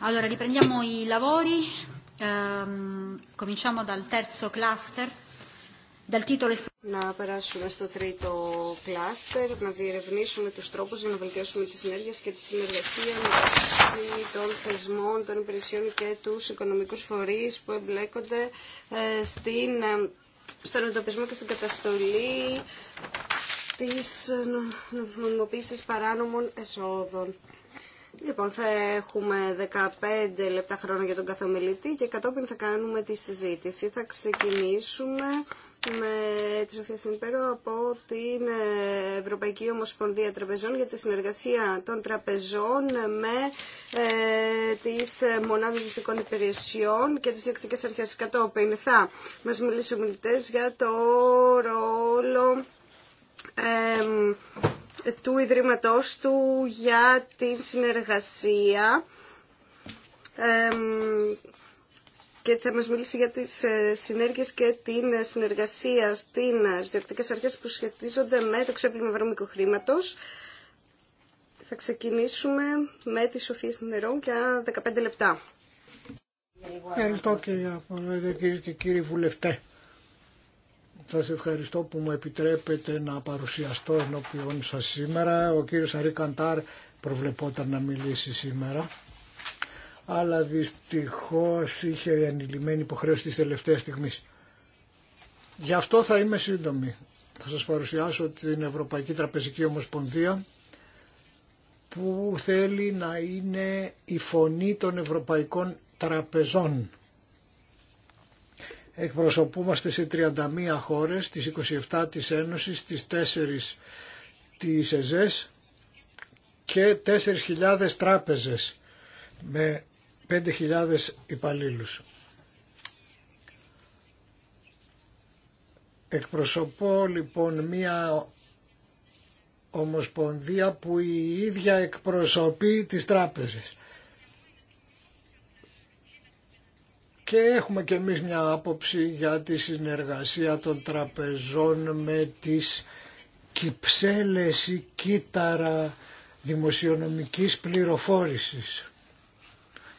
Allora, riprendiamo i lavori. Ehm, cominciamo dal terzo cluster. Dal titolo... Να περάσουμε στο τρίτο κλάστερ, να διερευνήσουμε τους τρόπους για να βελτιώσουμε τις ενέργειες και τη συνεργασία μεταξύ των θεσμών, των υπηρεσιών και τους οικονομικούς φορείς που εμπλέκονται ε, στην, ε, στον εντοπισμό και στην καταστολή της ε, νομιμοποίησης παράνομων εσόδων. Λοιπόν, θα έχουμε 15 λεπτά χρόνο για τον καθομιλητή και κατόπιν θα κάνουμε τη συζήτηση. Θα ξεκινήσουμε με τη Σοφία Συνπέρο από την ε, Ευρωπαϊκή Ομοσπονδία Τραπεζών για τη συνεργασία των τραπεζών με ε, τις μονάδες διοικητικών υπηρεσιών και τις διοικητικές αρχές. Κατόπιν θα μας μιλήσει ο για το ρόλο... Ε, του Ιδρύματός του για την συνεργασία και θα μας μιλήσει για τις ε, συνέργειες και την συνεργασία ε, στις διοκτικές αρχές που σχετίζονται με το ξέπλυμα βρώμικου Θα ξεκινήσουμε με τη Σοφία Συντερό για 15 λεπτά. Ευχαριστώ κύριε Πρόεδρε, κύριε και κύριοι βουλευτέ. Σας ευχαριστώ που μου επιτρέπετε να παρουσιαστώ ενώπιον σας σήμερα. Ο κύριος Αρή Καντάρ προβλεπόταν να μιλήσει σήμερα, αλλά δυστυχώς είχε ενηλυμένη υποχρέωση της τελευταίες στιγμής. Γι' αυτό θα είμαι σύντομη. Θα σας παρουσιάσω την Ευρωπαϊκή Τραπεζική Ομοσπονδία που θέλει να είναι η φωνή των ευρωπαϊκών τραπεζών εκπροσωπούμαστε σε 31 χώρες, τις 27 της Ένωσης, τις 4 της ΕΖΕΣ και 4.000 τράπεζες με 5.000 υπαλλήλους. Εκπροσωπώ λοιπόν μία ομοσπονδία που η ίδια εκπροσωπεί τις τράπεζες. και έχουμε και εμείς μια άποψη για τη συνεργασία των τραπεζών με τις κυψέλες ή κύτταρα δημοσιονομικής πληροφόρησης.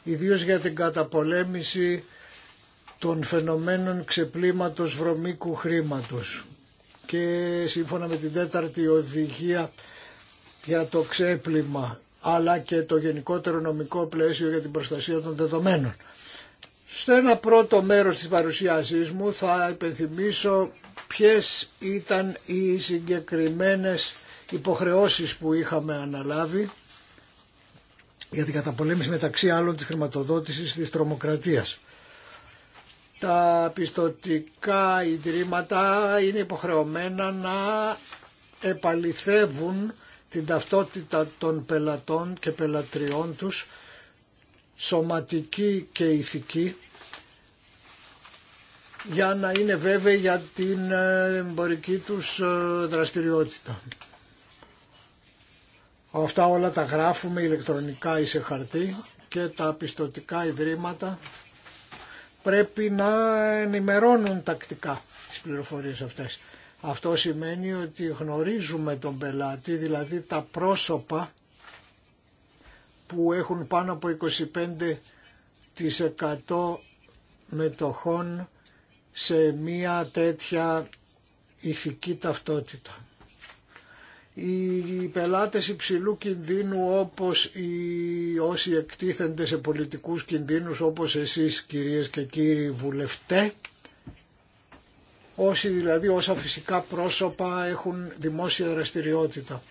Ιδίως για την καταπολέμηση των φαινομένων ξεπλήματος βρωμίκου χρήματος. Και σύμφωνα με την τέταρτη οδηγία για το ξέπλυμα αλλά και το γενικότερο νομικό πλαίσιο για την προστασία των δεδομένων. Στο ένα πρώτο μέρος της παρουσίασής μου θα υπενθυμίσω ποιες ήταν οι συγκεκριμένες υποχρεώσεις που είχαμε αναλάβει για την καταπολέμηση μεταξύ άλλων της χρηματοδότησης της τρομοκρατίας. Τα πιστοτικά ιδρύματα είναι υποχρεωμένα να επαληθεύουν την ταυτότητα των πελατών και πελατριών τους, σωματική και ηθική, για να είναι βέβαιοι για την ε, εμπορική τους ε, δραστηριότητα. Αυτά όλα τα γράφουμε ηλεκτρονικά ή σε χαρτί και τα πιστοτικά ιδρύματα πρέπει να ενημερώνουν τακτικά τις πληροφορίες αυτές. Αυτό σημαίνει ότι γνωρίζουμε τον πελάτη, δηλαδή τα πρόσωπα που έχουν πάνω από 25% μετοχών σε μία τέτοια ηθική ταυτότητα. Οι πελάτες υψηλού κινδύνου όπως οι όσοι εκτίθενται σε πολιτικούς κινδύνους όπως εσείς κυρίες και κύριοι βουλευτέ, όσοι δηλαδή όσα φυσικά πρόσωπα έχουν δημόσια δραστηριότητα.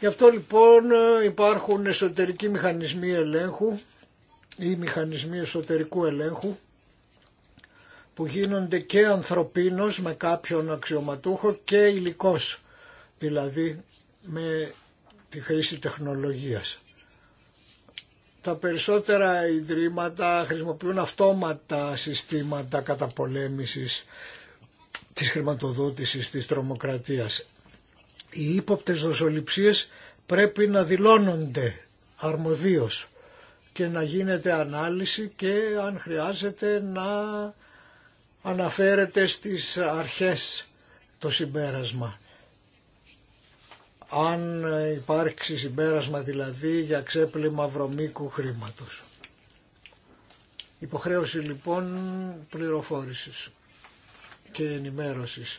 Γι' αυτό λοιπόν ε, υπάρχουν εσωτερικοί μηχανισμοί ελέγχου ή μηχανισμοί εσωτερικού ελέγχου που γίνονται και ανθρωπίνος με κάποιον αξιωματούχο και υλικός, δηλαδή με τη χρήση τεχνολογίας. Τα περισσότερα ιδρύματα χρησιμοποιούν αυτόματα συστήματα καταπολέμησης της χρηματοδότησης της τρομοκρατίας. Οι ύποπτες δοσοληψίες πρέπει να δηλώνονται αρμοδίως και να γίνεται ανάλυση και αν χρειάζεται να αναφέρεται στις αρχές το συμπέρασμα. Αν υπάρξει συμπέρασμα δηλαδή για ξέπλυμα βρωμίκου χρήματος. Υποχρέωση λοιπόν πληροφόρησης και ενημέρωσης.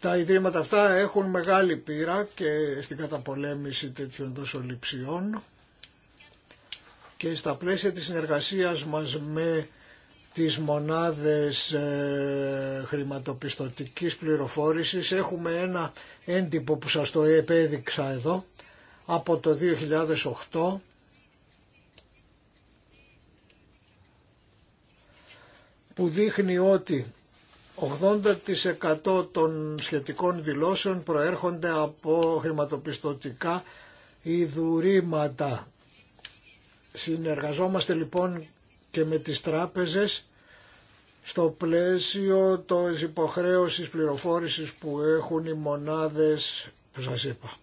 Τα ιδρύματα αυτά έχουν μεγάλη πείρα και στην καταπολέμηση τέτοιων δοσοληψιών και στα πλαίσια της συνεργασίας μας με τις μονάδες ε, χρηματοπιστωτικής πληροφόρησης έχουμε ένα έντυπο που σας το επέδειξα εδώ από το 2008 που δείχνει ότι 80% των σχετικών δηλώσεων προέρχονται από χρηματοπιστωτικά ιδουρήματα. Συνεργαζόμαστε λοιπόν και με τις τράπεζες στο πλαίσιο της υποχρέωσης πληροφόρησης που έχουν οι μονάδες που σας είπα.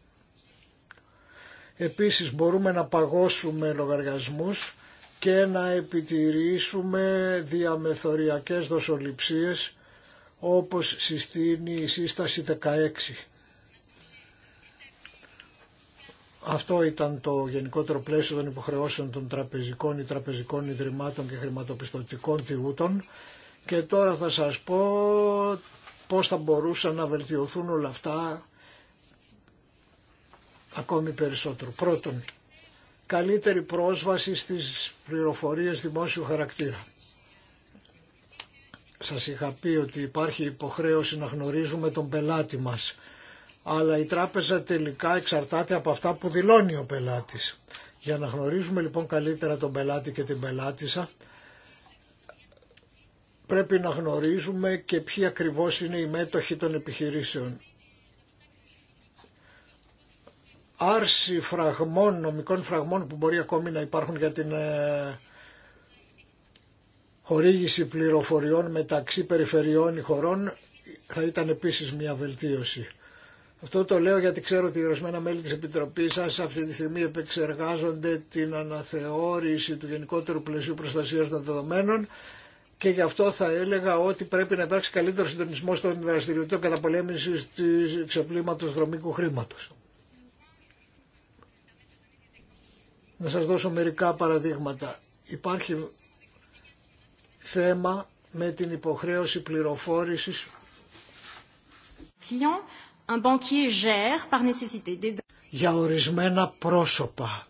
Επίσης μπορούμε να παγώσουμε λογαριασμούς και να επιτηρήσουμε διαμεθοριακές δοσοληψίες όπως συστήνει η σύσταση 16. Αυτό ήταν το γενικότερο πλαίσιο των υποχρεώσεων των τραπεζικών ή τραπεζικών ιδρυμάτων και χρηματοπιστωτικών τυγούτων και τώρα θα σας πω πώς θα μπορούσαν να βελτιωθούν όλα αυτά ακόμη περισσότερο. Πρώτον, καλύτερη πρόσβαση στις πληροφορίες δημόσιου χαρακτήρα. Σας είχα πει ότι υπάρχει υποχρέωση να γνωρίζουμε τον πελάτη μας αλλά η τράπεζα τελικά εξαρτάται από αυτά που δηλώνει ο πελάτης. Για να γνωρίζουμε λοιπόν καλύτερα τον πελάτη και την πελάτησα, πρέπει να γνωρίζουμε και ποιοι ακριβώς είναι οι μέτοχοι των επιχειρήσεων. Άρση φραγμών, νομικών φραγμών που μπορεί ακόμη να υπάρχουν για την ε, χορήγηση πληροφοριών μεταξύ περιφερειών ή χωρών θα ήταν επίσης μια βελτίωση. Αυτό το λέω γιατί ξέρω ότι οι ορισμένα μέλη της Επιτροπής σας αυτή τη στιγμή επεξεργάζονται την αναθεώρηση του γενικότερου πλαισίου προστασίας των δεδομένων και γι' αυτό θα έλεγα ότι πρέπει να υπάρξει καλύτερο συντονισμό των δραστηριοτήτων καταπολέμησης της ξεπλήματος δρομικού χρήματος. Να σας δώσω μερικά παραδείγματα. Υπάρχει θέμα με την υποχρέωση πληροφόρησης un banquier gère par nécessité des για ορισμένα πρόσωπα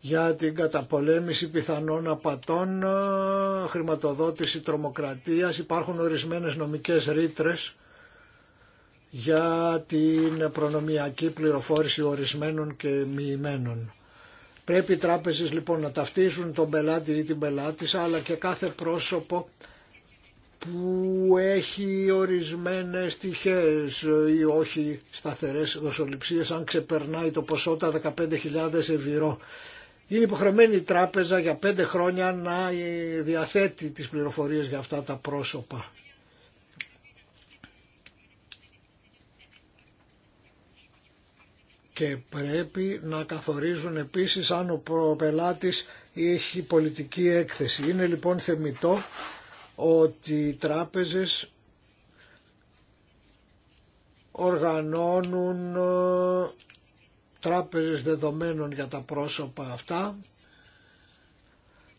για την καταπολέμηση πιθανών απατών, ε, χρηματοδότηση τρομοκρατίας. Υπάρχουν ορισμένες νομικές ρήτρε για την προνομιακή πληροφόρηση ορισμένων και μοιημένων. Πρέπει οι τράπεζες λοιπόν να ταυτίζουν τον πελάτη ή την πελάτησα, αλλά και κάθε πρόσωπο που έχει ορισμένες τυχές ή όχι σταθερές δοσοληψίες αν ξεπερνάει το ποσό τα 15.000 ευρώ. Είναι υποχρεωμένη η τράπεζα για πέντε χρόνια να διαθέτει τις πληροφορίες για αυτά τα πρόσωπα. Και πρέπει να καθορίζουν επίσης αν ο πελάτης έχει πολιτική έκθεση. Είναι λοιπόν θεμητό ότι οι τράπεζες οργανώνουν ε, τράπεζες δεδομένων για τα πρόσωπα αυτά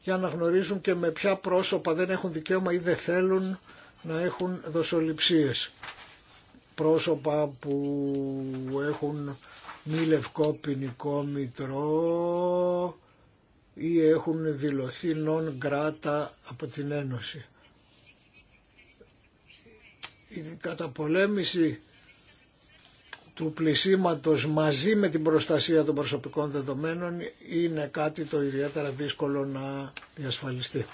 για να γνωρίζουν και με ποια πρόσωπα δεν έχουν δικαίωμα ή δεν θέλουν να έχουν δοσοληψίες. Πρόσωπα που έχουν μη λευκό ποινικό μητρό ή έχουν δηλωθεί non grata από την Ένωση η καταπολέμηση του πλησίματος μαζί με την προστασία των προσωπικών δεδομένων είναι κάτι το ιδιαίτερα δύσκολο να διασφαλιστεί.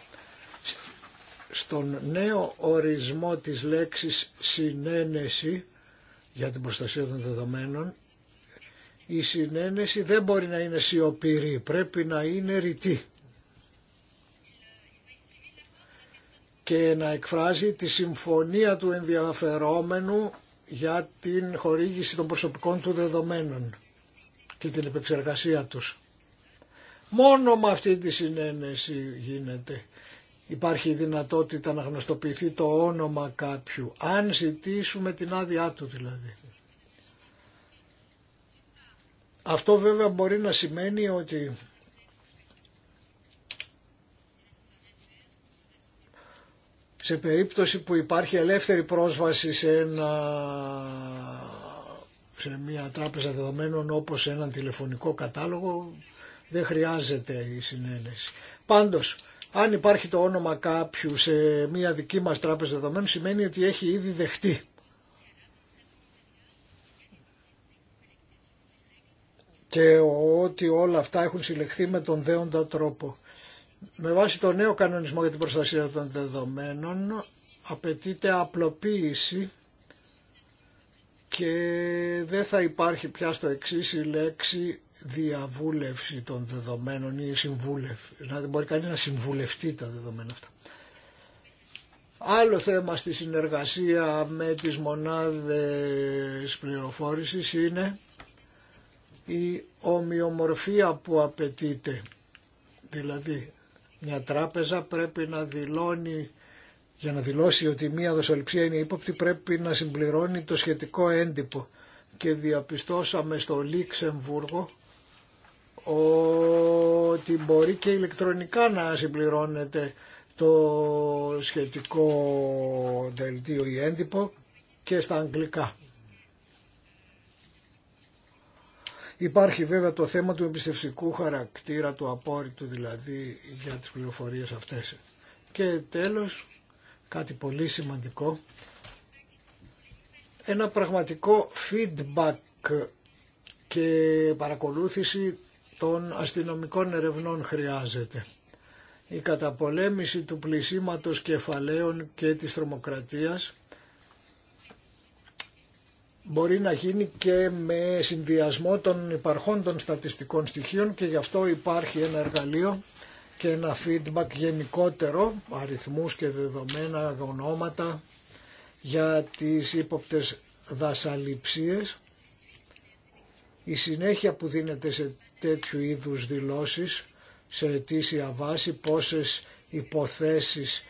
Στον νέο ορισμό της λέξης συνένεση για την προστασία των δεδομένων η συνένεση δεν μπορεί να είναι σιωπηρή, πρέπει να είναι ρητή. και να εκφράζει τη συμφωνία του ενδιαφερόμενου για την χορήγηση των προσωπικών του δεδομένων και την επεξεργασία τους. Μόνο με αυτή τη συνένεση γίνεται. Υπάρχει η δυνατότητα να γνωστοποιηθεί το όνομα κάποιου, αν ζητήσουμε την άδειά του δηλαδή. Αυτό βέβαια μπορεί να σημαίνει ότι σε περίπτωση που υπάρχει ελεύθερη πρόσβαση σε, ένα, σε μια τράπεζα δεδομένων όπως σε έναν τηλεφωνικό κατάλογο δεν χρειάζεται η συνένεση. Πάντως, αν υπάρχει το όνομα κάποιου σε μια δική μας τράπεζα δεδομένων σημαίνει ότι έχει ήδη δεχτεί. Και ότι όλα αυτά έχουν συλλεχθεί με τον δέοντα τρόπο. Με βάση το νέο κανονισμό για την προστασία των δεδομένων απαιτείται απλοποίηση και δεν θα υπάρχει πια στο εξή η λέξη διαβούλευση των δεδομένων ή συμβούλευση. Να δεν μπορεί κανείς να συμβουλευτεί τα δεδομένα αυτά. Άλλο θέμα στη συνεργασία με τις μονάδες πληροφόρησης είναι η ομοιομορφία που απαιτείται. Δηλαδή μια τράπεζα πρέπει να δηλώνει, για να δηλώσει ότι μια δοσοληψία είναι ύποπτη, πρέπει να συμπληρώνει το σχετικό έντυπο. Και διαπιστώσαμε στο Λίξεμβούργο ότι μπορεί και ηλεκτρονικά να συμπληρώνεται το σχετικό δελτίο ή έντυπο και στα αγγλικά. Υπάρχει βέβαια το θέμα του εμπιστευτικού χαρακτήρα, του απόρριτου δηλαδή για τις πληροφορίες αυτές. Και τέλος, κάτι πολύ σημαντικό, ένα πραγματικό feedback και παρακολούθηση των αστυνομικών ερευνών χρειάζεται. Η καταπολέμηση του πλησίματος κεφαλαίων και της τρομοκρατίας μπορεί να γίνει και με συνδυασμό των υπαρχόντων στατιστικών στοιχείων και γι' αυτό υπάρχει ένα εργαλείο και ένα feedback γενικότερο, αριθμούς και δεδομένα, ονόματα για τις ύποπτες δασαληψίες. Η συνέχεια που δίνεται σε τέτοιου είδους δηλώσεις, σε αιτήσια βάση, πόσες υποθέσεις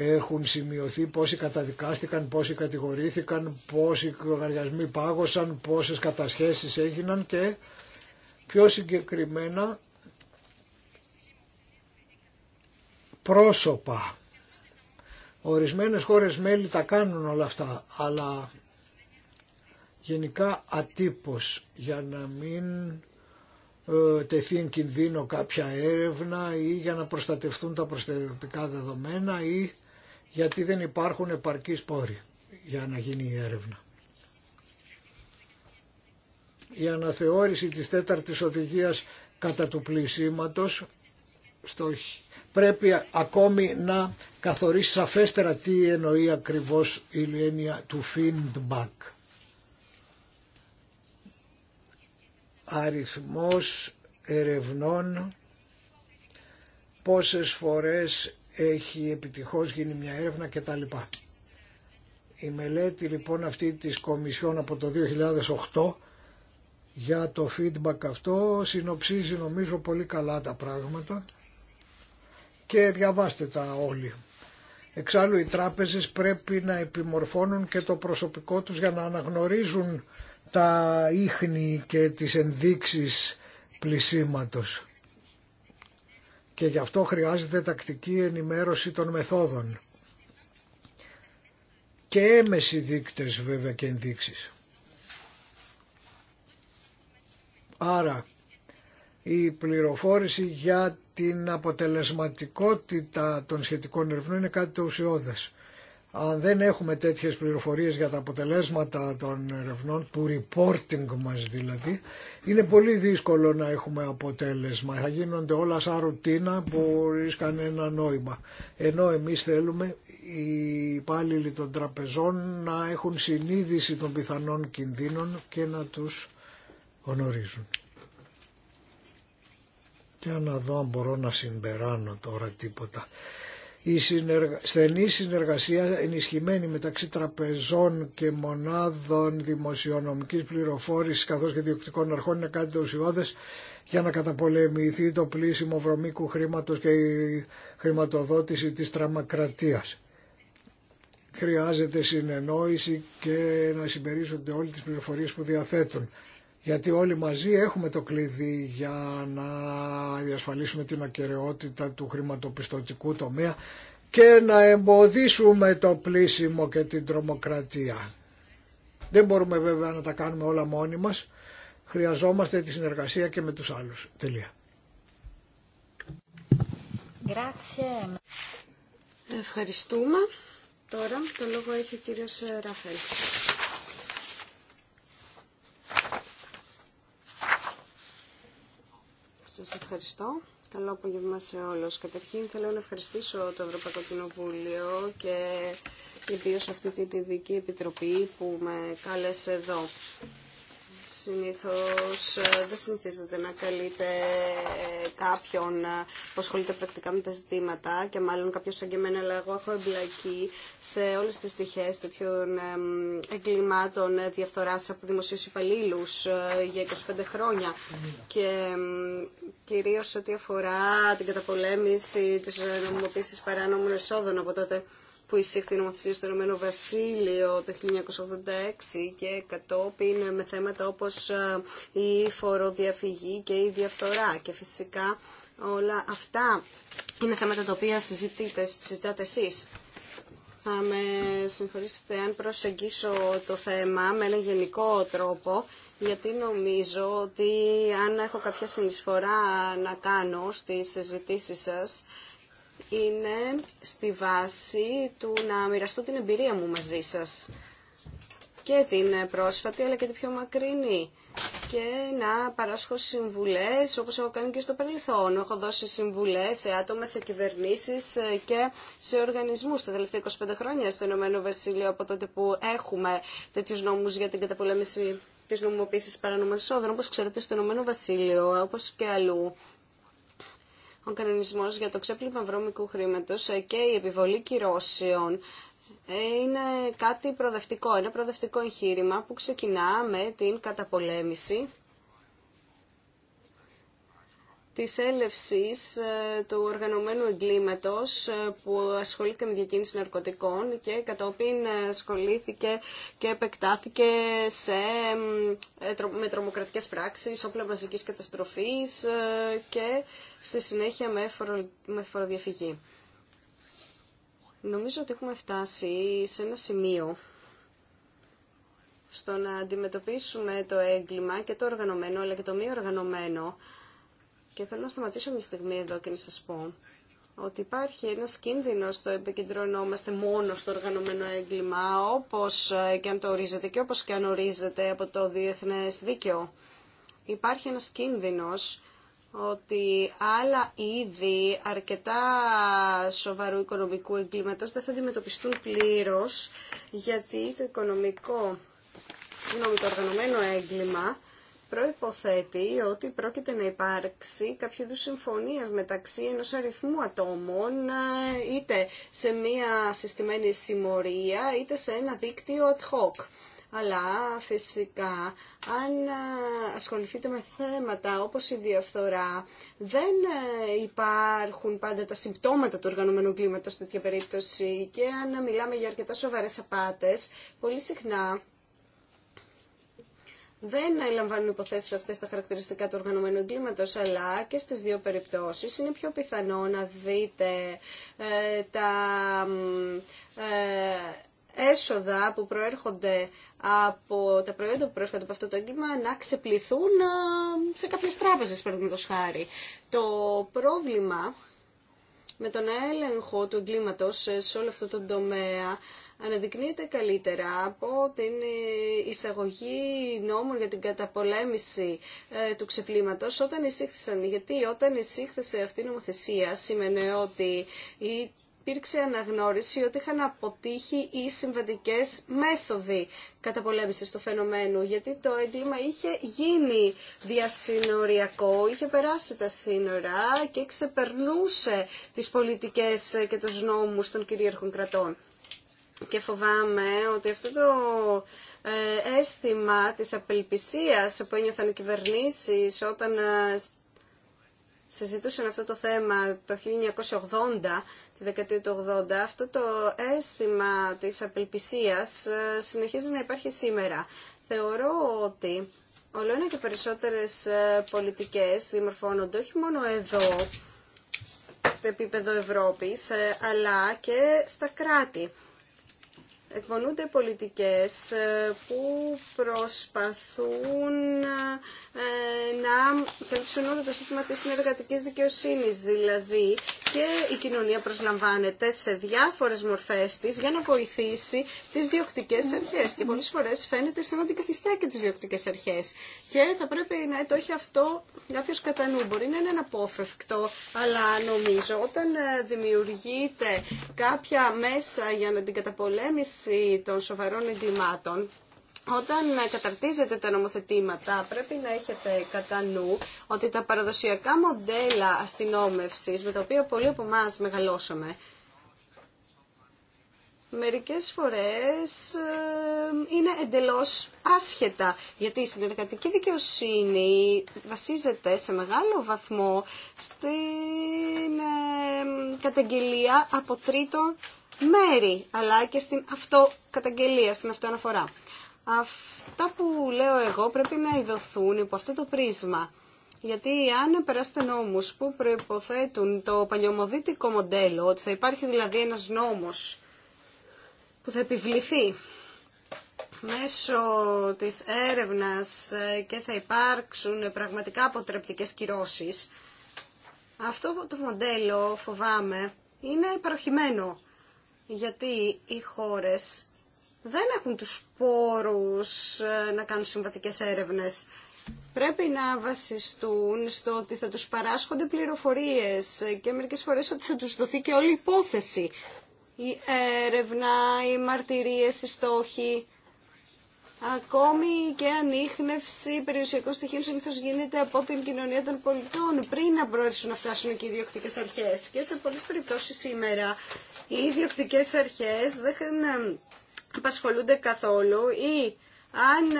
έχουν σημειωθεί, πόσοι καταδικάστηκαν, πόσοι κατηγορήθηκαν, πόσοι λογαριασμοί πάγωσαν, πόσες κατασχέσεις έγιναν και πιο συγκεκριμένα πρόσωπα. Ορισμένες χώρες μέλη τα κάνουν όλα αυτά, αλλά γενικά ατύπως για να μην ε, τεθεί εν κινδύνο κάποια έρευνα ή για να προστατευτούν τα προστατευτικά δεδομένα ή γιατί δεν υπάρχουν επαρκή πόροι για να γίνει η έρευνα. Η αναθεώρηση της τέταρτης οδηγίας κατά του πλησίματος στο... πρέπει ακόμη να καθορίσει σαφέστερα τι εννοεί ακριβώς η έννοια του feedback. Αριθμός ερευνών πόσες φορές έχει επιτυχώς γίνει μια έρευνα κτλ. Η μελέτη λοιπόν αυτή της Κομισιόν από το 2008 για το feedback αυτό συνοψίζει νομίζω πολύ καλά τα πράγματα και διαβάστε τα όλοι. Εξάλλου οι τράπεζες πρέπει να επιμορφώνουν και το προσωπικό τους για να αναγνωρίζουν τα ίχνη και τις ενδείξεις πλησίματος και γι' αυτό χρειάζεται τακτική ενημέρωση των μεθόδων και έμεση δείκτες βέβαια και ενδείξεις. Άρα η πληροφόρηση για την αποτελεσματικότητα των σχετικών ερευνών είναι κάτι το ουσιώδες αν δεν έχουμε τέτοιες πληροφορίες για τα αποτελέσματα των ερευνών, του reporting μας δηλαδή, είναι πολύ δύσκολο να έχουμε αποτέλεσμα. Θα γίνονται όλα σαν ρουτίνα που χωρίς ένα νόημα. Ενώ εμείς θέλουμε οι υπάλληλοι των τραπεζών να έχουν συνείδηση των πιθανών κινδύνων και να τους γνωρίζουν. Για να δω αν μπορώ να συμπεράνω τώρα τίποτα η συνεργα... στενή συνεργασία ενισχυμένη μεταξύ τραπεζών και μονάδων δημοσιονομικής πληροφόρησης καθώς και διοικητικών αρχών είναι κάτι το ουσιώδες για να καταπολεμηθεί το πλήσιμο βρωμίκου χρήματος και η χρηματοδότηση της τραμακρατίας. Χρειάζεται συνεννόηση και να συμπερίσσονται όλες τις πληροφορίες που διαθέτουν γιατί όλοι μαζί έχουμε το κλειδί για να διασφαλίσουμε την ακαιρεότητα του χρηματοπιστωτικού τομέα και να εμποδίσουμε το πλήσιμο και την τρομοκρατία. Δεν μπορούμε βέβαια να τα κάνουμε όλα μόνοι μας. Χρειαζόμαστε τη συνεργασία και με τους άλλους. Τελεία. Ευχαριστούμε. Τώρα το λόγο έχει ο κύριος Ραφέλ. Σας ευχαριστώ. Καλό απόγευμα σε όλους. Καταρχήν θέλω να ευχαριστήσω το Ευρωπαϊκό Κοινοβούλιο και ιδίως αυτή την δική επιτροπή που με κάλεσε εδώ. Συνήθως ε, δεν συνηθίζεται να καλείτε ε, κάποιον ε, που ασχολείται πρακτικά με τα ζητήματα και μάλλον κάποιος σαν και εμένα, αλλά εγώ έχω εμπλακεί σε όλες τις πτυχές τέτοιων εγκλημάτων διαφθοράς από δημοσίους υπαλλήλου για 25 χρόνια και κυρίως ό,τι αφορά την καταπολέμηση της νομιμοποίησης παράνομων εσόδων από τότε που εισήχθη η νομοθεσία στο Ηνωμένο Βασίλειο το 1986 και κατόπιν με θέματα όπως ε, η φοροδιαφυγή και η διαφθορά. Και φυσικά όλα αυτά είναι θέματα τα οποία συζητείτε, συζητάτε εσείς. Θα με συγχωρήσετε αν προσεγγίσω το θέμα με ένα γενικό τρόπο γιατί νομίζω ότι αν έχω κάποια συνεισφορά να κάνω στις συζητήσεις σας είναι στη βάση του να μοιραστώ την εμπειρία μου μαζί σας και την πρόσφατη αλλά και την πιο μακρινή και να παράσχω συμβουλές όπως έχω κάνει και στο παρελθόν. Έχω δώσει συμβουλές σε άτομα, σε κυβερνήσεις ε, και σε οργανισμούς τα τελευταία 25 χρόνια στο Ηνωμένο Βασίλειο από τότε που έχουμε τέτοιους νόμους για την καταπολέμηση της νομιμοποίησης παρανομών Όπως ξέρετε στο Ηνωμένο Βασίλειο όπως και αλλού ο κανονισμός για το ξέπλυμα βρώμικου χρήματο ε, και η επιβολή κυρώσεων ε, είναι κάτι προοδευτικό, ένα προοδευτικό εγχείρημα που ξεκινά με την καταπολέμηση της έλευσης ε, του οργανωμένου εγκλήματος ε, που ασχολήθηκε με διακίνηση ναρκωτικών και κατόπιν ασχολήθηκε και επεκτάθηκε σε, ε, με τρομοκρατικές πράξεις, όπλα μαζικής καταστροφής και στη συνέχεια με, με φοροδιαφυγή. Νομίζω ότι έχουμε φτάσει σε ένα σημείο στο να αντιμετωπίσουμε το έγκλημα και το οργανωμένο αλλά και το μη οργανωμένο και θέλω να σταματήσω μια στιγμή εδώ και να σας πω ότι υπάρχει ένας κίνδυνος στο επικεντρωνόμαστε μόνο στο οργανωμένο έγκλημα, όπως και αν το ορίζεται και όπως και αν ορίζεται από το διεθνές δίκαιο. Υπάρχει ένας κίνδυνος ότι άλλα είδη αρκετά σοβαρού οικονομικού εγκλήματος δεν θα αντιμετωπιστούν πλήρως, γιατί το οικονομικό, συγγνώμη, το οργανωμένο έγκλημα προϋποθέτει ότι πρόκειται να υπάρξει κάποιο είδους συμφωνία μεταξύ ενός αριθμού ατόμων ε, είτε σε μία συστημένη συμμορία είτε σε ένα δίκτυο ad hoc. Αλλά φυσικά αν ε, ασχοληθείτε με θέματα όπως η διαφθορά δεν ε, υπάρχουν πάντα τα συμπτώματα του οργανωμένου κλίματος σε τέτοια περίπτωση και αν μιλάμε για αρκετά σοβαρές απάτες πολύ συχνά δεν λαμβάνουν υποθέσεις αυτές τα χαρακτηριστικά του οργανωμένου εγκλήματος, αλλά και στις δύο περιπτώσεις είναι πιο πιθανό να δείτε ε, τα ε, έσοδα που προέρχονται από τα προϊόντα που προέρχονται από αυτό το έγκλημα να ξεπληθούν ε, σε κάποιες τράπεζες, παραδείγματο χάρη. Το πρόβλημα με τον έλεγχο του εγκλήματος σε όλο αυτό το τομέα αναδεικνύεται καλύτερα από την ε, εισαγωγή νόμων για την καταπολέμηση ε, του ξεπλήματος όταν εισήχθησαν. Γιατί όταν εισήχθησε αυτή η νομοθεσία σήμαινε ότι η υπήρξε αναγνώριση ότι είχαν αποτύχει οι συμβατικές μέθοδοι καταπολέμησης του φαινομένου, γιατί το έγκλημα είχε γίνει διασυνοριακό, είχε περάσει τα σύνορα και ξεπερνούσε τις πολιτικές και τους νόμους των κυρίαρχων κρατών και φοβάμαι ότι αυτό το ε, αίσθημα της απελπισίας που ένιωθαν οι κυβερνήσεις όταν ε, συζητούσαν αυτό το θέμα το 1980, τη δεκαετία του 80, αυτό το αίσθημα της απελπισίας ε, συνεχίζει να υπάρχει σήμερα. Θεωρώ ότι όλο ένα και περισσότερες πολιτικές δημορφώνονται όχι μόνο εδώ, στο επίπεδο Ευρώπης, αλλά και στα κράτη εκπονούνται πολιτικές ε, που προσπαθούν ε, να καλύψουν όλο το σύστημα της συνεργατικής δικαιοσύνης. Δηλαδή και η κοινωνία προσλαμβάνεται σε διάφορες μορφές της για να βοηθήσει τις διοκτικές αρχές. Και πολλές φορές φαίνεται σαν να αντικαθιστά και τις διοκτικές αρχές. Και θα πρέπει να το έχει αυτό κάποιο κατά νου. Μπορεί να είναι αναπόφευκτο, αλλά νομίζω όταν ε, δημιουργείται κάποια μέσα για να την καταπολέμηση των σοβαρών εγκλημάτων όταν καταρτίζετε τα νομοθετήματα πρέπει να έχετε κατά νου ότι τα παραδοσιακά μοντέλα αστυνόμευσης με τα οποία πολλοί από εμά μεγαλώσαμε μερικές φορές ε, είναι εντελώς άσχετα γιατί η συνεργατική δικαιοσύνη βασίζεται σε μεγάλο βαθμό στην ε, καταγγελία από τρίτο μέρη, αλλά και στην αυτοκαταγγελία, στην αυτοαναφορά. Αυτά που λέω εγώ πρέπει να ειδωθούν υπό αυτό το πρίσμα. Γιατί αν περάσετε νόμους που προϋποθέτουν το παλιωμοδίτικο μοντέλο, ότι θα υπάρχει δηλαδή ένας νόμος που θα επιβληθεί μέσω της έρευνας και θα υπάρξουν πραγματικά αποτρεπτικές κυρώσεις, αυτό το μοντέλο φοβάμαι είναι παροχημένο γιατί οι χώρες δεν έχουν τους πόρους ε, να κάνουν συμβατικές έρευνες. Πρέπει να βασιστούν στο ότι θα τους παράσχονται πληροφορίες και μερικές φορές ότι θα τους δοθεί και όλη η υπόθεση. Η έρευνα, οι μαρτυρίες, οι στόχοι. Ακόμη και ανείχνευση περιουσιακών στοιχείων συνήθω γίνεται από την κοινωνία των πολιτών πριν να μπορέσουν να φτάσουν και οι διοκτικέ αρχέ. Και σε πολλέ περιπτώσει σήμερα οι διοκτικέ αρχέ δεν απασχολούνται καθόλου ή αν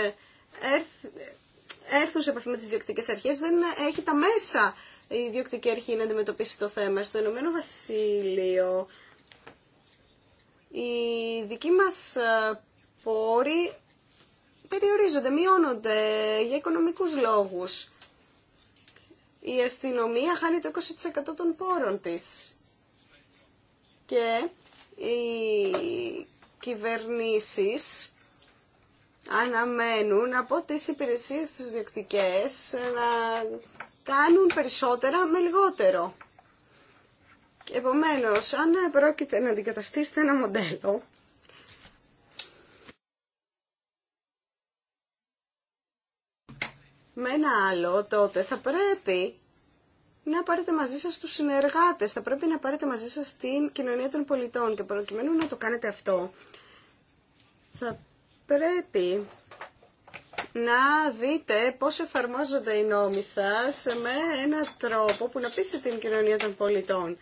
ε, έρθουν σε επαφή με τι ιδιοκτικέ αρχέ, δεν έχει τα μέσα η διοκτική αρχή να αντιμετωπίσει το θέμα. Στο Ηνωμένο Βασίλειο η δική μας ε, πόροι περιορίζονται, μειώνονται για οικονομικούς λόγους. Η αστυνομία χάνει το 20% των πόρων της. Και οι κυβερνήσεις αναμένουν από τις υπηρεσίες τους διοκτικές να κάνουν περισσότερα με λιγότερο. Επομένως, αν πρόκειται να αντικαταστήσετε ένα μοντέλο, με ένα άλλο, τότε θα πρέπει να πάρετε μαζί σας τους συνεργάτες, θα πρέπει να πάρετε μαζί σας την κοινωνία των πολιτών και προκειμένου να το κάνετε αυτό, θα πρέπει να δείτε πώς εφαρμόζονται οι νόμοι σας με έναν τρόπο που να πείσετε την κοινωνία των πολιτών.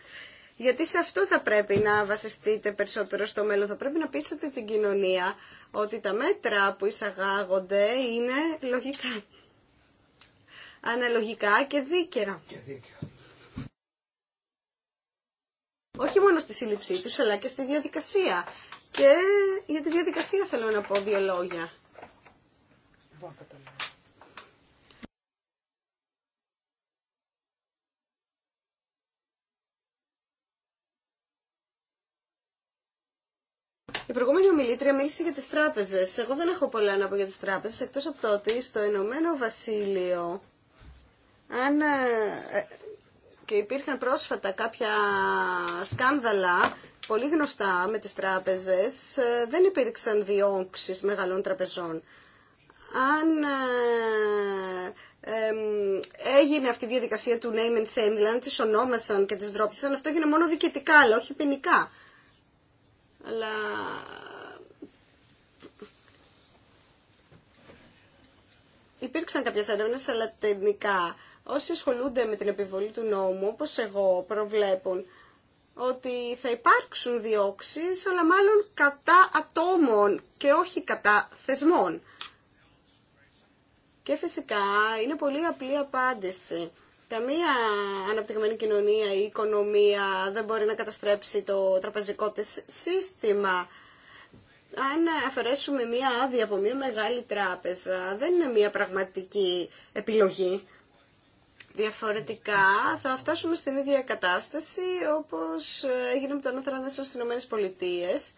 Γιατί σε αυτό θα πρέπει να βασιστείτε περισσότερο στο μέλλον. Θα πρέπει να πείσετε την κοινωνία ότι τα μέτρα που εισαγάγονται είναι λογικά αναλογικά και δίκαια. δίκαια. Όχι μόνο στη σύλληψή τους, αλλά και στη διαδικασία. Και για τη διαδικασία θέλω να πω δύο λόγια. Η προηγούμενη ομιλήτρια μίλησε για τις τράπεζες. Εγώ δεν έχω πολλά να πω για τις τράπεζες, εκτός από το ότι στο Ηνωμένο Βασίλειο αν ε, και υπήρχαν πρόσφατα κάποια σκάνδαλα πολύ γνωστά με τις τράπεζες, ε, δεν υπήρξαν διώξεις μεγαλών τραπεζών. Αν ε, έγινε αυτή η διαδικασία του name and shame, δηλαδή τις ονόμασαν και τις ντρόπισαν, αυτό έγινε μόνο δικαιτικά, αλλά όχι ποινικά. Αλλά... Υπήρξαν κάποιες έρευνες, αλλά τελικά Όσοι ασχολούνται με την επιβολή του νόμου, όπως εγώ, προβλέπουν ότι θα υπάρξουν διώξεις, αλλά μάλλον κατά ατόμων και όχι κατά θεσμών. Και φυσικά είναι πολύ απλή απάντηση. Καμία αναπτυγμένη κοινωνία ή οικονομία δεν μπορεί να καταστρέψει το τραπεζικό της σύστημα. Αν αφαιρέσουμε μία άδεια από μία μεγάλη τράπεζα, δεν είναι μία πραγματική επιλογή. Διαφορετικά θα φτάσουμε στην ίδια κατάσταση όπως έγινε με τον Άνθρανα στις Ηνωμένες Πολιτείες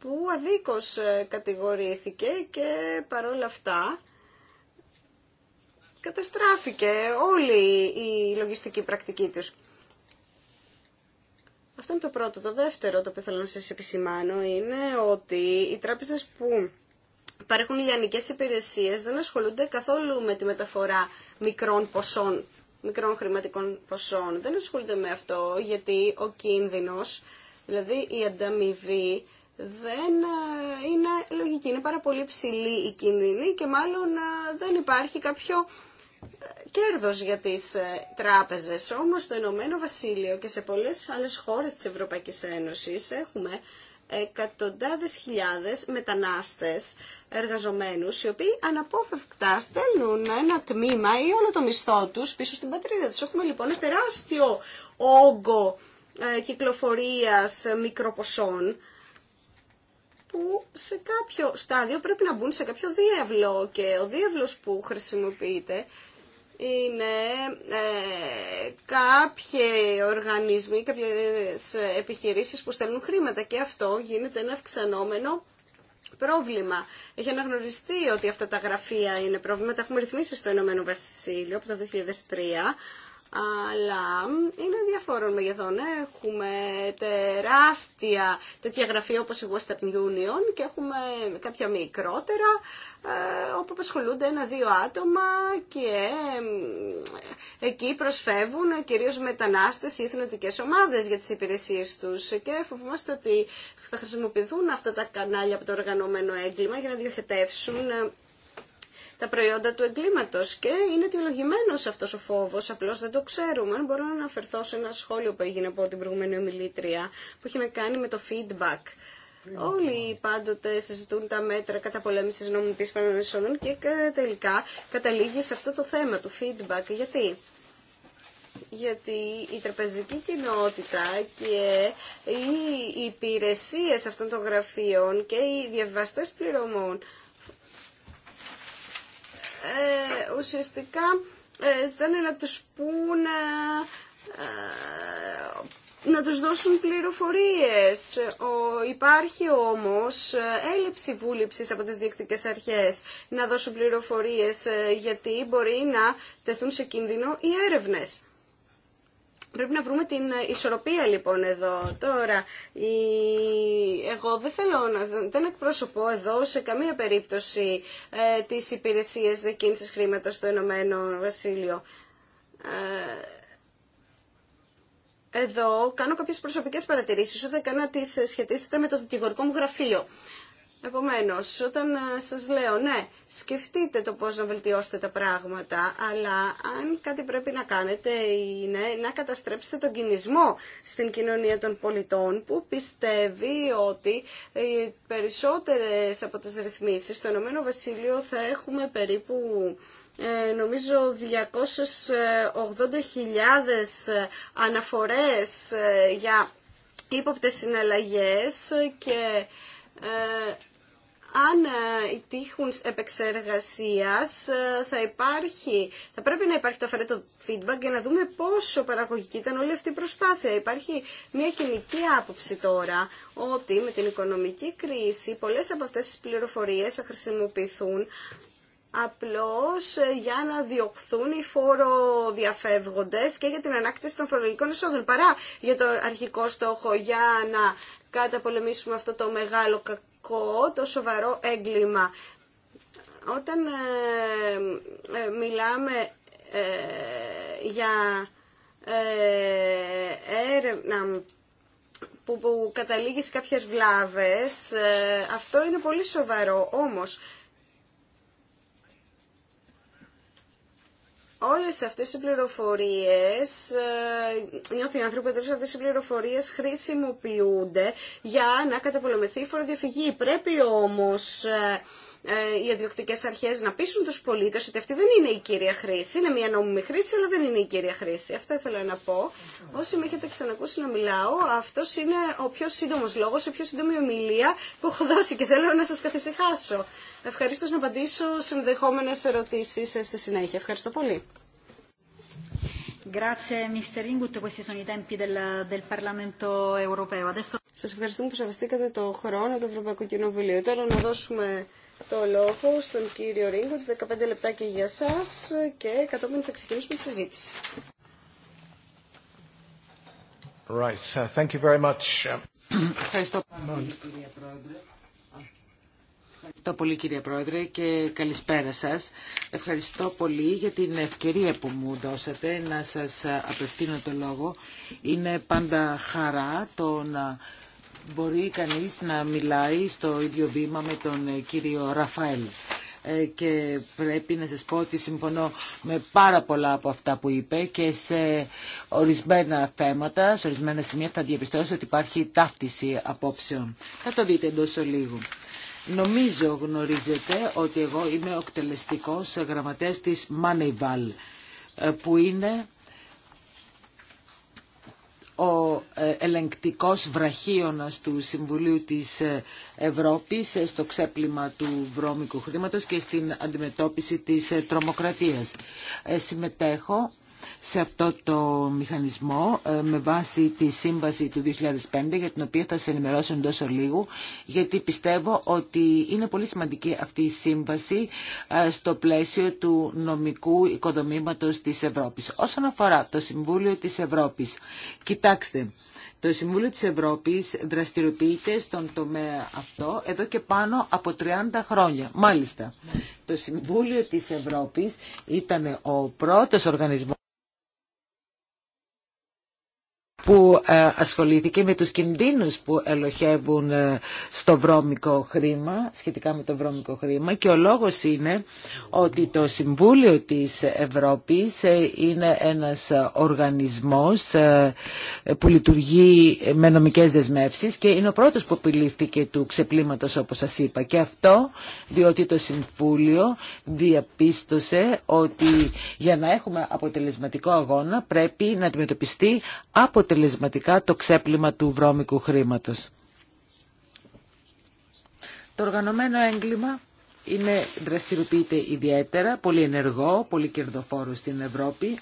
που αδίκως ε, κατηγορήθηκε και παρόλα αυτά καταστράφηκε όλη η λογιστική πρακτική τους. Αυτό είναι το πρώτο. Το δεύτερο το οποίο θέλω να σας επισημάνω είναι ότι οι τράπεζες που παρέχουν λιανικές υπηρεσίες δεν ασχολούνται καθόλου με τη μεταφορά μικρών ποσών μικρών χρηματικών ποσών. Δεν ασχολείται με αυτό γιατί ο κίνδυνος, δηλαδή η ανταμοιβή, δεν ε, είναι λογική. Είναι πάρα πολύ ψηλή η κίνδυνη και μάλλον ε, δεν υπάρχει κάποιο ε, κέρδος για τις τράπεζες. Όμως το Ηνωμένο Βασίλειο και σε πολλές άλλες χώρες της Ευρωπαϊκής Ένωσης έχουμε εκατοντάδες χιλιάδες μετανάστες εργαζομένους οι οποίοι αναπόφευκτα στέλνουν ένα τμήμα ή όλο το μισθό τους πίσω στην πατρίδα τους. Έχουμε λοιπόν ένα τεράστιο όγκο ε, κυκλοφορίας μικροποσών που σε κάποιο στάδιο πρέπει να μπουν σε κάποιο διεύλο και ο διεύλος που χρησιμοποιείται είναι ε, κάποιοι οργανισμοί, κάποιες επιχειρήσεις που στέλνουν χρήματα και αυτό γίνεται ένα αυξανόμενο πρόβλημα. Έχει αναγνωριστεί ότι αυτά τα γραφεία είναι πρόβλημα. Τα έχουμε ρυθμίσει στο Ηνωμένο Βασίλειο από το 2003 αλλά είναι διαφόρων μεγεθών. Έχουμε τεράστια τέτοια γραφεία όπως η Western Union και έχουμε κάποια μικρότερα ε, όπου απασχολούνται ένα-δύο άτομα και εκεί προσφεύγουν κυρίως μετανάστες ή εθνοτικές ομάδες για τις υπηρεσίες τους και φοβόμαστε ότι θα χρησιμοποιηθούν αυτά τα κανάλια από το οργανωμένο έγκλημα για να διοχετεύσουν ε, τα προϊόντα του εγκλήματο. και είναι αιτιολογημένο αυτός ο φόβος, Απλώ δεν το ξέρουμε. Αν μπορώ να αναφερθώ σε ένα σχόλιο που έγινε από την προηγούμενη ομιλήτρια που έχει να κάνει με το feedback. Όλοι πάντοτε συζητούν τα μέτρα κατά πολέμηση νομιμοποίηση παρανομισόδων και τελικά καταλήγει σε αυτό το θέμα του feedback. Γιατί? γιατί η τραπεζική κοινότητα και οι υπηρεσίες αυτών των γραφείων και οι διαβαστές πληρωμών ε, ουσιαστικά ε, ζητάνε να τους πούν ε, να τους δώσουν πληροφορίες. Ο, υπάρχει όμως έλλειψη βούληψης από τις διεκτικές αρχές να δώσουν πληροφορίες γιατί μπορεί να τεθούν σε κίνδυνο οι έρευνες. Πρέπει να βρούμε την ισορροπία λοιπόν εδώ. Τώρα, η... εγώ δεν θέλω να... δεν εκπροσωπώ εδώ σε καμία περίπτωση ε, τις υπηρεσίες δεκίνησης χρήματος στο Ηνωμένο Βασίλειο. Ε, εδώ κάνω κάποιες προσωπικές παρατηρήσεις, ούτε κάνω να τις ε, σχετίσετε με το δικηγορικό μου γραφείο. Επομένως, όταν ε, σας λέω, ναι, σκεφτείτε το πώ να βελτιώσετε τα πράγματα, αλλά αν κάτι πρέπει να κάνετε είναι να καταστρέψετε τον κινησμό στην κοινωνία των πολιτών που πιστεύει ότι οι περισσότερες από τι ρυθμίσει, στο Ηνωμένο Βασίλειο θα έχουμε περίπου ε, νομίζω 280.000 ε, αναφορές για ύποπτες συναλλαγές και αν ε, τύχουν επεξεργασίας ε, θα υπάρχει, θα πρέπει να υπάρχει το αφαιρέτο feedback για να δούμε πόσο παραγωγική ήταν όλη αυτή η προσπάθεια. Υπάρχει μια κοινική άποψη τώρα ότι με την οικονομική κρίση πολλές από αυτές τις πληροφορίες θα χρησιμοποιηθούν απλώς ε, για να διωχθούν οι φοροδιαφεύγοντες και για την ανάκτηση των φορολογικών εσόδων, παρά για το αρχικό στόχο για να καταπολεμήσουμε αυτό το μεγάλο κακό το σοβαρό έγκλημα. Όταν ε, ε, μιλάμε ε, για έρευνα που, που καταλήγει σε κάποιες βλάβες, αυτό είναι πολύ σοβαρό. Όμως, όλες αυτές οι πληροφορίες, ε, νιώθει οι άνθρωποι ότι αυτές οι πληροφορίες χρησιμοποιούνται για να καταπολεμηθεί η φοροδιαφυγή. Πρέπει όμως ε, ε, οι ιδιοκτικέ αρχέ να πείσουν του πολίτε ότι αυτή δεν είναι η κύρια χρήση. Είναι μια νόμιμη χρήση, αλλά δεν είναι η κύρια χρήση. Αυτά ήθελα να πω. Όσοι με έχετε ξανακούσει να μιλάω, αυτό είναι ο πιο σύντομο λόγο, η πιο σύντομη ομιλία που έχω δώσει και θέλω να σα καθησυχάσω. Ευχαρίστω να απαντήσω σε ενδεχόμενε ερωτήσει ε, στη συνέχεια. Ευχαριστώ πολύ. Σα ευχαριστούμε που σεβαστήκατε το χρόνο του Ευρωπαϊκού Κοινοβουλίου. Τώρα να δώσουμε το λόγο στον κύριο Ρίγκο, 15 λεπτά και για σας και κατόπιν θα ξεκινήσουμε τη συζήτηση. Right. Thank you very much. Ευχαριστώ πολύ, Ευχαριστώ πολύ κύριε Πρόεδρε και καλησπέρα σας. Ευχαριστώ πολύ για την ευκαιρία που μου δώσατε να σας απευθύνω το λόγο. Είναι πάντα χαρά το να μπορεί κανείς να μιλάει στο ίδιο βήμα με τον ε, κύριο Ραφαέλ ε, και πρέπει να σας πω ότι συμφωνώ με πάρα πολλά από αυτά που είπε και σε ορισμένα θέματα, σε ορισμένα σημεία θα διαπιστώσω ότι υπάρχει ταύτιση απόψεων. Θα το δείτε εντός ολίγου. Νομίζω γνωρίζετε ότι εγώ είμαι ο εκτελεστικός γραμματέας της Μανιβάλ ε, που είναι ο ε, ελεγκτικός βραχίωνας του Συμβουλίου της ε, Ευρώπης ε, στο ξέπλυμα του βρώμικου χρήματος και στην αντιμετώπιση της τρομοκρατίας. Συμμετέχω σε αυτό το μηχανισμό ε, με βάση τη σύμβαση του 2005 για την οποία θα σε ενημερώσω εντό ολίγου γιατί πιστεύω ότι είναι πολύ σημαντική αυτή η σύμβαση ε, στο πλαίσιο του νομικού οικοδομήματος της Ευρώπης. Όσον αφορά το Συμβούλιο της Ευρώπης, κοιτάξτε, το Συμβούλιο της Ευρώπης δραστηριοποιείται στον τομέα αυτό εδώ και πάνω από 30 χρόνια. Μάλιστα, το Συμβούλιο της Ευρώπης ήταν ο πρώτος οργανισμός που ε, ασχολήθηκε με τους κινδύνους που ελοχεύουν ε, στο βρώμικο χρήμα, σχετικά με το βρώμικο χρήμα και ο λόγος είναι ότι το Συμβούλιο της Ευρώπης ε, είναι ένας οργανισμός που λειτουργεί με νομικές δεσμεύσεις και είναι ο πρώτος που επιλήφθηκε του ξεπλήματος όπως σας είπα και αυτό διότι το Συμβούλιο διαπίστωσε ότι για να έχουμε αποτελεσματικό αγώνα πρέπει να αντιμετωπιστεί από αποτελεσματικά το ξέπλυμα του βρώμικου χρήματος. Το οργανωμένο έγκλημα είναι, δραστηριοποιείται ιδιαίτερα, πολύ ενεργό, πολύ κερδοφόρο στην Ευρώπη.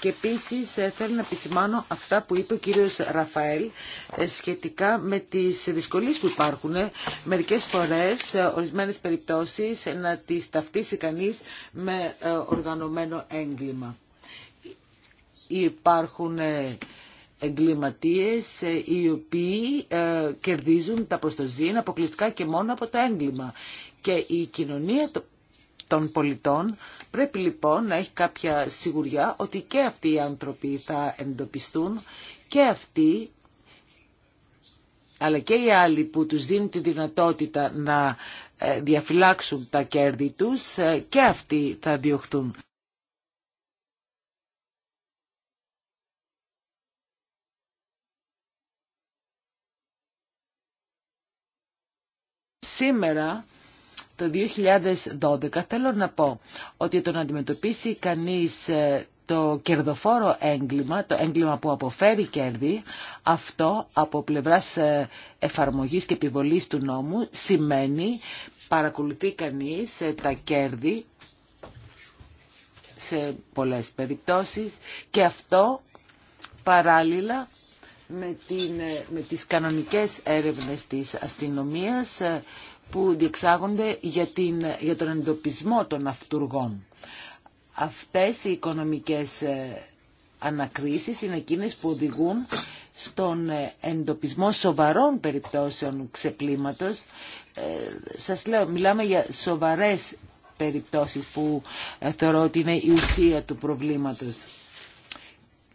Και επίσης ε, θέλω να επισημάνω αυτά που είπε ο κύριος Ραφαέλ ε, σχετικά με τις δυσκολίες που υπάρχουν. Ε, μερικές φορές, ορισμένες περιπτώσεις, να τις ταυτίσει κανείς με οργανωμένο έγκλημα. Υπάρχουν εγκληματίες ε, οι οποίοι ε, κερδίζουν τα προστοζήν αποκλειστικά και μόνο από το έγκλημα. Και η κοινωνία των πολιτών πρέπει λοιπόν να έχει κάποια σιγουριά ότι και αυτοί οι άνθρωποι θα εντοπιστούν και αυτοί αλλά και οι άλλοι που τους δίνουν τη δυνατότητα να ε, διαφυλάξουν τα κέρδη τους και αυτοί θα διωχθούν. Σήμερα το 2012 θέλω να πω ότι το να αντιμετωπίσει κανείς ε, το κερδοφόρο έγκλημα, το έγκλημα που αποφέρει κέρδη, αυτό από πλευράς ε, εφαρμογής και επιβολής του νόμου σημαίνει παρακολουθεί κανείς ε, τα κέρδη σε πολλές περιπτώσεις και αυτό παράλληλα με, την, με τις κανονικές έρευνες της αστυνομίας που διεξάγονται για, την, για τον εντοπισμό των αυτούργων. Αυτές οι οικονομικές ε, ανακρίσεις είναι εκείνες που οδηγούν στον ε, εντοπισμό σοβαρών περιπτώσεων ξεπλήματος. Ε, σας λέω, μιλάμε για σοβαρές περιπτώσεις που θεωρώ ότι είναι η ουσία του προβλήματος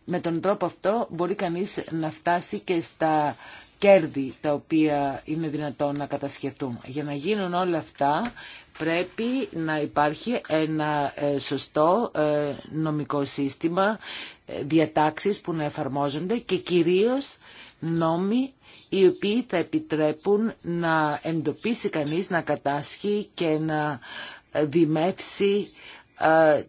με τον τρόπο αυτό μπορεί κανείς να φτάσει και στα κέρδη τα οποία είναι δυνατόν να κατασχεθούν. Για να γίνουν όλα αυτά πρέπει να υπάρχει ένα ε, σωστό ε, νομικό σύστημα, ε, διατάξεις που να εφαρμόζονται και κυρίως νόμοι οι οποίοι θα επιτρέπουν να εντοπίσει κανείς, να κατάσχει και να δημεύσει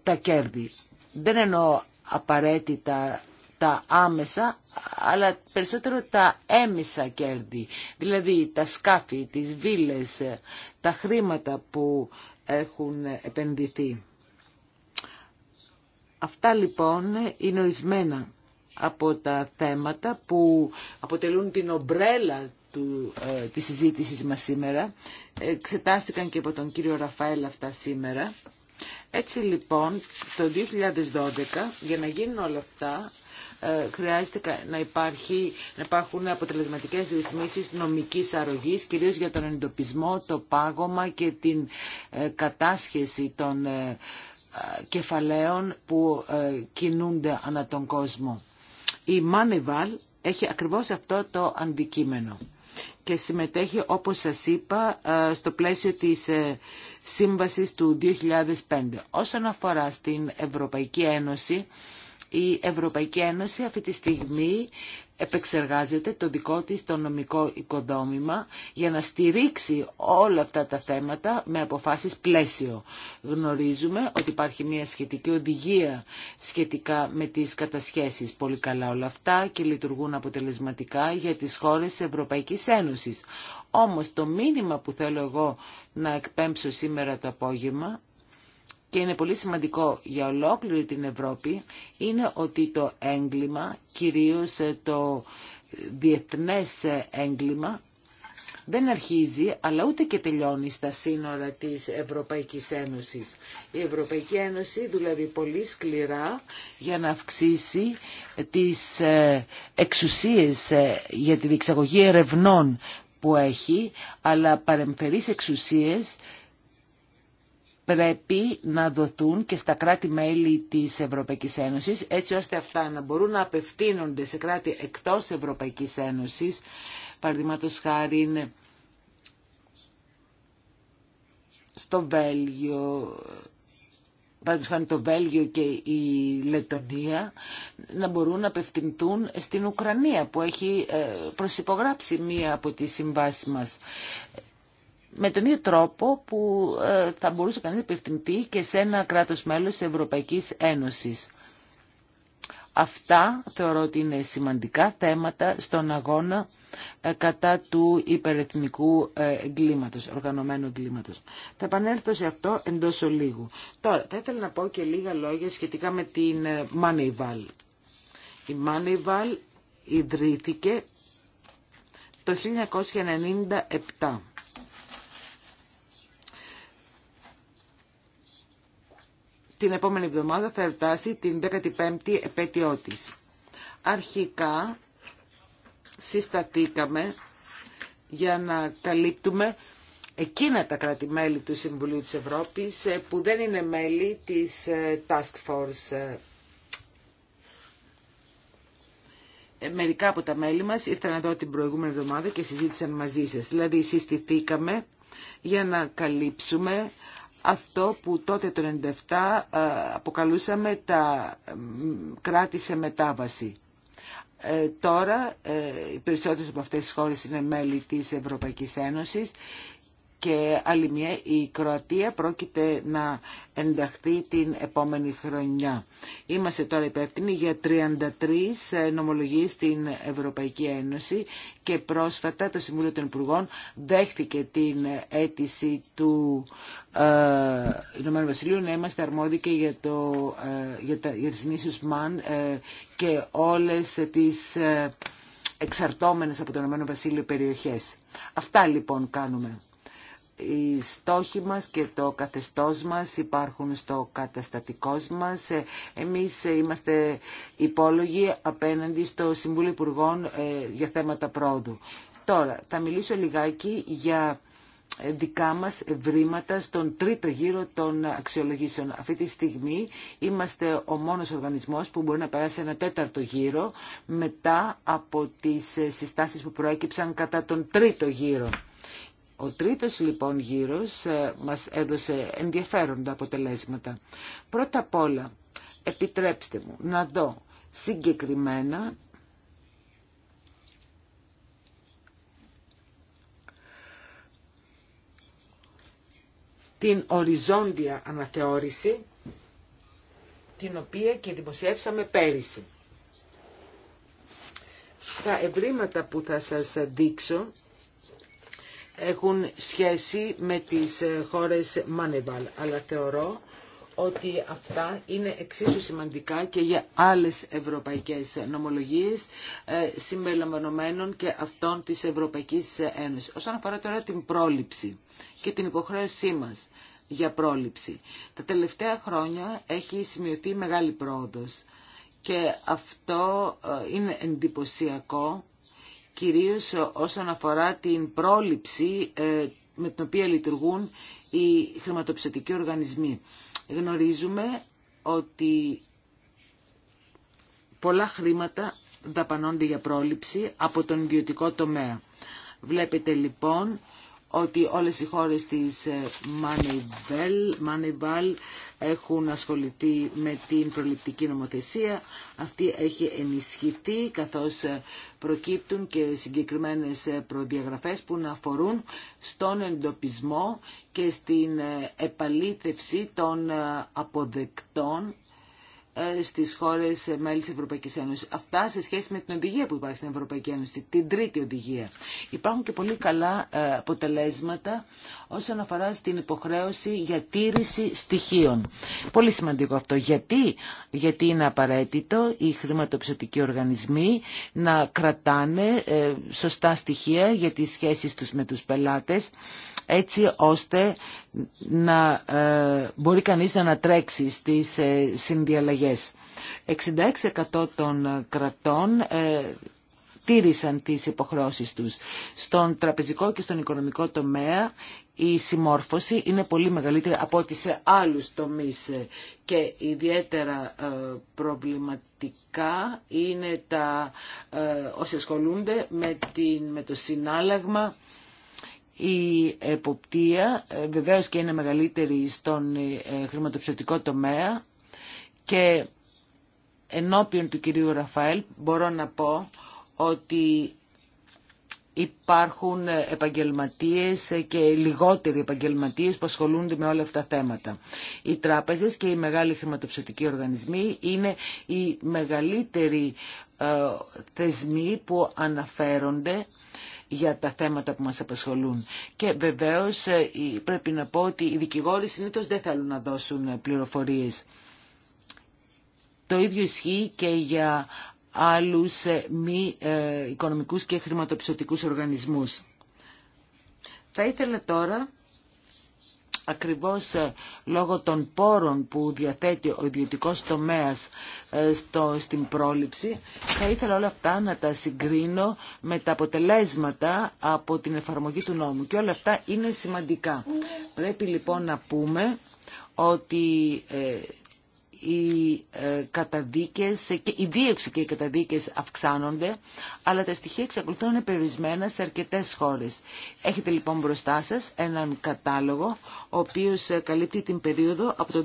τα κέρδη. Δεν εννοώ απαραίτητα τα άμεσα, αλλά περισσότερο τα έμεσα κέρδη. Δηλαδή τα σκάφη, τις βίλες, τα χρήματα που έχουν επενδυθεί. Αυτά λοιπόν είναι ορισμένα από τα θέματα που αποτελούν την ομπρέλα του, ε, της συζήτησης μας σήμερα. Εξετάστηκαν και από τον κύριο Ραφαέλ αυτά σήμερα. Έτσι λοιπόν το 2012 για να γίνουν όλα αυτά ε, χρειάζεται να, υπάρχει, να υπάρχουν αποτελεσματικές ρυθμίσεις νομικής αρρωγής, κυρίως για τον εντοπισμό, το πάγωμα και την ε, κατάσχεση των ε, κεφαλαίων που κινούνται ανά τον κόσμο. Η Μάνεβαλ έχει ακριβώς αυτό το αντικείμενο και συμμετέχει, όπως σας είπα, στο πλαίσιο της Σύμβασης του 2005. Όσον αφορά στην Ευρωπαϊκή Ένωση, η Ευρωπαϊκή Ένωση αυτή τη στιγμή επεξεργάζεται το δικό της το νομικό οικοδόμημα για να στηρίξει όλα αυτά τα θέματα με αποφάσεις πλαίσιο. Γνωρίζουμε ότι υπάρχει μια σχετική οδηγία σχετικά με τις κατασχέσεις. Πολύ καλά όλα αυτά και λειτουργούν αποτελεσματικά για τις χώρες της Ευρωπαϊκής Ένωσης. Όμως το μήνυμα που θέλω εγώ να εκπέμψω σήμερα το απόγευμα και είναι πολύ σημαντικό για ολόκληρη την Ευρώπη είναι ότι το έγκλημα, κυρίως ε, το διεθνές ε, έγκλημα, δεν αρχίζει αλλά ούτε και τελειώνει στα σύνορα της Ευρωπαϊκής Ένωσης. Η Ευρωπαϊκή Ένωση δουλεύει δηλαδή, πολύ σκληρά για να αυξήσει ε, τις εξουσίες για τη διεξαγωγή ερευνών που έχει, αλλά παρεμφερείς εξουσίες πρέπει να δοθούν και στα κράτη-μέλη της Ευρωπαϊκής Ένωσης, έτσι ώστε αυτά να μπορούν να απευθύνονται σε κράτη εκτός Ευρωπαϊκής Ένωσης, παραδείγματος χάρη στο Βέλγιο, παραδείγματος χάνει το Βέλγιο και η Λετωνία, να μπορούν να απευθυνθούν στην Ουκρανία που έχει ε, προσυπογράψει μία από τις συμβάσεις μας. Με τον ίδιο τρόπο που ε, θα μπορούσε κανείς να απευθυνθεί και σε ένα κράτος μέλος της Ευρωπαϊκής Ένωσης. Αυτά θεωρώ ότι είναι σημαντικά θέματα στον αγώνα ε, κατά του υπερεθνικού ε, εγκλήματος, οργανωμένου εγκλήματος. Θα επανέλθω σε αυτό εντός ολίγου. Τώρα, θα ήθελα να πω και λίγα λόγια σχετικά με την ε, Moneyval. Η Moneyval ιδρύθηκε το 1997 την επόμενη εβδομάδα θα ερτάσει την 15η επέτειό της. Αρχικά συσταθήκαμε για να καλύπτουμε εκείνα τα κράτη-μέλη του Συμβουλίου της Ευρώπης ε, που δεν είναι μέλη της ε, Task Force. Ε, μερικά από τα μέλη μας ήρθαν εδώ την προηγούμενη εβδομάδα και συζήτησαν μαζί σας. Δηλαδή συστηθήκαμε για να καλύψουμε αυτό που τότε το 1997 ε, αποκαλούσαμε τα κράτη σε μετάβαση. Ε, τώρα ε, οι περισσότερες από αυτές τις χώρες είναι μέλη της Ευρωπαϊκής Ένωσης και άλλη μια η Κροατία πρόκειται να ενταχθεί την επόμενη χρονιά. Είμαστε τώρα υπεύθυνοι για 33 ε, νομολογίες στην Ευρωπαϊκή Ένωση και πρόσφατα το Συμβούλιο των Υπουργών δέχθηκε την αίτηση του ε, Ηνωμένου Βασιλείου να είμαστε αρμόδιοι και για, το, ε, για, τις ΜΑΝ ε, και όλες τις ε, εξαρτώμενες από το Ηνωμένο Βασίλειο περιοχές. Αυτά λοιπόν κάνουμε οι στόχοι μας και το καθεστώς μας υπάρχουν στο καταστατικό μας. Ε, εμείς είμαστε υπόλογοι απέναντι στο Συμβούλιο Υπουργών ε, για θέματα πρόοδου. Τώρα, θα μιλήσω λιγάκι για ε, δικά μας βρήματα στον τρίτο γύρο των αξιολογήσεων. Αυτή τη στιγμή είμαστε ο μόνος οργανισμός που μπορεί να περάσει ένα τέταρτο γύρο μετά από τις συστάσεις που προέκυψαν κατά τον τρίτο γύρο. Ο τρίτος λοιπόν γύρος ε, μας έδωσε ενδιαφέροντα αποτελέσματα. Πρώτα απ' όλα, επιτρέψτε μου να δω συγκεκριμένα την οριζόντια αναθεώρηση την οποία και δημοσιεύσαμε πέρυσι. Τα ευρήματα που θα σας δείξω έχουν σχέση με τις ε, χώρες Μάνεβαλ, αλλά θεωρώ ότι αυτά είναι εξίσου σημαντικά και για άλλες ευρωπαϊκές νομολογίες ε, συμπεριλαμβανομένων και αυτών της Ευρωπαϊκής Ένωσης. Όσον αφορά τώρα την πρόληψη και την υποχρέωσή μας για πρόληψη. Τα τελευταία χρόνια έχει σημειωθεί μεγάλη πρόοδος και αυτό ε, είναι εντυπωσιακό κυρίως όσον αφορά την πρόληψη ε, με την οποία λειτουργούν οι χρηματοπιστωτικοί οργανισμοί. Γνωρίζουμε ότι πολλά χρήματα δαπανώνται για πρόληψη από τον ιδιωτικό τομέα. Βλέπετε λοιπόν ότι όλες οι χώρες της Μανιβάλ ε, έχουν ασχοληθεί με την προληπτική νομοθεσία. Αυτή έχει ενισχυθεί καθώς ε, προκύπτουν και συγκεκριμένες ε, προδιαγραφές που να αφορούν στον εντοπισμό και στην επαλήθευση των αποδεκτών ε, στις χώρες ε, μέλη της Ευρωπαϊκής Ένωσης. Αυτά σε σχέση με την οδηγία που υπάρχει στην Ευρωπαϊκή Ένωση, την τρίτη οδηγία. Υπάρχουν και πολύ καλά ε, αποτελέσματα όσον αφορά στην υποχρέωση για τήρηση στοιχείων. Πολύ σημαντικό αυτό. Γιατί, Γιατί είναι απαραίτητο οι χρηματοπιστωτικοί οργανισμοί να κρατάνε σωστά στοιχεία για τις σχέσεις τους με τους πελάτες έτσι ώστε να μπορεί κανείς να ανατρέξει στις συνδιαλλαγές 66% των ε, κρατών ε, τήρησαν τις υποχρεώσεις τους. Στον τραπεζικό και στον οικονομικό τομέα η συμμόρφωση είναι πολύ μεγαλύτερη από ό,τι σε άλλους τομείς ε, και ιδιαίτερα προβληματικά είναι τα όσοι ασχολούνται με, την, με το συνάλλαγμα η εποπτεία βεβαίως και είναι μεγαλύτερη στον χρηματοψηφιακό τομέα και ενώπιον του κυρίου Ραφαέλ μπορώ να πω ότι υπάρχουν επαγγελματίες και λιγότεροι επαγγελματίες που ασχολούνται με όλα αυτά τα θέματα. Οι τράπεζες και οι μεγάλοι χρηματοψηφιακοί οργανισμοί είναι οι μεγαλύτεροι ε, θεσμοί που αναφέρονται για τα θέματα που μας απασχολούν. Και βεβαίως ε, πρέπει να πω ότι οι δικηγόροι συνήθως δεν θέλουν να δώσουν πληροφορίες. Το ίδιο ισχύει και για άλλους ε, μη ε, οικονομικούς και χρηματοπιστωτικούς οργανισμούς. Θα ήθελα τώρα, ακριβώς ε, λόγω των πόρων που διαθέτει ο ιδιωτικός τομέας στο, στην πρόληψη, θα ήθελα όλα αυτά να τα συγκρίνω με τα αποτελέσματα από την εφαρμογή του νόμου. Και όλα αυτά είναι σημαντικά. Πρέπει λοιπόν να πούμε ότι οι ε, καταδίκες, η δίωξη και οι καταδίκες αυξάνονται, αλλά τα στοιχεία εξακολουθούν να είναι περιορισμένα σε αρκετές χώρες. Έχετε λοιπόν μπροστά σας έναν κατάλογο, ο οποίος ε, καλύπτει την περίοδο από το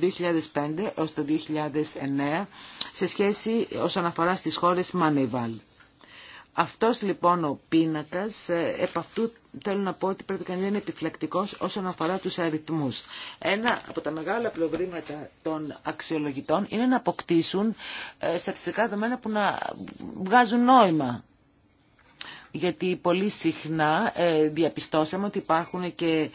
2005 έως το 2009, σε σχέση ε, όσον αφορά στις χώρες Μανεβάλ. Αυτός λοιπόν ο πίνακας, επ' αυτού θέλω να πω ότι πρέπει κανείς να είναι επιφυλακτικός όσον αφορά τους αριθμούς. Ένα από τα μεγάλα προβλήματα των αξιολογητών είναι να αποκτήσουν ε, στατιστικά δεδομένα που να βγάζουν νόημα γιατί πολύ συχνά ε, διαπιστώσαμε ότι υπάρχουν και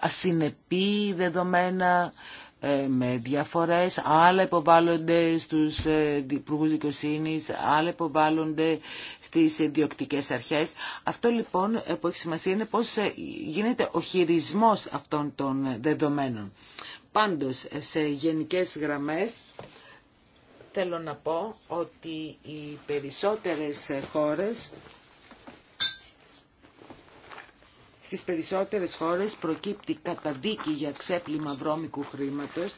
ασυνεπή δεδομένα, ε, με διαφορές, άλλα υποβάλλονται στους ε, υπουργού δικαιοσύνη, άλλα υποβάλλονται στις διοκτικές αρχές. Αυτό λοιπόν ε, που έχει σημασία είναι πώς γίνεται ο χειρισμός αυτών των δεδομένων. Πάντως, σε γενικές γραμμές θέλω να πω ότι οι περισσότερες χώρες Στις περισσότερες χώρες προκύπτει καταδίκη για ξέπλυμα βρώμικου χρήματος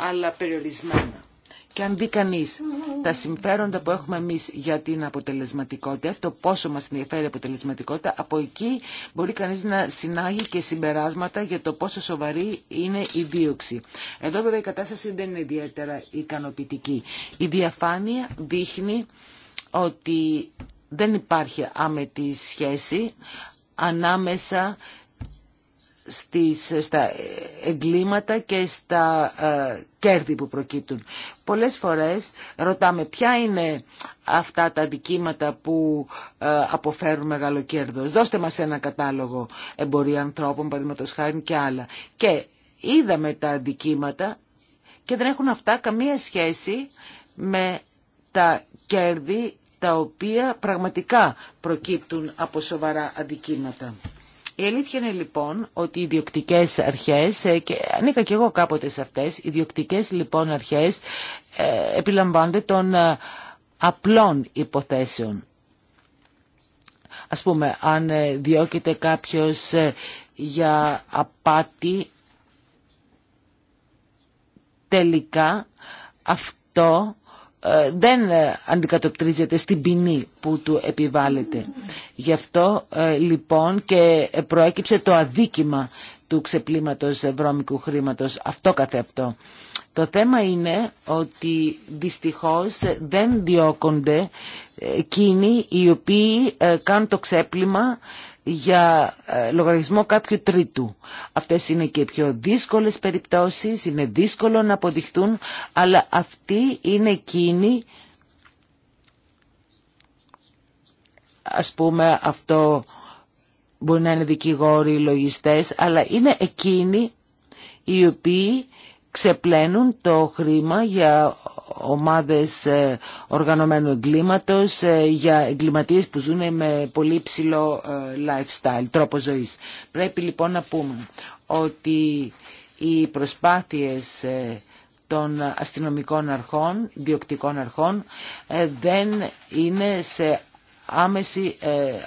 αλλά περιορισμένα. Και αν δει κανεί τα συμφέροντα που έχουμε εμεί για την αποτελεσματικότητα, το πόσο μα ενδιαφέρει η αποτελεσματικότητα, από εκεί μπορεί κανεί να συνάγει και συμπεράσματα για το πόσο σοβαρή είναι η δίωξη. Εδώ βέβαια η κατάσταση δεν είναι ιδιαίτερα ικανοποιητική. Η διαφάνεια δείχνει ότι δεν υπάρχει άμετη σχέση ανάμεσα στις, στα εγκλήματα και στα ε, κέρδη που προκύπτουν. Πολλές φορές ρωτάμε ποια είναι αυτά τα δικήματα που ε, αποφέρουν μεγάλο κέρδος. Δώστε μας ένα κατάλογο εμπορία ανθρώπων, παραδείγματος χάρη και άλλα. Και είδαμε τα δικήματα και δεν έχουν αυτά καμία σχέση με τα κέρδη τα οποία πραγματικά προκύπτουν από σοβαρά αντικείμενα. Η αλήθεια είναι λοιπόν ότι οι ιδιοκτικές αρχές, ε, και ανήκα και εγώ κάποτε σε αυτές, οι ιδιοκτικές λοιπόν αρχές ε, επιλαμβάνονται των ε, απλών υποθέσεων. Ας πούμε, αν διώκεται κάποιος για απάτη, τελικά αυτό ε, δεν ε, αντικατοπτρίζεται στην ποινή που του επιβάλλεται. Γι' αυτό ε, λοιπόν και προέκυψε το αδίκημα του ξεπλήματος βρώμικου χρήματος. Αυτό καθεαυτό. Το θέμα είναι ότι δυστυχώς δεν διώκονται εκείνοι οι οποίοι κάνουν το ξέπλυμα για ε, λογαριασμό κάποιου τρίτου. Αυτές είναι και πιο δύσκολες περιπτώσεις, είναι δύσκολο να αποδειχθούν, αλλά αυτή είναι εκείνη, ας πούμε αυτό μπορεί να είναι δικηγόροι, λογιστές, αλλά είναι εκείνοι οι οποίοι ξεπλένουν το χρήμα για ομάδες ε, οργανωμένου εγκλήματος, ε, για εγκληματίες που ζουν με πολύ ψηλό ε, lifestyle, τρόπο ζωής. Πρέπει λοιπόν να πούμε ότι οι προσπάθειες των αστυνομικών αρχών, διοκτικών αρχών, δεν είναι σε άμεση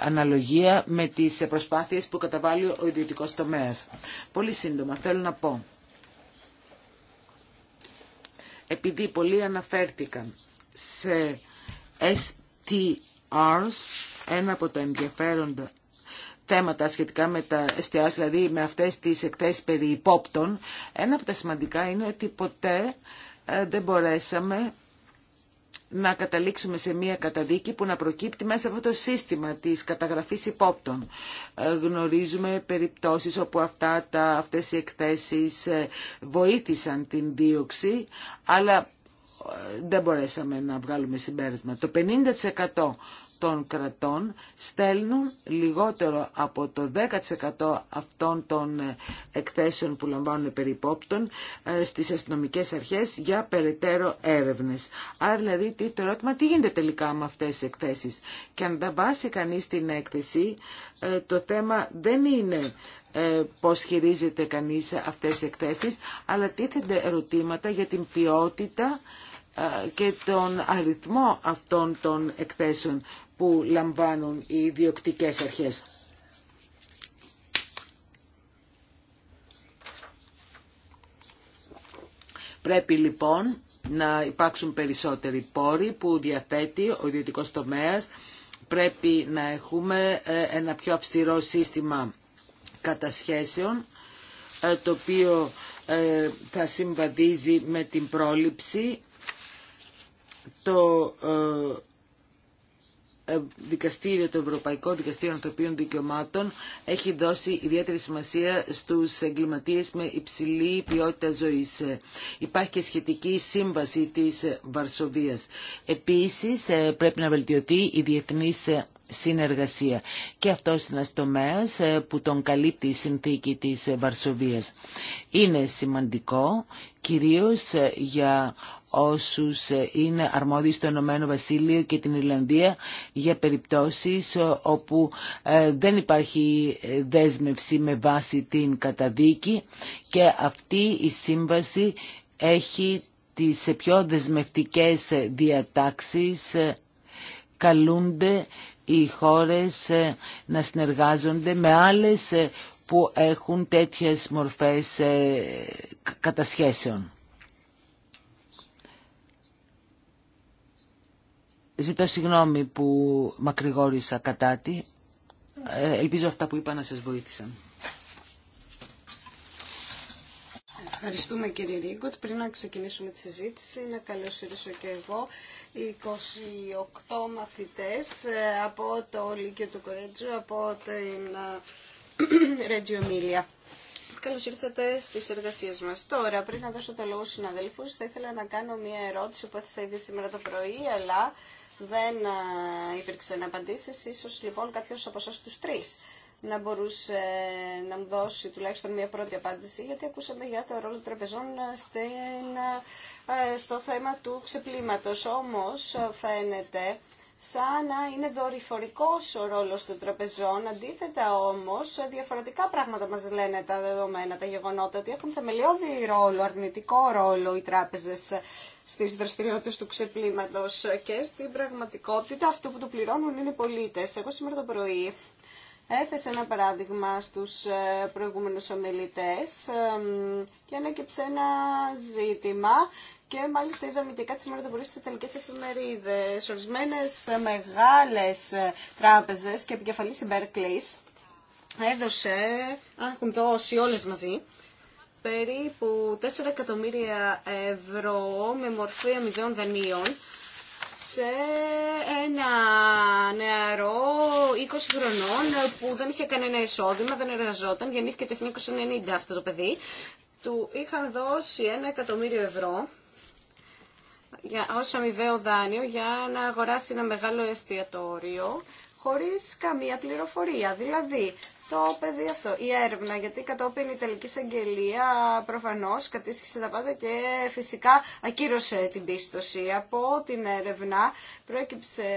αναλογία με τις προσπάθειες που καταβάλει ο ιδιωτικός τομέας. Πολύ σύντομα θέλω να πω επειδή πολλοί αναφέρθηκαν σε STRs, ένα από τα ενδιαφέροντα θέματα σχετικά με τα STRs, δηλαδή με αυτές τις εκθέσεις περί υπόπτων, ένα από τα σημαντικά είναι ότι ποτέ ε, δεν μπορέσαμε να καταλήξουμε σε μια καταδίκη που να προκύπτει μέσα από το σύστημα της καταγραφής υπόπτων. Ε, γνωρίζουμε περιπτώσεις όπου αυτά τα, αυτές οι εκθέσεις ε, βοήθησαν την δίωξη, αλλά ε, δεν μπορέσαμε να βγάλουμε συμπέρασμα. Το 50% των κρατών στέλνουν λιγότερο από το 10% αυτών των ε, εκθέσεων που λαμβάνουν περιπόπτων ε, στις αστυνομικές αρχές για περαιτέρω έρευνες. Άρα δηλαδή το ερώτημα τι γίνεται τελικά με αυτές τις εκθέσεις. Και αν τα βάσει κανείς την έκθεση ε, το θέμα δεν είναι πώς χειρίζεται κανείς αυτές τις εκθέσεις αλλά τίθενται ερωτήματα για την ποιότητα και τον αριθμό αυτών των εκθέσεων που λαμβάνουν οι διοκτικές αρχές. Πρέπει λοιπόν να υπάρξουν περισσότεροι πόροι που διαθέτει ο ιδιωτικός τομέας. Πρέπει να έχουμε ε, ένα πιο αυστηρό σύστημα κατασχέσεων, ε, το οποίο ε, θα συμβαδίζει με την πρόληψη, το ε, δικαστήριο, το Ευρωπαϊκό Δικαστήριο Ανθρωπίνων Δικαιωμάτων έχει δώσει ιδιαίτερη σημασία στους εγκληματίες με υψηλή ποιότητα ζωής. Ε, υπάρχει και σχετική σύμβαση της Βαρσοβίας. Επίσης ε, πρέπει να βελτιωθεί η διεθνής συνεργασία και αυτό είναι ένα τομέα που τον καλύπτει η συνθήκη της Βαρσοβίας. Είναι σημαντικό κυρίως για όσους ε, είναι αρμόδιοι στο Ηνωμένο Βασίλειο και την Ιρλανδία για περιπτώσεις ε, όπου ε, δεν υπάρχει δέσμευση με βάση την καταδίκη και αυτή η σύμβαση έχει τις πιο δεσμευτικές διατάξεις καλούνται οι χώρες να συνεργάζονται με άλλες που έχουν τέτοιες μορφές κατασχέσεων. Ζητώ συγγνώμη που μακρηγόρησα κατά τη. Ε, ελπίζω αυτά που είπα να σας βοήθησαν. Ευχαριστούμε κύριε Ρίγκοτ. Πριν να ξεκινήσουμε τη συζήτηση, να καλωσορίσω και εγώ 28 μαθητές ε, από το Λίκιο του Κορέτζου από την ε, Ρέτζιο Μίλια. Καλώς ήρθατε στις εργασίες μας. Τώρα, πριν να δώσω το λόγο στους συναδέλφους, θα ήθελα να κάνω μια ερώτηση που έθεσα ήδη σήμερα το πρωί, αλλά δεν να απαντήσεις. Ίσως λοιπόν κάποιος από εσάς τους τρεις να μπορούσε να μου δώσει τουλάχιστον μια πρώτη απάντηση, γιατί ακούσαμε για το ρόλο τραπεζών στο θέμα του ξεπλήματος. Όμως φαίνεται σαν να είναι δορυφορικός ο ρόλος των τραπεζών. Αντίθετα όμως, διαφορετικά πράγματα μας λένε τα δεδομένα, τα γεγονότα, ότι έχουν θεμελιώδη ρόλο, αρνητικό ρόλο οι τράπεζες στις δραστηριότητες του ξεπλήματος και στην πραγματικότητα αυτό που το πληρώνουν είναι οι πολίτες. Εγώ σήμερα το πρωί Έθεσε ένα παράδειγμα στους ε, προηγούμενους ομιλητές και ανέκυψε ένα ζήτημα και μάλιστα είδαμε και κάτι σήμερα το μπορείς στις τελικές εφημερίδες. Ορισμένες μεγάλες ε, τράπεζες και επικεφαλής η έδωσε, έχουν δώσει όλες μαζί, περίπου 4 εκατομμύρια ευρώ με μορφή αμοιβαίων δανείων σε ένα νεαρό 20 χρονών που δεν είχε κανένα εισόδημα, δεν εργαζόταν, γεννήθηκε το 1990 αυτό το παιδί. Του είχαν δώσει ένα εκατομμύριο ευρώ για, ως αμοιβαίο δάνειο για να αγοράσει ένα μεγάλο εστιατόριο χωρίς καμία πληροφορία. Δηλαδή, το παιδί αυτό. Η έρευνα, γιατί κατόπιν η τελική εισαγγελία προφανώ κατήσχησε τα πάντα και φυσικά ακύρωσε την πίστοση. Από την έρευνα πρόκειψε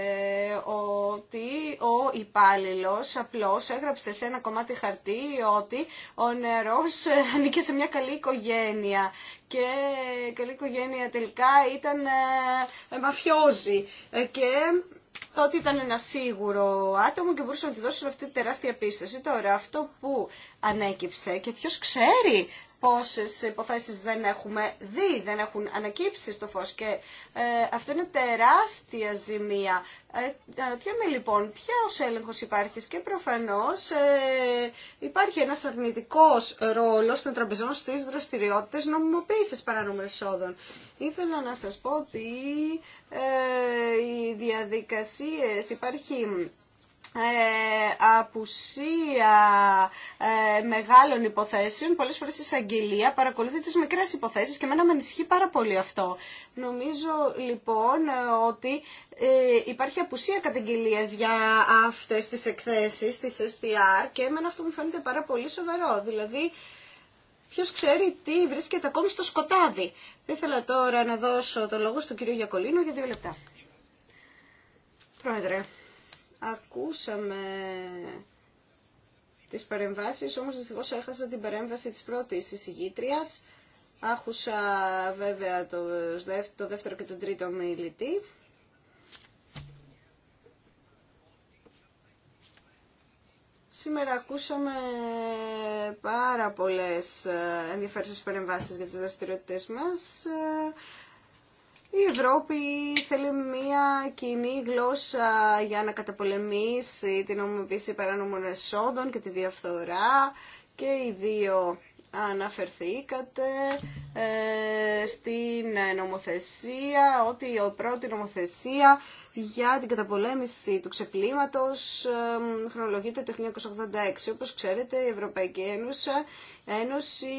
ότι ο υπάλληλο απλώ έγραψε σε ένα κομμάτι χαρτί ότι ο νερό ανήκε σε μια καλή οικογένεια. Και καλή οικογένεια τελικά ήταν ε, ε, μαφιόζη. Ε, και ότι ήταν ένα σίγουρο άτομο και μπορούσε να του δώσει αυτή τη τεράστια πίσταση. Τώρα αυτό που ανέκυψε και ποιος ξέρει πόσες υποθέσεις δεν έχουμε δει, δεν έχουν ανακύψει στο φως και ε, αυτό είναι τεράστια ζημία. Ε, Τι είμαι λοιπόν, ποιος έλεγχος υπάρχει και προφανώς ε, υπάρχει ένας αρνητικός ρόλος των τραπεζών στις δραστηριότητες νομιμοποίησης παρανομών εσόδων. Ήθελα να σας πω ότι οι διαδικασίες υπάρχει ε, απουσία ε, μεγάλων υποθέσεων, πολλές φορές εισαγγελία παρακολουθεί τις μικρές υποθέσεις και εμένα με ανησυχεί πάρα πολύ αυτό. Νομίζω λοιπόν ότι ε, υπάρχει απουσία καταγγελίας για αυτές τις εκθέσεις, τις STR και εμένα αυτό μου φαίνεται πάρα πολύ σοβαρό. Δηλαδή Ποιο ξέρει τι βρίσκεται ακόμη στο σκοτάδι. Θα ήθελα τώρα να δώσω το λόγο στον κύριο Γιακολίνο για δύο λεπτά. Πρόεδρε, Ακούσαμε τις παρεμβάσεις, όμως δυστυχώς έχασα την παρέμβαση της πρώτης εισηγήτριας. Άχουσα βέβαια το, δεύτερο και το τρίτο μιλητή. Σήμερα ακούσαμε πάρα πολλές ενδιαφέρουσες παρεμβάσεις για τις δραστηριότητες μας. Η Ευρώπη θέλει μια κοινή γλώσσα για να καταπολεμήσει την ομοιοποίηση παράνομων εσόδων και τη διαφθορά και οι δύο αναφερθήκατε ε, στην νομοθεσία, ότι η πρώτη νομοθεσία για την καταπολέμηση του ξεπλήματος ε, χρονολογείται το 1986. Όπως ξέρετε, η Ευρωπαϊκή Ένωση, Ένωση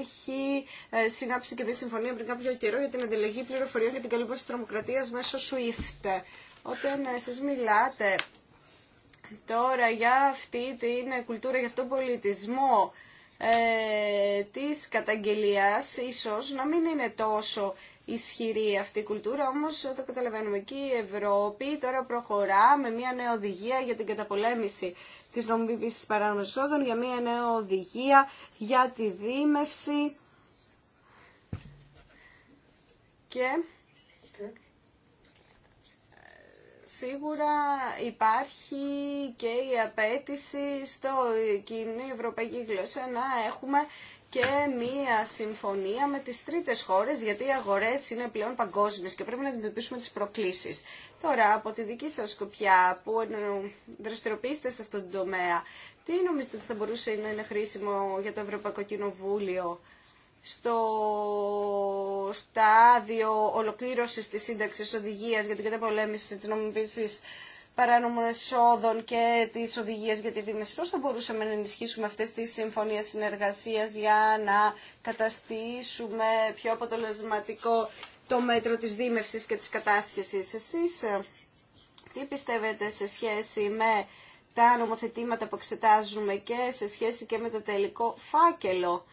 έχει ε, συνάψει και τη συμφωνία πριν κάποιο καιρό για την ανταλλαγή πληροφοριών για την της τρομοκρατίας μέσω SWIFT. Όταν εσείς μιλάτε τώρα για αυτή την κουλτούρα, για αυτόν τον πολιτισμό ε, της καταγγελίας ίσως να μην είναι τόσο ισχυρή αυτή η κουλτούρα, όμως όταν καταλαβαίνουμε εκεί η Ευρώπη τώρα προχωρά με μια νέα οδηγία για την καταπολέμηση της νομιμοποίησης παρανοσόδων, για μια νέα οδηγία για τη δίμευση και σίγουρα υπάρχει και η απέτηση στο κοινή ευρωπαϊκή γλώσσα να έχουμε και μία συμφωνία με τις τρίτες χώρες, γιατί οι αγορές είναι πλέον παγκόσμιες και πρέπει να αντιμετωπίσουμε τις προκλήσεις. Τώρα, από τη δική σας σκοπιά που δραστηριοποιήσετε σε αυτόν τον τομέα, τι νομίζετε ότι θα μπορούσε να είναι χρήσιμο για το Ευρωπαϊκό Κοινοβούλιο στο στάδιο ολοκλήρωσης της σύνταξης οδηγίας για την καταπολέμηση τη νομιμπήσης παράνομων εσόδων και της οδηγίας για τη δίμηση. Πώς θα μπορούσαμε να ενισχύσουμε αυτές τις συμφωνίες συνεργασίας για να καταστήσουμε πιο αποτελεσματικό το μέτρο της δίμευσης και της κατάσχεσης. Εσείς ε, τι πιστεύετε σε σχέση με τα νομοθετήματα που εξετάζουμε και σε σχέση και με το τελικό φάκελο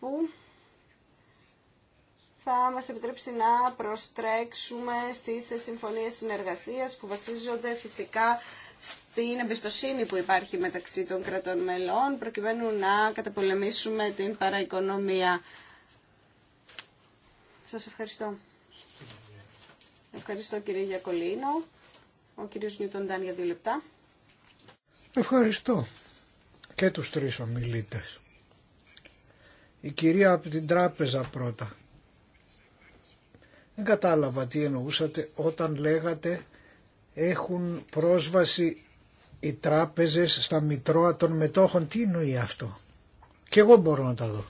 που θα μας επιτρέψει να προστρέξουμε στις συμφωνίες συνεργασίας που βασίζονται φυσικά στην εμπιστοσύνη που υπάρχει μεταξύ των κρατών μελών προκειμένου να καταπολεμήσουμε την παραοικονομία. Σας ευχαριστώ. Ευχαριστώ κύριε Γιακολίνο. Ο κύριος Νιούτον τάνια για δύο λεπτά. Ευχαριστώ και τους τρεις ομιλήτες. Η κυρία από την τράπεζα πρώτα. Δεν κατάλαβα τι εννοούσατε όταν λέγατε έχουν πρόσβαση οι τράπεζες στα μητρώα των μετόχων. Τι εννοεί αυτό. Και εγώ μπορώ να τα δω.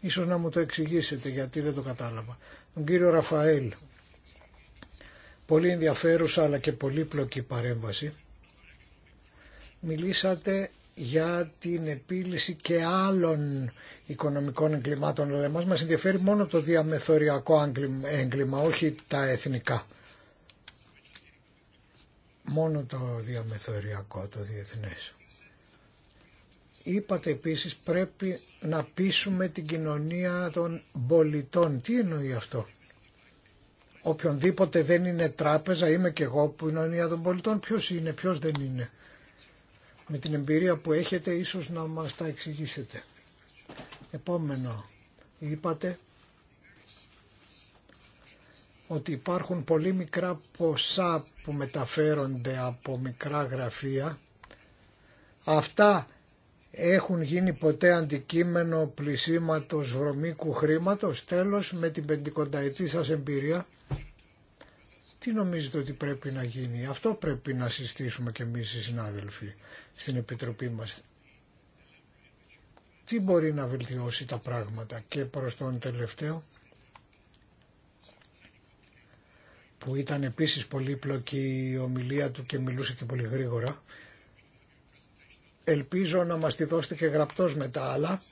Ίσως να μου το εξηγήσετε γιατί δεν το κατάλαβα. Τον κύριο Ραφαέλ. Πολύ ενδιαφέρουσα αλλά και πολύπλοκη παρέμβαση. Μιλήσατε για την επίλυση και άλλων οικονομικών εγκλημάτων. Αλλά εμάς μας ενδιαφέρει μόνο το διαμεθοριακό έγκλημα, όχι τα εθνικά. Μόνο το διαμεθοριακό, το διεθνές. Είπατε επίσης πρέπει να πείσουμε την κοινωνία των πολιτών. Τι εννοεί αυτό. Οποιονδήποτε δεν είναι τράπεζα, είμαι και εγώ που κοινωνία των πολιτών. Ποιος είναι, ποιος δεν είναι με την εμπειρία που έχετε ίσως να μας τα εξηγήσετε. Επόμενο, είπατε ότι υπάρχουν πολύ μικρά ποσά που μεταφέρονται από μικρά γραφεία. Αυτά έχουν γίνει ποτέ αντικείμενο πλησίματος βρωμίκου χρήματος. Τέλος, με την πεντηκονταετή σας εμπειρία, τι νομίζετε ότι πρέπει να γίνει. Αυτό πρέπει να συστήσουμε και εμείς οι συνάδελφοι στην Επιτροπή μας. Τι μπορεί να βελτιώσει τα πράγματα και προς τον τελευταίο που ήταν επίσης πολύπλοκη η ομιλία του και μιλούσε και πολύ γρήγορα. Ελπίζω να μας τη δώσετε και γραπτός μετά, αλλά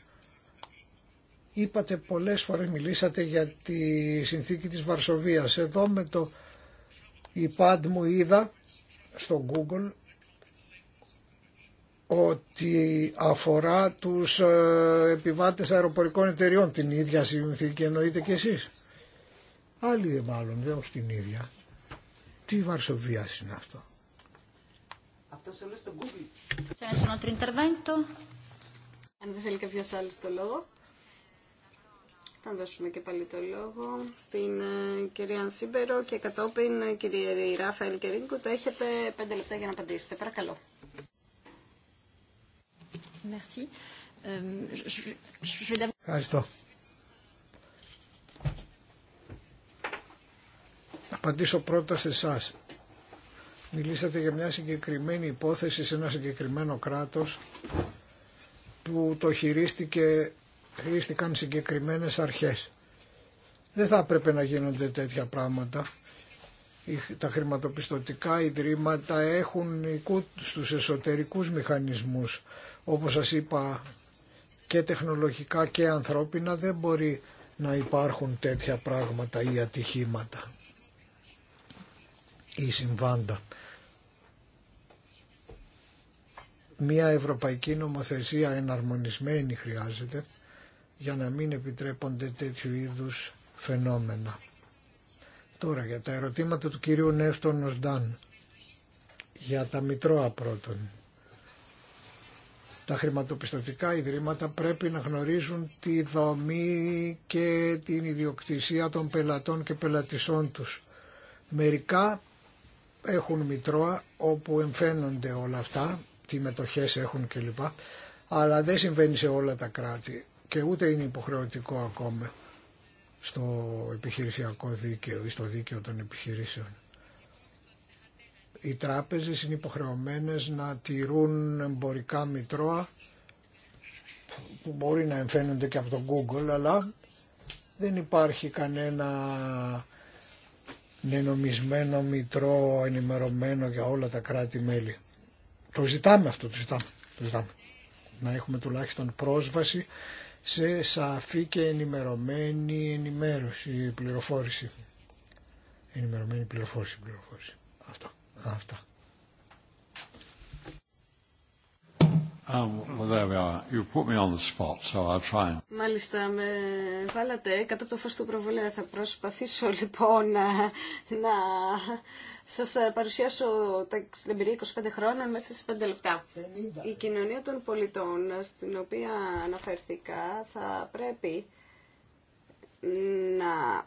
είπατε πολλές φορές, μιλήσατε για τη συνθήκη της Βαρσοβίας. Εδώ με το η Πάντ μου είδα στο Google ότι αφορά τους ε, επιβάτες αεροπορικών εταιριών την ίδια συνθήκη εννοείται και εσείς. Άλλοι δεν μάλλον, δεν όχι την ίδια. Τι Βαρσοβία είναι αυτό. Αυτό όλο στο Google. Αν δεν θέλει κάποιος άλλος το λόγο. Θα δώσουμε και πάλι το λόγο στην ε, κυρία Σίμπερο και κατόπιν ε, κυρία Ράφαελ και Το έχετε πέντε λεπτά για να απαντήσετε. Παρακαλώ. Ε, Ευχαριστώ. Απαντήσω πρώτα σε εσά. Μιλήσατε για μια συγκεκριμένη υπόθεση σε ένα συγκεκριμένο κράτος που το χειρίστηκε χρήστηκαν συγκεκριμένες αρχές. Δεν θα έπρεπε να γίνονται τέτοια πράγματα. Τα χρηματοπιστωτικά ιδρύματα έχουν στους εσωτερικούς μηχανισμούς. Όπως σας είπα και τεχνολογικά και ανθρώπινα δεν μπορεί να υπάρχουν τέτοια πράγματα ή ατυχήματα ή συμβάντα. Μία ευρωπαϊκή νομοθεσία εναρμονισμένη χρειάζεται για να μην επιτρέπονται τέτοιου είδους φαινόμενα. Τώρα για τα ερωτήματα του κυρίου Νεύτων Ντάν. για τα μητρώα πρώτον. Τα χρηματοπιστωτικά ιδρύματα πρέπει να γνωρίζουν τη δομή και την ιδιοκτησία των πελατών και πελατησών τους. Μερικά έχουν μητρώα όπου εμφαίνονται όλα αυτά, τι μετοχές έχουν κλπ. Αλλά δεν συμβαίνει σε όλα τα κράτη και ούτε είναι υποχρεωτικό ακόμα στο επιχειρησιακό δίκαιο ή στο δίκαιο των επιχειρήσεων. Οι τράπεζες είναι υποχρεωμένες να τηρούν εμπορικά μητρώα που μπορεί να εμφαίνονται και από τον Google αλλά δεν υπάρχει κανένα νενομισμένο μητρό ενημερωμένο για όλα τα κράτη-μέλη. Το ζητάμε αυτό, το ζητάμε, το ζητάμε. Να έχουμε τουλάχιστον πρόσβαση σε σαφή και ενημερωμένη ενημέρωση, πληροφόρηση. Ενημερωμένη πληροφόρηση, πληροφόρηση. Αυτά. Αυτά. Um, Μάλιστα, με βάλατε κάτω από το φως του προβολέα. Θα προσπαθήσω λοιπόν να σας ε, παρουσιάσω την εμπειρία 25 χρόνων μέσα σε 5 λεπτά. 50. Η κοινωνία των πολιτών στην οποία αναφέρθηκα θα πρέπει να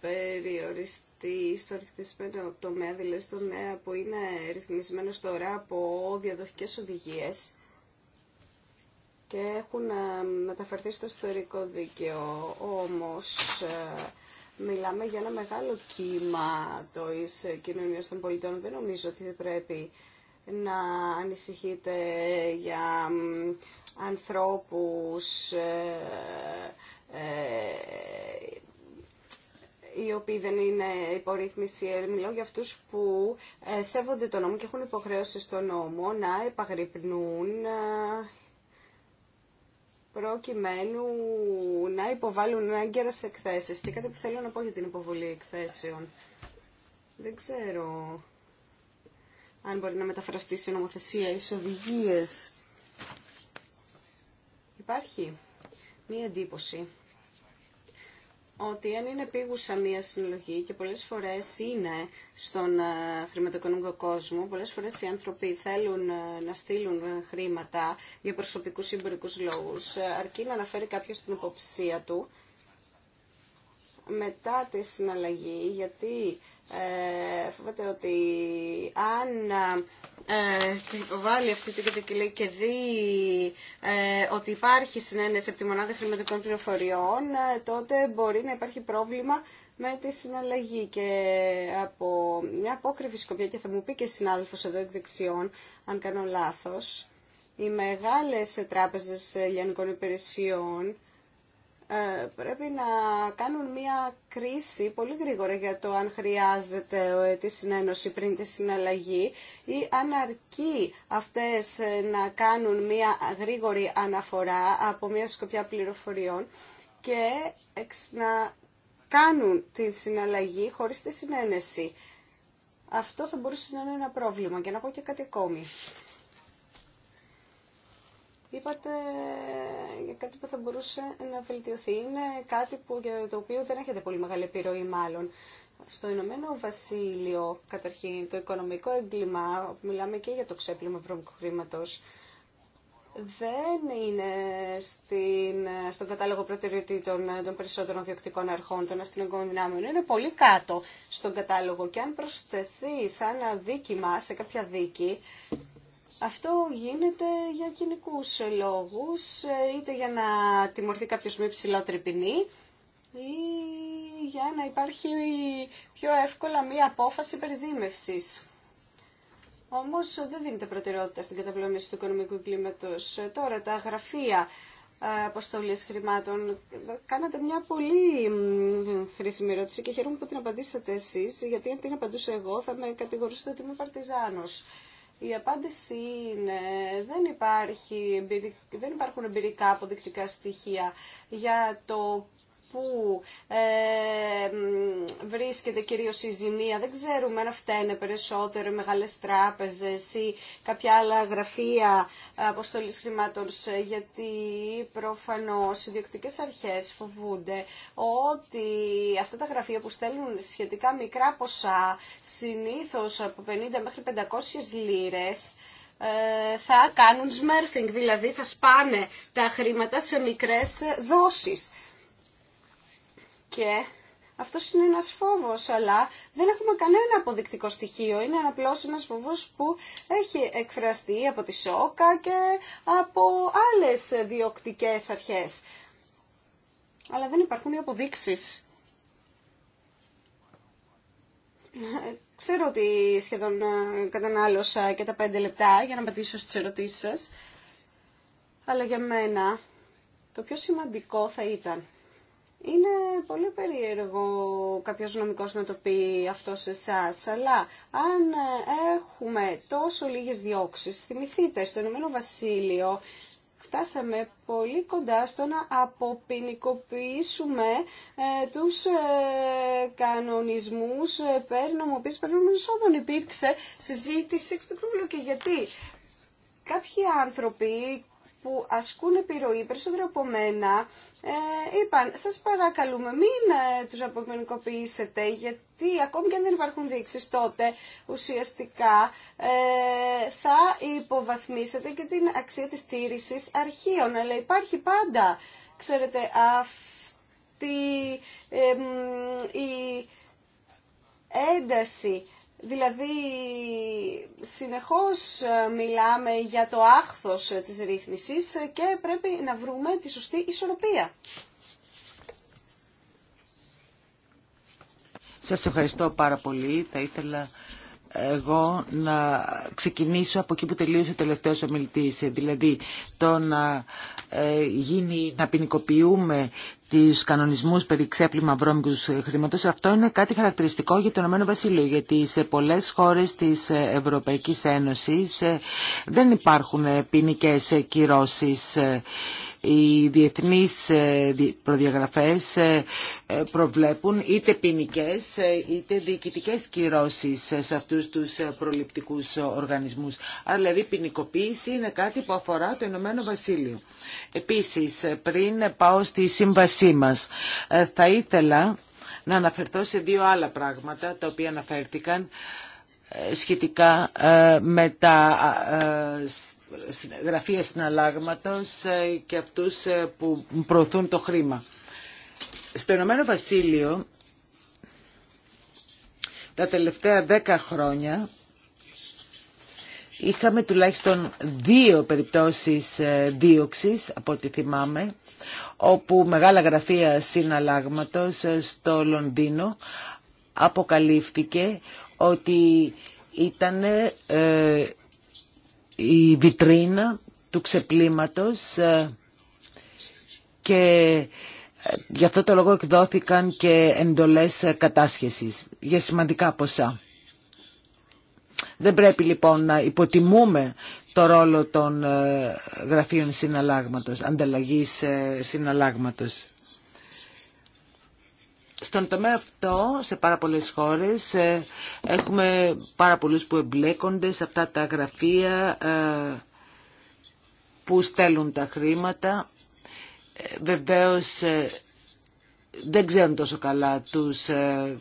περιοριστεί στο ρυθμισμένο τομέα, δηλαδή στο τομέα που είναι ρυθμισμένο τώρα από διαδοχικέ οδηγίε και έχουν ε, μεταφερθεί στο ιστορικό δίκαιο. Όμως ε, Μιλάμε για ένα μεγάλο κύμα το κοινωνία των πολιτών. Δεν νομίζω ότι πρέπει να ανησυχείτε για ανθρώπους ε, ε, οι οποίοι δεν είναι υπορρύθμιση, ε, μιλώ για αυτούς που σέβονται το νόμο και έχουν υποχρέωση στον νόμο να επαγρυπνούν προκειμένου να υποβάλουν σε εκθέσεις. Και κάτι που θέλω να πω για την υποβολή εκθέσεων. Δεν ξέρω αν μπορεί να μεταφραστεί σε νομοθεσία ή σε Υπάρχει μία εντύπωση ότι αν είναι επίγουσα μία συλλογή και πολλές φορές είναι στον ε, χρηματοοικονομικό κόσμο, πολλές φορές οι άνθρωποι θέλουν ε, να στείλουν ε, χρήματα για προσωπικούς ή εμπορικούς λόγους, αρκεί να αναφέρει κάποιος την υποψία του μετά τη συναλλαγή, γιατί ε, φοβάται ότι αν ε, βάλει αυτή την κατοικία και δει ε, ότι υπάρχει συνένεση από τη μονάδα χρηματικών πληροφοριών, ε, τότε μπορεί να υπάρχει πρόβλημα με τη συναλλαγή και από μια απόκριβη σκοπιά και θα μου πει και συνάδελφος εδώ εκ δεξιών, αν κάνω λάθος, οι μεγάλες τράπεζε λιανικών υπηρεσιών ε, πρέπει να κάνουν μια κρίση πολύ γρήγορα για το αν χρειάζεται ε, τη συνένωση πριν τη συναλλαγή ή αν αρκεί αυτές ε, να κάνουν μια γρήγορη αναφορά από μια σκοπιά πληροφοριών και να κάνουν τη συναλλαγή χωρίς τη συνένεση. Αυτό θα μπορούσε να είναι ένα πρόβλημα. Και να πω και κάτι ακόμη. Είπατε για κάτι που θα μπορούσε να βελτιωθεί. Είναι κάτι που, για το οποίο δεν έχετε πολύ μεγάλη επιρροή μάλλον. Στο Ηνωμένο Βασίλειο, καταρχήν, το οικονομικό έγκλημα, μιλάμε και για το ξέπλυμα βρώμικου χρήματο, δεν είναι στην, στον κατάλογο προτεραιοτήτων των περισσότερων διοκτικών αρχών των αστυνομικών δυνάμεων. Είναι πολύ κάτω στον κατάλογο και αν προσθεθεί σαν αδίκημα σε κάποια δίκη, αυτό γίνεται για κοινικού λόγους, ε, είτε για να τιμωρηθεί κάποιο με υψηλότερη ποινή, ή για να υπάρχει πιο εύκολα μία απόφαση περιδίμευσης. Όμως ε, δεν δίνεται προτεραιότητα στην καταπλώμηση του οικονομικού κλίματος. Ε, τώρα τα γραφεία αποστολής χρημάτων. Κάνατε μια αποφαση περιδίμευση. ομως δεν δινεται προτεραιοτητα στην χρήσιμη αποστολή χρηματων κανατε μια πολυ χρησιμη ερωτηση και χαίρομαι που την απαντήσατε εσεί, γιατί αν την απαντούσα εγώ θα με κατηγορούσατε ότι είμαι παρτιζάνος. Η απάντηση είναι δεν, υπάρχει, δεν υπάρχουν εμπειρικά αποδεικτικά στοιχεία για το που ε, βρίσκεται κυρίως η ζημία. Δεν ξέρουμε αν αυτά είναι περισσότερο μεγάλες τράπεζες ή κάποια άλλα γραφεία αποστολής χρημάτων, γιατί προφανώς οι διοκτικές αρχές φοβούνται ότι αυτά τα γραφεία που στέλνουν σχετικά μικρά ποσά, συνήθως από 50 μέχρι 500 λίρες, ε, θα κάνουν smurfing, δηλαδή θα σπάνε τα χρήματα σε μικρές δόσεις. Και αυτό είναι ένας φόβος, αλλά δεν έχουμε κανένα αποδεικτικό στοιχείο. Είναι απλώ ένα φόβος που έχει εκφραστεί από τη ΣΟΚΑ και από άλλες διοκτικέ αρχές. Αλλά δεν υπάρχουν οι αποδείξεις. Ξέρω ότι σχεδόν ε, κατανάλωσα και τα πέντε λεπτά για να απαντήσω στις ερωτήσεις σας. Αλλά για μένα το πιο σημαντικό θα ήταν είναι πολύ περίεργο κάποιος νομικός να το πει αυτό σε εσά, αλλά αν ε, έχουμε τόσο λίγες διώξεις, θυμηθείτε, στο Ηνωμένο Βασίλειο φτάσαμε πολύ κοντά στο να αποποινικοποιήσουμε ε, τους ε, κανονισμούς ε, περί νομοποίησης εισόδων. Υπήρξε συζήτηση στο και γιατί κάποιοι άνθρωποι που ασκούν επιρροή περισσότερο από μένα ε, είπαν σας παρακαλούμε μην ε, τους γιατί ακόμη και αν δεν υπάρχουν δείξεις τότε ουσιαστικά ε, θα υποβαθμίσετε και την αξία της τήρησης αρχείων αλλά υπάρχει πάντα ξέρετε αυτή η ένταση Δηλαδή, συνεχώς ε, μιλάμε για το άχθος ε, της ρύθμισης ε, και πρέπει να βρούμε τη σωστή ισορροπία. Σας ευχαριστώ πάρα πολύ. Θα ήθελα εγώ να ξεκινήσω από εκεί που τελείωσε ο τελευταίος ομιλητής, δηλαδή το να γίνει, να ποινικοποιούμε τις κανονισμούς περί ξέπλυμα βρώμικους χρήματος. Αυτό είναι κάτι χαρακτηριστικό για το Ηνωμένο Βασίλειο, γιατί σε πολλές χώρες της Ευρωπαϊκής Ένωσης ε, δεν υπάρχουν ποινικέ κυρώσεις οι διεθνείς ε, προδιαγραφές ε, ε, προβλέπουν είτε ποινικέ είτε διοικητικέ κυρώσεις σε αυτούς τους προληπτικούς οργανισμούς. Άρα δηλαδή ποινικοποίηση είναι κάτι που αφορά το Ηνωμένο Βασίλειο. Επίσης πριν πάω στη σύμβασή μας θα ήθελα να αναφερθώ σε δύο άλλα πράγματα τα οποία αναφέρθηκαν σχετικά με τα γραφεία συναλλάγματο ε, και αυτού ε, που προωθούν το χρήμα. Στο Ηνωμένο Βασίλειο τα τελευταία δέκα χρόνια είχαμε τουλάχιστον δύο περιπτώσεις ε, δίωξης από ό,τι θυμάμαι όπου μεγάλα γραφεία συναλλάγματος στο Λονδίνο αποκαλύφθηκε ότι ήταν η βιτρίνα του ξεπλήματος ε, και ε, γι' αυτό το λόγο εκδόθηκαν και εντολές ε, κατάσχεσης για σημαντικά ποσά. Δεν πρέπει λοιπόν να υποτιμούμε το ρόλο των γραφείων συναλλάγματος, ανταλλαγής συναλλάγματος. Στον τομέα αυτό, σε πάρα πολλές χώρες, ε, έχουμε πάρα πολλούς που εμπλέκονται σε αυτά τα γραφεία ε, που στέλνουν τα χρήματα. Ε, βεβαίως, δεν ξέρουν τόσο καλά τους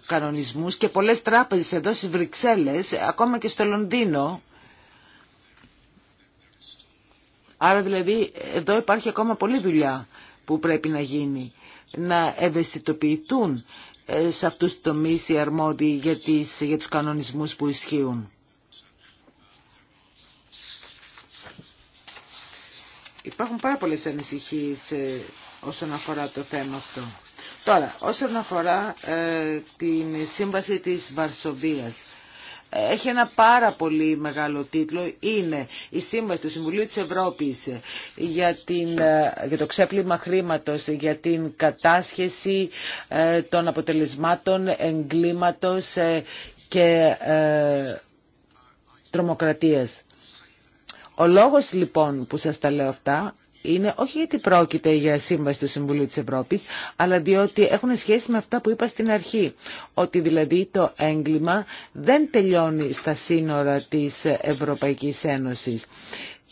κανονισμούς και πολλές τράπεζες εδώ στις Βρυξέλλες, ακόμα και στο Λονδίνο, Άρα δηλαδή εδώ υπάρχει ακόμα πολλή δουλειά που πρέπει να γίνει να ευαισθητοποιηθούν ε, σε αυτούς τους τομείς οι αρμόδιοι για, τις, για τους κανονισμούς που ισχύουν. Υπάρχουν πάρα πολλές ανησυχίες ε, όσον αφορά το θέμα αυτό. Τώρα, όσον αφορά ε, την σύμβαση της Βαρσοβίας, έχει ένα πάρα πολύ μεγάλο τίτλο. Είναι η Σύμβαση του Συμβουλίου της Ευρώπης για, την, ε, για το ξέπλυμα χρήματος, για την κατάσχεση ε, των αποτελεσμάτων εγκλήματος ε, και τρομοκρατίας. Ο λόγος λοιπόν που σας τα λέω αυτά είναι όχι γιατί πρόκειται για σύμβαση του Συμβουλίου της Ευρώπης, αλλά διότι έχουν σχέση με αυτά που είπα στην αρχή, ότι δηλαδή το έγκλημα δεν τελειώνει στα σύνορα της Ευρωπαϊκής Ένωσης.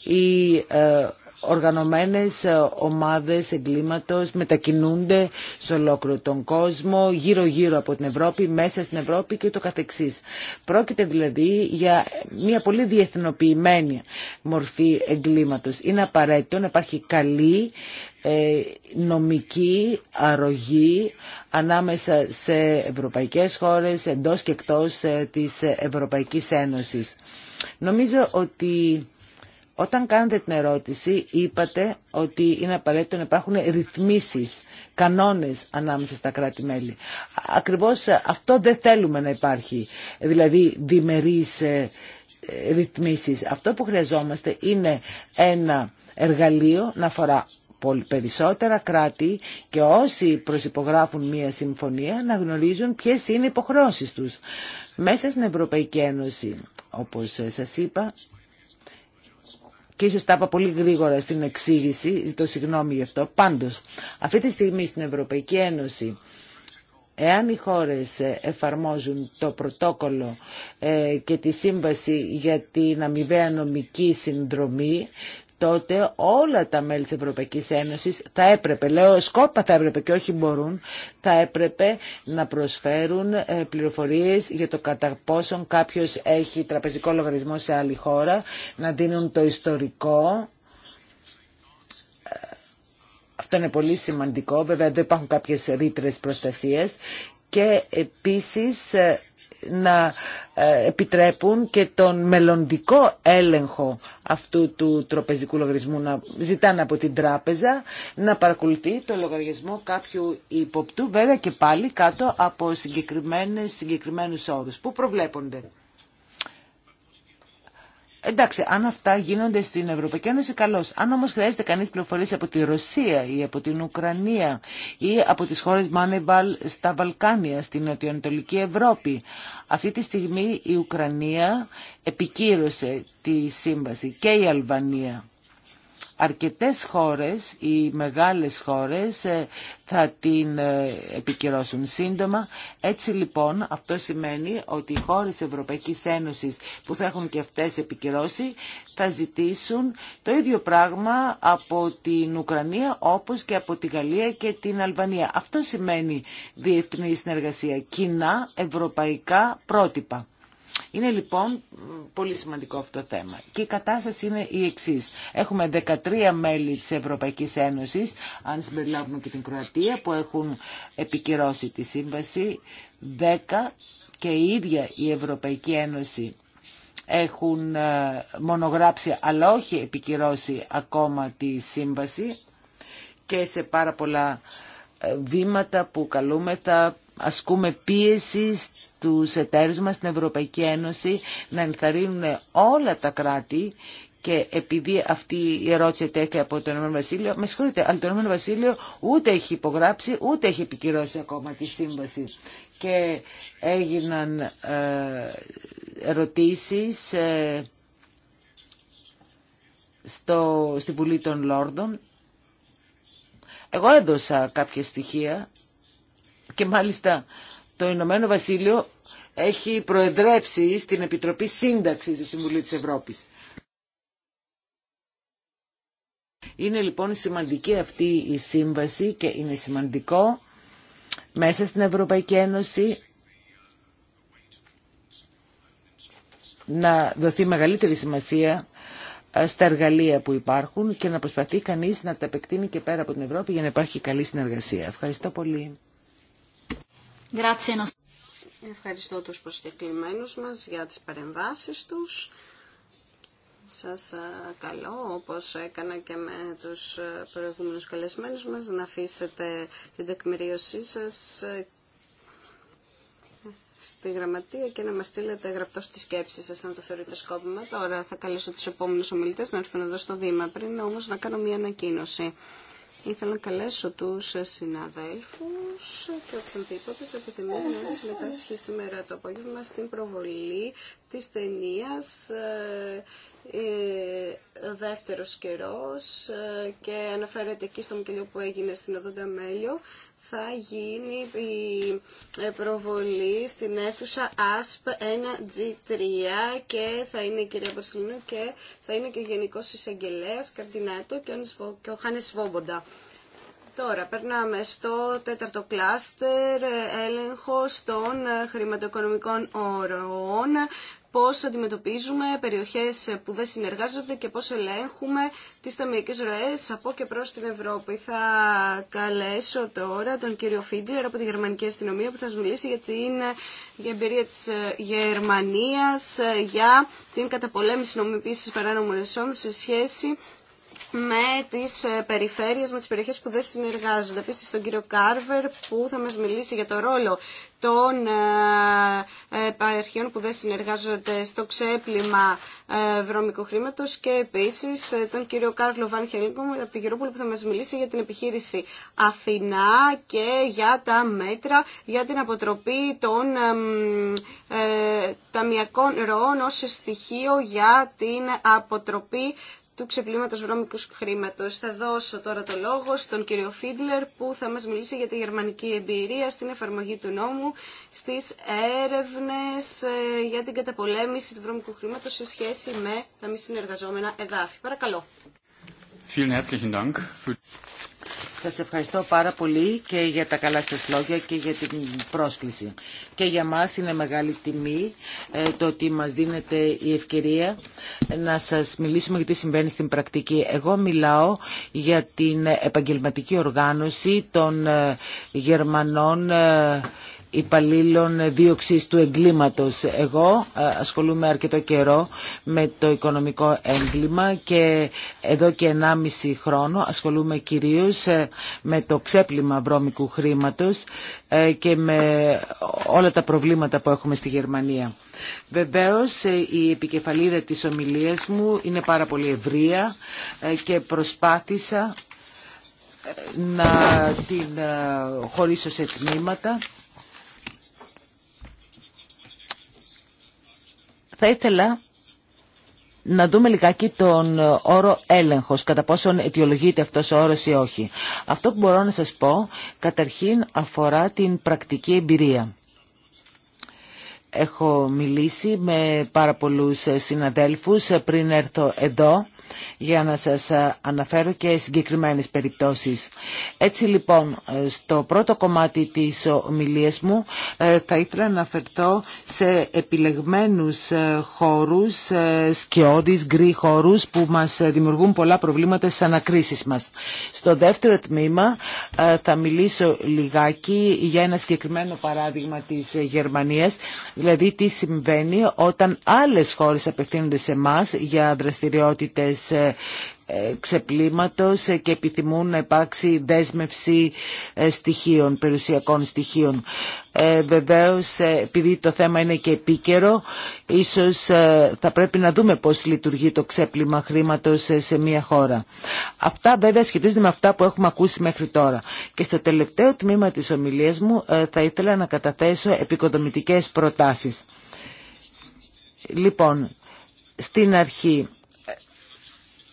Η, ε, οργανωμένες ε, ομάδες εγκλήματος μετακινούνται σε ολόκληρο τον κόσμο, γύρω-γύρω από την Ευρώπη, μέσα στην Ευρώπη και το καθεξής. Πρόκειται δηλαδή για μια πολύ διεθνοποιημένη μορφή εγκλήματος. Είναι απαραίτητο να υπάρχει καλή ε, νομική αρρωγή ανάμεσα σε ευρωπαϊκές χώρες, εντός και εκτός ε, της Ευρωπαϊκής Ένωσης. Νομίζω ότι όταν κάνετε την ερώτηση είπατε ότι είναι απαραίτητο να υπάρχουν ρυθμίσεις, κανόνες ανάμεσα στα κράτη-μέλη. Ακριβώς αυτό δεν θέλουμε να υπάρχει, δηλαδή διμερείς ε, ε, ρυθμίσεις. Αυτό που χρειαζόμαστε είναι ένα εργαλείο να αφορά περισσότερα κράτη και όσοι προσυπογράφουν μία συμφωνία να γνωρίζουν ποιες είναι οι υποχρεώσεις τους. Μέσα στην Ευρωπαϊκή Ένωση, όπως σας είπα, και ίσως τα είπα πολύ γρήγορα στην εξήγηση, το συγγνώμη γι' αυτό. Πάντως, αυτή τη στιγμή στην Ευρωπαϊκή Ένωση, εάν οι χώρες ε, εφαρμόζουν το πρωτόκολλο ε, και τη σύμβαση για την αμοιβαία νομική συνδρομή, τότε όλα τα μέλη της Ευρωπαϊκής Ένωσης θα έπρεπε, λέω σκόπα θα έπρεπε και όχι μπορούν, θα έπρεπε να προσφέρουν ε, πληροφορίες για το κατά πόσον κάποιος έχει τραπεζικό λογαριασμό σε άλλη χώρα, να δίνουν το ιστορικό ε, αυτό είναι πολύ σημαντικό. Βέβαια, δεν υπάρχουν κάποιες ρήτρε προστασίες, και επίσης ε, να ε, επιτρέπουν και τον μελλοντικό έλεγχο αυτού του τροπεζικού λογαριασμού να ζητάνε από την τράπεζα να παρακολουθεί το λογαριασμό κάποιου υποπτού βέβαια και πάλι κάτω από συγκεκριμένους όρους που προβλέπονται. Εντάξει, αν αυτά γίνονται στην Ευρωπαϊκή Ένωση, καλώ. Αν όμω χρειάζεται κανεί πληροφορίε από τη Ρωσία ή από την Ουκρανία ή από τι χώρε Μάνεβαλ στα Βαλκάνια, στην Νοτιοανατολική Ευρώπη. Αυτή τη στιγμή η Ουκρανία επικύρωσε τη σύμβαση και η Αλβανία αρκετές χώρες, οι μεγάλες χώρες ε, θα την ε, επικυρώσουν σύντομα. Έτσι λοιπόν αυτό σημαίνει ότι οι χώρες Ευρωπαϊκής Ένωσης που θα έχουν και αυτές επικυρώσει θα ζητήσουν το ίδιο πράγμα από την Ουκρανία όπως και από τη Γαλλία και την Αλβανία. Αυτό σημαίνει διεθνή συνεργασία, κοινά ευρωπαϊκά πρότυπα. Είναι λοιπόν πολύ σημαντικό αυτό το θέμα. Και η κατάσταση είναι η εξή. Έχουμε 13 μέλη της Ευρωπαϊκής Ένωσης, αν συμπεριλάβουμε και την Κροατία, που έχουν επικυρώσει τη σύμβαση. 10 και η ίδια η Ευρωπαϊκή Ένωση έχουν ε, μονογράψει αλλά όχι επικυρώσει ακόμα τη σύμβαση και σε πάρα πολλά ε, βήματα που καλούμεθα ασκούμε πίεση στους εταίρους μας στην Ευρωπαϊκή Ένωση να ενθαρρύνουν όλα τα κράτη και επειδή αυτή η ερώτηση τέθη από το Ηνωμένο Βασίλειο, με συγχωρείτε, αλλά το Ηνωμένο Βασίλειο ούτε έχει υπογράψει, ούτε έχει επικυρώσει ακόμα τη σύμβαση. Και έγιναν ε, ερωτήσεις ε, στο, στη Βουλή των Λόρδων. Εγώ έδωσα κάποια στοιχεία και μάλιστα το Ηνωμένο Βασίλειο έχει προεδρεύσει στην Επιτροπή Σύνταξης του Συμβουλίου της Ευρώπης. Είναι λοιπόν σημαντική αυτή η σύμβαση και είναι σημαντικό μέσα στην Ευρωπαϊκή Ένωση να δοθεί μεγαλύτερη σημασία ε, στα εργαλεία που υπάρχουν και να προσπαθεί κανείς να τα επεκτείνει και πέρα από την Ευρώπη για να υπάρχει καλή συνεργασία. Ευχαριστώ πολύ. Ευχαριστώ τους προσκεκλημένους μας για τις παρεμβάσεις τους. Σας καλώ, όπως έκανα και με τους προηγούμενους καλεσμένους μας, να αφήσετε την τεκμηρίωσή σας στη γραμματεία και να μας στείλετε γραπτό στη σκέψη σας, αν το θεωρείτε σκόπιμα. Τώρα θα καλέσω τους επόμενους ομιλητές να έρθουν εδώ στο βήμα. Πριν όμως να κάνω μια ανακοίνωση. Ήθελα να καλέσω τους συναδέλφους και οποιονδήποτε το επιθυμεί να συμμετάσχει σήμερα το απόγευμα στην προβολή της ταινίας. Ε, ε, ο δεύτερος καιρός ε, και αναφέρεται εκεί στο μικελιό που έγινε στην Οδόντα Μέλιο θα γίνει η ε, προβολή στην αίθουσα ASP 1G3 και θα είναι η κυρία και θα είναι και ο Γενικός Εισαγγελέας Καρτινάτο και ο Χάνης Βόμποντα. Τώρα, περνάμε στο τέταρτο κλάστερ, έλεγχο των χρηματοοικονομικών όρων πώς αντιμετωπίζουμε περιοχές που δεν συνεργάζονται και πώς ελέγχουμε τις ταμιακές ροές από και προς την Ευρώπη. Θα καλέσω τώρα τον κύριο Φίντλερ από τη Γερμανική Αστυνομία που θα σας μιλήσει για την εμπειρία της ε, Γερμανίας ε, για την καταπολέμηση νομιμοποίησης παράνομων εσόδων σε σχέση με τις ε, περιφέρειες, με τις περιοχές που δεν συνεργάζονται. Επίση τον κύριο Κάρβερ που θα μας μιλήσει για το ρόλο των επαρχιών ε, που δεν συνεργάζονται στο ξέπλυμα ε, βρώμικου χρήματο και επίση τον κύριο Κάρλο Βαν Χελίνκομ από την Γερόπολη που θα μας μιλήσει για την επιχείρηση Αθηνά και για τα μέτρα για την αποτροπή των ταμιακών ροών ως στοιχείο για την αποτροπή του ξεπλήματος Βρώμικου χρήματος. Θα δώσω τώρα το λόγο στον κύριο Φίτλερ που θα μας μιλήσει για τη γερμανική εμπειρία στην εφαρμογή του νόμου, στις έρευνες ε, για την καταπολέμηση του βρώμικου χρήματος σε σχέση με τα μη συνεργαζόμενα εδάφη. Παρακαλώ. Σας ευχαριστώ πάρα πολύ και για τα καλά σας λόγια και για την πρόσκληση. Και για μας είναι μεγάλη τιμή ε, το ότι μας δίνεται η ευκαιρία να σας μιλήσουμε για τι συμβαίνει στην πρακτική. Εγώ μιλάω για την επαγγελματική οργάνωση των ε, Γερμανών ε, υπαλλήλων δίωξη του εγκλήματος. Εγώ ε, ασχολούμαι αρκετό καιρό με το οικονομικό έγκλημα και εδώ και 1,5 χρόνο ασχολούμαι κυρίως ε, με το ξέπλυμα βρώμικου χρήματος ε, και με όλα τα προβλήματα που έχουμε στη Γερμανία. Βεβαίως η επικεφαλίδα της ομιλίας μου είναι πάρα πολύ ευρεία και προσπάθησα να την χωρίσω σε τμήματα Θα ήθελα να δούμε λιγάκι τον όρο έλεγχος, κατά πόσον αιτιολογείται αυτός ο όρος ή όχι. Αυτό που μπορώ να σας πω, καταρχήν αφορά την πρακτική εμπειρία. Έχω μιλήσει με πάρα πολλούς συναδέλφους πριν έρθω εδώ για να σας ε, αναφέρω και συγκεκριμένες περιπτώσεις. Έτσι λοιπόν, ε, στο πρώτο κομμάτι της ομιλίας μου ε, θα ήθελα να αναφερθώ σε επιλεγμένους χώρους, σκιώδεις, γκρι χώρους που μας δημιουργούν πολλά προβλήματα στις ανακρίσεις μας. Στο δεύτερο τμήμα θα μιλήσω λιγάκι για ένα συγκεκριμένο παράδειγμα της Γερμανίας, δηλαδή τι συμβαίνει όταν άλλες χώρες απευθύνονται σε εμά για δραστηριότητες της ε, ε, ξεπλήματος ε, και επιθυμούν να υπάρξει δέσμευση στοιχείων, περιουσιακών στοιχείων. βεβαίως, επειδή το θέμα είναι και επίκαιρο, ίσως θα πρέπει να δούμε πώς λειτουργεί το ξέπλυμα χρήματος σε μια χώρα. Αυτά βέβαια σχετίζονται με αυτά που έχουμε ακούσει μέχρι τώρα. Και στο τελευταίο τμήμα της ομιλίας μου θα ήθελα να καταθέσω επικοδομητικές προτάσεις. Λοιπόν, στην αρχή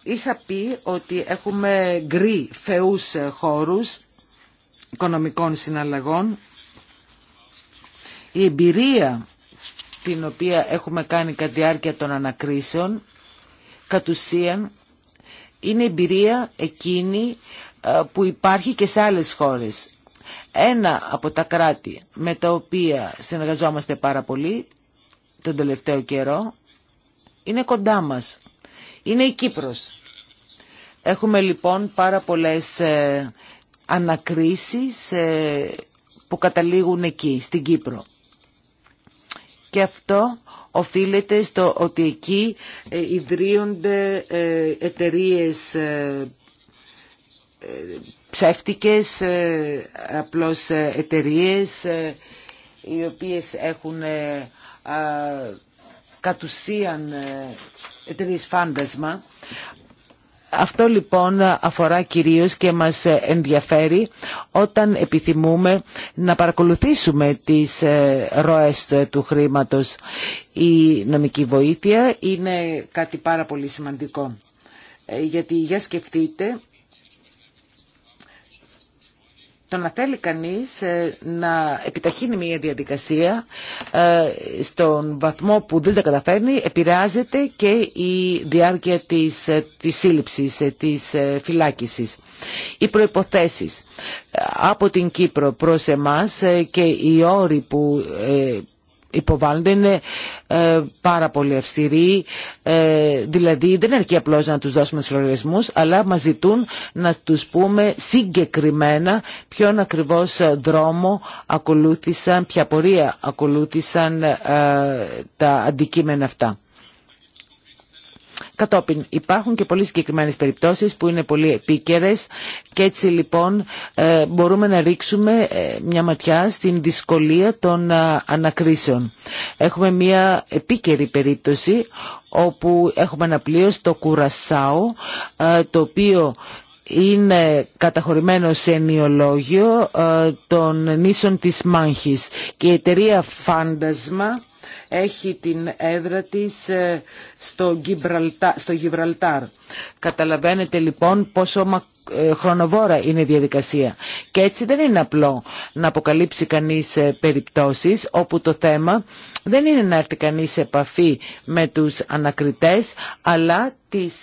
είχα πει ότι έχουμε γκρι φεούς χώρους οικονομικών συναλλαγών. Η εμπειρία την οποία έχουμε κάνει κατά τη διάρκεια των ανακρίσεων, κατ' ουσίαν, είναι εμπειρία εκείνη ε, που υπάρχει και σε άλλες χώρες. Ένα από τα κράτη με τα οποία συνεργαζόμαστε πάρα πολύ τον τελευταίο καιρό είναι κοντά μας είναι η Κύπρος. Έχουμε λοιπόν πάρα πολλές ε, ανακρίσεις ε, που καταλήγουν εκεί, στην Κύπρο. Και αυτό οφείλεται στο ότι εκεί ε, ιδρύονται εταιρείες ψεύτικες, απλώς εταιρείες οι οποίες έχουν κατ' ουσίαν ε, εταιρείε φάντασμα. Αυτό λοιπόν αφορά κυρίως και μας ε, ενδιαφέρει όταν επιθυμούμε να παρακολουθήσουμε τις ε, ροές του χρήματος. Η νομική βοήθεια είναι κάτι πάρα πολύ σημαντικό. Γιατί για σκεφτείτε το να θέλει κανείς ε, να επιταχύνει μια διαδικασία ε, στον βαθμό που δεν τα καταφέρνει επηρεάζεται και η διάρκεια της, ε, της σύλληψης, της φυλάκισης. Οι προϋποθέσεις από την Κύπρο προς εμάς και οι όροι που υποβάλλονται είναι ε, πάρα πολύ αυστηροί, ε, δηλαδή δεν αρκεί απλώ να τους δώσουμε του λογαριασμού, αλλά μας ζητούν να τους πούμε συγκεκριμένα ποιον ακριβώς δρόμο ακολούθησαν, ποια πορεία ακολούθησαν ε, τα αντικείμενα αυτά. Κατόπιν υπάρχουν και πολύ συγκεκριμένες περιπτώσεις που είναι πολύ επίκαιρες και έτσι λοιπόν ε, μπορούμε να ρίξουμε ε, μια ματιά στην δυσκολία των ε, ανακρίσεων. Έχουμε μια επίκαιρη περίπτωση όπου έχουμε ένα πλοίο στο Κουρασάο το οποίο είναι καταχωρημένο σε νεολόγιο των νήσων της Μάνχης και η εταιρεία Φάντασμα έχει την έδρα της ε, στο, Γιβραλτά, στο Γιβραλτάρ. Καταλαβαίνετε λοιπόν πόσο ε, χρονοβόρα είναι η διαδικασία. Και έτσι δεν είναι απλό να αποκαλύψει κανείς ε, περιπτώσεις όπου το θέμα δεν είναι να έρθει κανείς σε επαφή με τους ανακριτές, αλλά τις,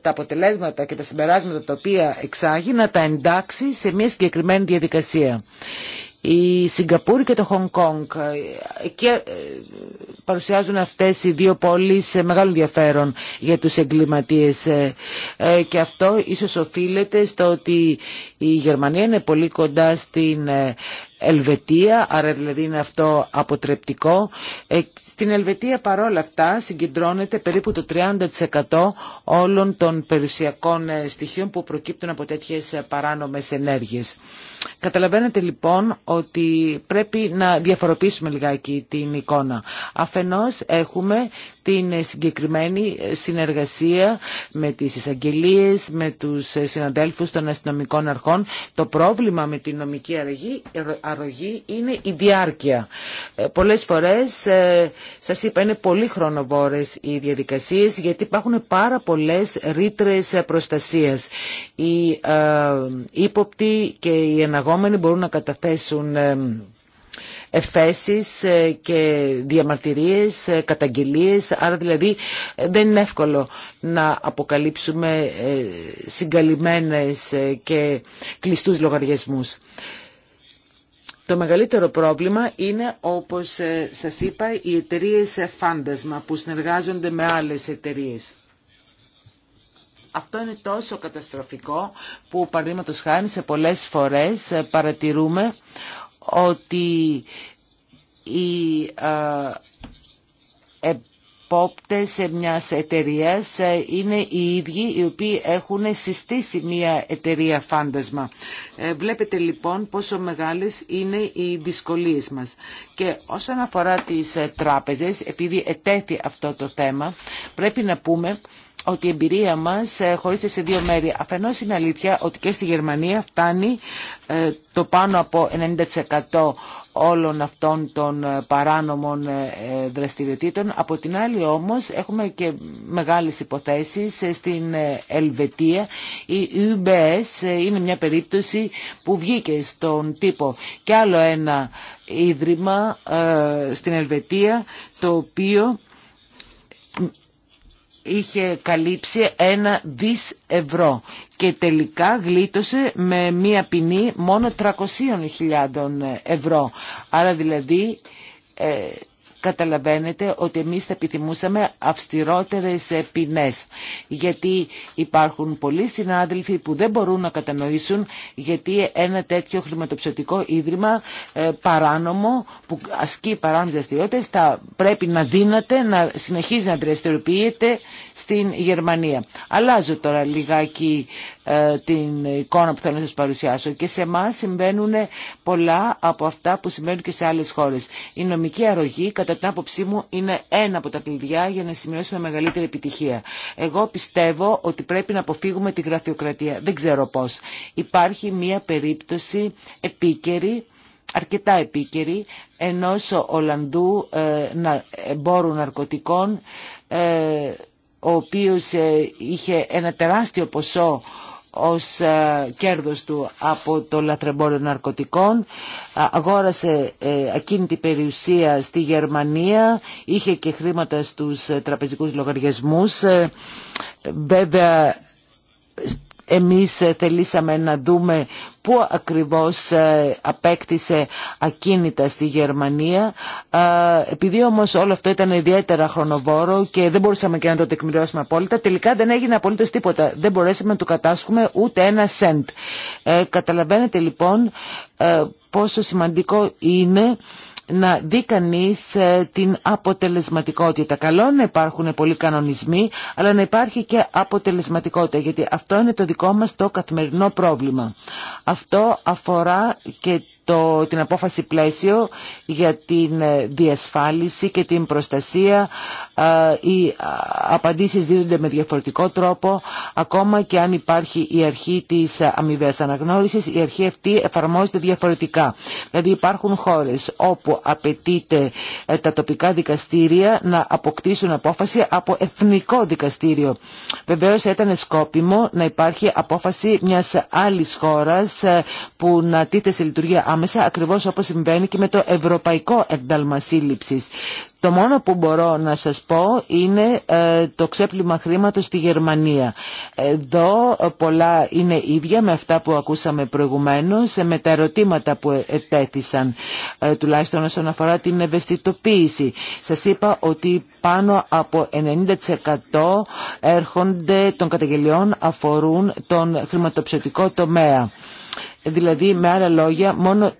τα αποτελέσματα και τα συμπεράσματα τα οποία εξάγει να τα εντάξει σε μια συγκεκριμένη διαδικασία η Σιγκαπούρη και το Χονγκ Κόνγκ. Και ε, παρουσιάζουν αυτές οι δύο πόλεις σε μεγάλο ενδιαφέρον για τους εγκληματίες. Ε, ε, και αυτό ίσως οφείλεται στο ότι η Γερμανία είναι πολύ κοντά στην Ελβετία, άρα δηλαδή είναι αυτό αποτρεπτικό. Ε, στην Ελβετία παρόλα αυτά συγκεντρώνεται περίπου το 30% όλων των περιουσιακών ε, στοιχείων που προκύπτουν από τέτοιες ε, παράνομες ενέργειες. Καταλαβαίνετε λοιπόν ότι πρέπει να διαφοροποιήσουμε λιγάκι την εικόνα. Αφενός έχουμε την συγκεκριμένη συνεργασία με τις εισαγγελίε, με τους συναδέλφους των αστυνομικών αρχών. Το πρόβλημα με την νομική αργή αρρωγή είναι η διάρκεια. Ε, πολλές φορές, ε, σας είπα, είναι πολύ χρονοβόρες οι διαδικασίες γιατί υπάρχουν πάρα πολλές ρήτρε προστασίας. Οι ε, ύποπτοι και οι εναγόμενοι μπορούν να καταθέσουν εφέσεις και διαμαρτυρίες, καταγγελίες, άρα δηλαδή δεν είναι εύκολο να αποκαλύψουμε συγκαλυμμένες και κλειστούς λογαριασμούς. Το μεγαλύτερο πρόβλημα είναι, όπως ε, σας είπα, οι εταιρείε ε, φάντασμα που συνεργάζονται με άλλες εταιρείε. Αυτό είναι τόσο καταστροφικό που παραδείγματο χάρη σε πολλές φορές ε, παρατηρούμε ότι οι σε μια εταιρεία ε, είναι οι ίδιοι οι οποίοι έχουν συστήσει μια εταιρεία φάντασμα. Ε, βλέπετε λοιπόν πόσο μεγάλες είναι οι δυσκολίες μας. Και όσον αφορά τις ε, τράπεζες, επειδή ετέθη αυτό το θέμα, πρέπει να πούμε ότι η εμπειρία μας χωρίζεται σε δύο μέρη. Αφενός είναι αλήθεια ότι και στη Γερμανία φτάνει το πάνω από 90% όλων αυτών των ε, παράνομων ε, ε, δραστηριοτήτων. Από την άλλη όμως έχουμε και μεγάλες υποθέσεις στην Ελβετία. Η UBS είναι μια περίπτωση που βγήκε στον τύπο και άλλο ένα ίδρυμα στην Ελβετία το οποίο είχε καλύψει ένα δις ευρώ και τελικά γλίτωσε με μία ποινή μόνο 300.000 ευρώ. Άρα δηλαδή ε, καταλαβαίνετε ότι εμείς θα επιθυμούσαμε αυστηρότερες ποινές γιατί υπάρχουν πολλοί συνάδελφοι που δεν μπορούν να κατανοήσουν γιατί ένα τέτοιο χρηματοψωτικό ίδρυμα ε, παράνομο που ασκεί παράνομες δραστηριότητες θα πρέπει να δύναται να συνεχίζει να δραστηριοποιείται στην Γερμανία. Αλλάζω τώρα λιγάκι ε, την εικόνα που θέλω να σας παρουσιάσω και σε εμά συμβαίνουν πολλά από αυτά που συμβαίνουν και σε άλλες χώρες. Η νομική αρρωγή κατά την άποψή μου είναι ένα από τα κλειδιά για να σημειώσουμε μεγαλύτερη επιτυχία. Εγώ πιστεύω ότι πρέπει να αποφύγουμε τη γραφειοκρατία. Δεν ξέρω πώς. Υπάρχει μία περίπτωση επίκαιρη αρκετά επίκαιρη ενός Ολλανδού ε, εμπόρου ναρκωτικών ε, ο οποίος είχε ένα τεράστιο ποσό ως ε, κέρδος του από το λατρεμπόριο ναρκωτικών. Αγόρασε ε, ακίνητη περιουσία στη Γερμανία, είχε και χρήματα στους ε, τραπεζικούς λογαριασμούς. Βέβαια εμείς ε, θελήσαμε να δούμε πού ακριβώς ε, απέκτησε ακίνητα στη Γερμανία. Επειδή όμως όλο αυτό ήταν ιδιαίτερα χρονοβόρο και δεν μπορούσαμε και να το τεκμηριώσουμε απόλυτα, τελικά δεν έγινε απολύτως τίποτα. Δεν μπορέσαμε να του κατάσχουμε ούτε ένα σεντ. Καταλαβαίνετε λοιπόν ε, πόσο σημαντικό είναι να δει κανεί ε, την αποτελεσματικότητα. Καλό να υπάρχουν πολλοί κανονισμοί, αλλά να υπάρχει και αποτελεσματικότητα, γιατί αυτό είναι το δικό μας το καθημερινό πρόβλημα. Αυτό αφορά και το, την απόφαση πλαίσιο για την ε, διασφάλιση και την προστασία. Ε, οι απαντήσεις δίδονται με διαφορετικό τρόπο, ακόμα και αν υπάρχει η αρχή της αμοιβαίας αναγνώρισης, η αρχή αυτή εφαρμόζεται διαφορετικά. Δηλαδή υπάρχουν χώρες όπου απαιτείται ε, τα τοπικά δικαστήρια να αποκτήσουν απόφαση από εθνικό δικαστήριο. Βεβαίως ήταν σκόπιμο να υπάρχει απόφαση μιας άλλης χώρας που να τίθεται σε λειτουργία άμεσα ακριβώς όπως συμβαίνει και με το Ευρωπαϊκό Εντάλμα Το μόνο που μπορώ να σας πω είναι ε, το ξέπλυμα χρήματος στη Γερμανία. Εδώ πολλά είναι ίδια με αυτά που ακούσαμε προηγουμένως, ε, με τα ερωτήματα που ε, ετέθησαν, τουλάχιστον όσον αφορά την ευαισθητοποίηση. Σας είπα ότι πάνω από 90% έρχονται των καταγγελιών αφορούν τον χρηματοψηφιακό τομέα. Δηλαδή, με άλλα λόγια, μόνο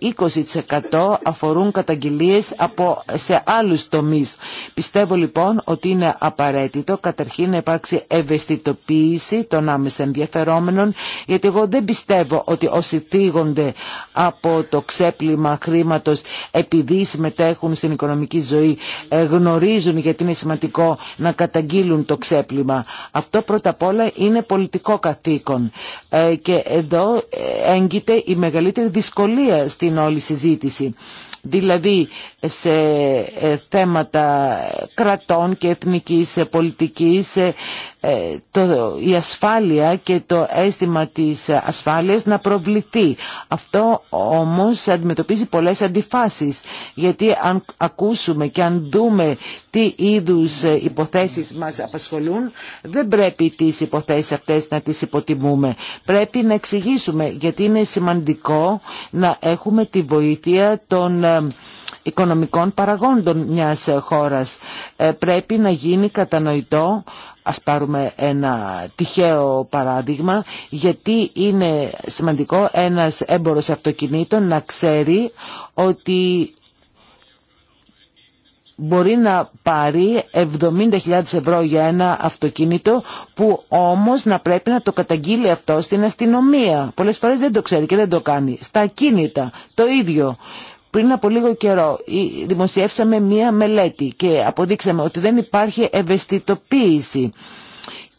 20% αφορούν καταγγελίες από, σε άλλους τομείς. Πιστεύω λοιπόν ότι είναι απαραίτητο καταρχήν να υπάρξει ευαισθητοποίηση των άμεσα ενδιαφερόμενων, γιατί εγώ δεν πιστεύω ότι όσοι θίγονται από το ξέπλυμα χρήματος επειδή συμμετέχουν στην οικονομική ζωή ε, γνωρίζουν γιατί είναι σημαντικό να καταγγείλουν το ξέπλυμα. Αυτό πρώτα απ' όλα είναι πολιτικό καθήκον ε, και εδώ ε, η μεγαλύτερη δυσκολία στην όλη συζήτηση. Δηλαδή σε ε, θέματα κρατών και εθνικής ε, πολιτικής ε, ε, το, η ασφάλεια και το αίσθημα της ασφάλειας να προβληθεί. Αυτό όμως αντιμετωπίζει πολλές αντιφάσεις γιατί αν ακούσουμε και αν δούμε τι είδους υποθέσεις μας απασχολούν δεν πρέπει τις υποθέσεις αυτές να τις υποτιμούμε. Πρέπει να εξηγήσουμε γιατί είναι σημαντικό να έχουμε τη βοήθεια των ε, οικονομικών παραγόντων μιας χώρας. Ε, πρέπει να γίνει κατανοητό Ας πάρουμε ένα τυχαίο παράδειγμα, γιατί είναι σημαντικό ένας έμπορος αυτοκινήτων να ξέρει ότι μπορεί να πάρει 70.000 ευρώ για ένα αυτοκίνητο που όμως να πρέπει να το καταγγείλει αυτό στην αστυνομία. Πολλές φορές δεν το ξέρει και δεν το κάνει. Στα ακίνητα το ίδιο. Πριν από λίγο καιρό δημοσιεύσαμε μία μελέτη και αποδείξαμε ότι δεν υπάρχει ευαισθητοποίηση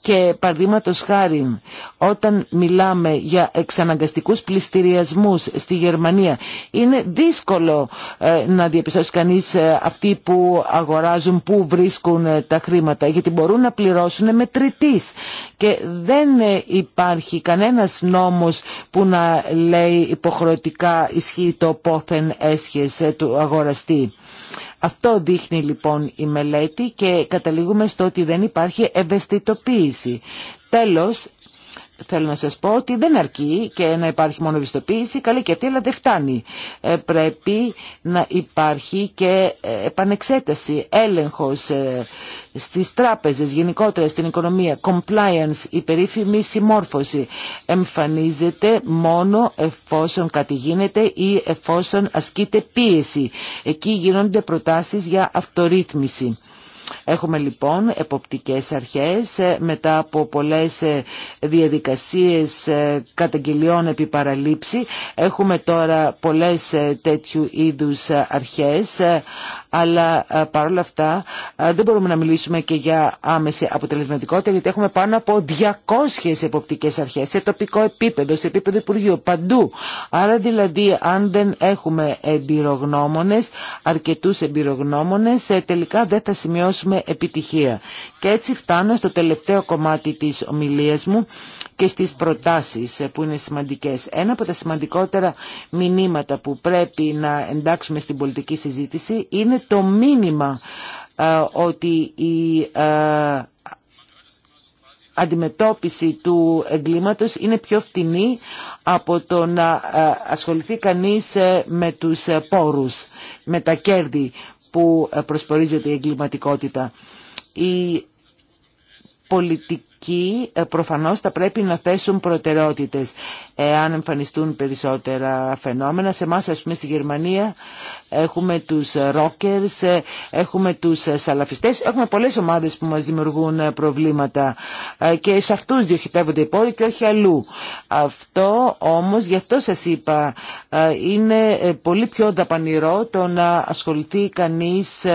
και παραδείγματο χάρη, όταν μιλάμε για εξαναγκαστικούς πληστηριασμούς στη Γερμανία, είναι δύσκολο ε, να διαπιστώσει κανείς ε, αυτοί που αγοράζουν, που βρίσκουν ε, τα χρήματα, γιατί μπορούν να πληρώσουν με τριτής. Και δεν υπάρχει κανένας νόμος που να λέει υποχρεωτικά ισχύει το πόθεν έσχες του αγοραστή. Αυτό δείχνει λοιπόν η μελέτη και καταλήγουμε στο ότι δεν υπάρχει ευαισθητοποίηση. Τέλος, Θέλω να σας πω ότι δεν αρκεί και να υπάρχει μόνο ευιστοποίηση, καλή και αυτή, αλλά δεν φτάνει. Ε, πρέπει να υπάρχει και ε, επανεξέταση, έλεγχος ε, στις τράπεζες, γενικότερα στην οικονομία, compliance, η περίφημη συμμόρφωση. Εμφανίζεται μόνο εφόσον κάτι γίνεται ή εφόσον ασκείται πίεση. Εκεί γίνονται προτάσεις για αυτορύθμιση. Έχουμε λοιπόν εποπτικές αρχές ε, μετά από πολλές ε, διαδικασίες ε, καταγγελιών επί παραλήψη. Έχουμε τώρα πολλές τέτοιου είδους αρχές αλλά παρόλα αυτά δεν μπορούμε να μιλήσουμε και για άμεση αποτελεσματικότητα γιατί έχουμε πάνω από 200 εποπτικές αρχές σε τοπικό επίπεδο, σε επίπεδο Υπουργείου, παντού. Άρα δηλαδή αν δεν έχουμε εμπειρογνώμονες, αρκετούς εμπειρογνώμονες τελικά δεν θα σημειώσουμε επιτυχία. Και έτσι φτάνω στο τελευταίο κομμάτι της ομιλίας μου και στις προτάσεις ε, που είναι σημαντικές. Ένα από τα σημαντικότερα μηνύματα που πρέπει να εντάξουμε στην πολιτική συζήτηση είναι το μήνυμα ε, ότι η ε, αντιμετώπιση του εγκλήματος είναι πιο φτηνή από το να ασχοληθεί κανείς με τους πόρους, με τα κέρδη που ε, προσπορίζεται η εγκληματικότητα. Η πολιτικοί ε, προφανώς θα πρέπει να θέσουν προτεραιότητες εάν εμφανιστούν περισσότερα φαινόμενα. Σε εμάς ας πούμε στη Γερμανία έχουμε τους ρόκερς, ε, έχουμε τους σαλαφιστές, έχουμε πολλές ομάδες που μας δημιουργούν ε, προβλήματα και σε αυτούς διοχετεύονται οι πόροι και όχι αλλού. Αυτό όμως, γι' αυτό σας είπα, είναι πολύ πιο δαπανηρό το να ασχοληθεί κανείς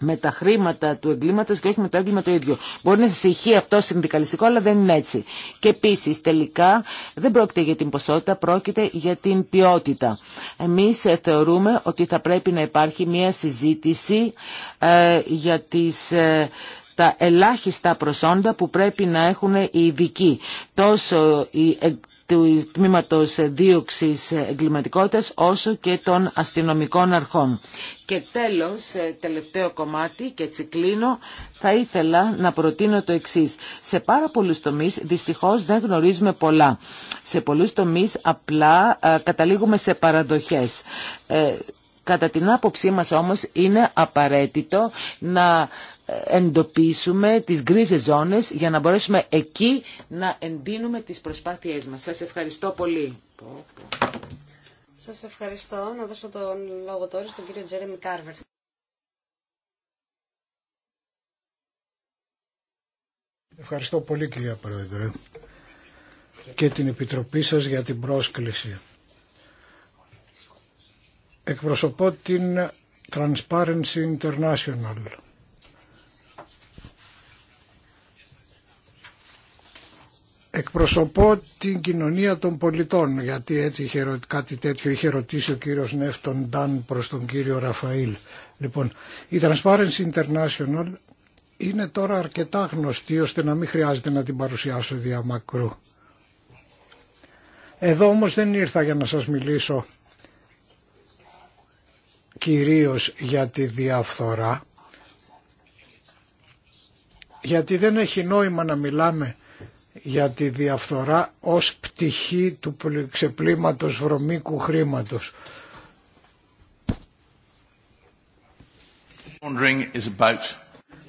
με τα χρήματα του εγκλήματο και όχι με το έγκλημα το ίδιο. Μπορεί να συγχύει αυτό συνδικαλιστικό, αλλά δεν είναι έτσι. Και επίση, τελικά δεν πρόκειται για την ποσότητα, πρόκειται για την ποιότητα. Εμείς ε, θεωρούμε ότι θα πρέπει να υπάρχει μια συζήτηση ε, για τις... Ε, τα ελάχιστα προσόντα που πρέπει να έχουν οι ειδικοί, τόσο οι του τμήματος δίωξης εγκληματικότητας όσο και των αστυνομικών αρχών. Και τέλος, ε, τελευταίο κομμάτι και έτσι κλείνω, θα ήθελα να προτείνω το εξής. Σε πάρα πολλούς τομείς δυστυχώς δεν γνωρίζουμε πολλά. Σε πολλούς τομείς απλά ε, καταλήγουμε σε παραδοχές. Ε, κατά την άποψή μας όμως είναι απαραίτητο να εντοπίσουμε τις γκρίζες ζώνες για να μπορέσουμε εκεί να εντείνουμε τις προσπάθειές μας. Σας ευχαριστώ πολύ. Σας ευχαριστώ. Να δώσω τον λόγο τώρα στον κύριο Τζέρεμι Κάρβερ. Ευχαριστώ πολύ κυρία Πρόεδρε και την Επιτροπή σας για την πρόσκληση. Εκπροσωπώ την Transparency International Εκπροσωπώ την κοινωνία των πολιτών, γιατί έτσι είχε, κάτι τέτοιο είχε ρωτήσει ο κύριος Νεύτον Ντάν προς τον κύριο Ραφαήλ. Λοιπόν, η Transparency International είναι τώρα αρκετά γνωστή ώστε να μην χρειάζεται να την παρουσιάσω διαμακρού. Εδώ όμως δεν ήρθα για να σας μιλήσω κυρίως για τη διαφθορά, γιατί δεν έχει νόημα να μιλάμε για τη διαφθορά ως πτυχή του ξεπλήματος βρωμίκου χρήματος.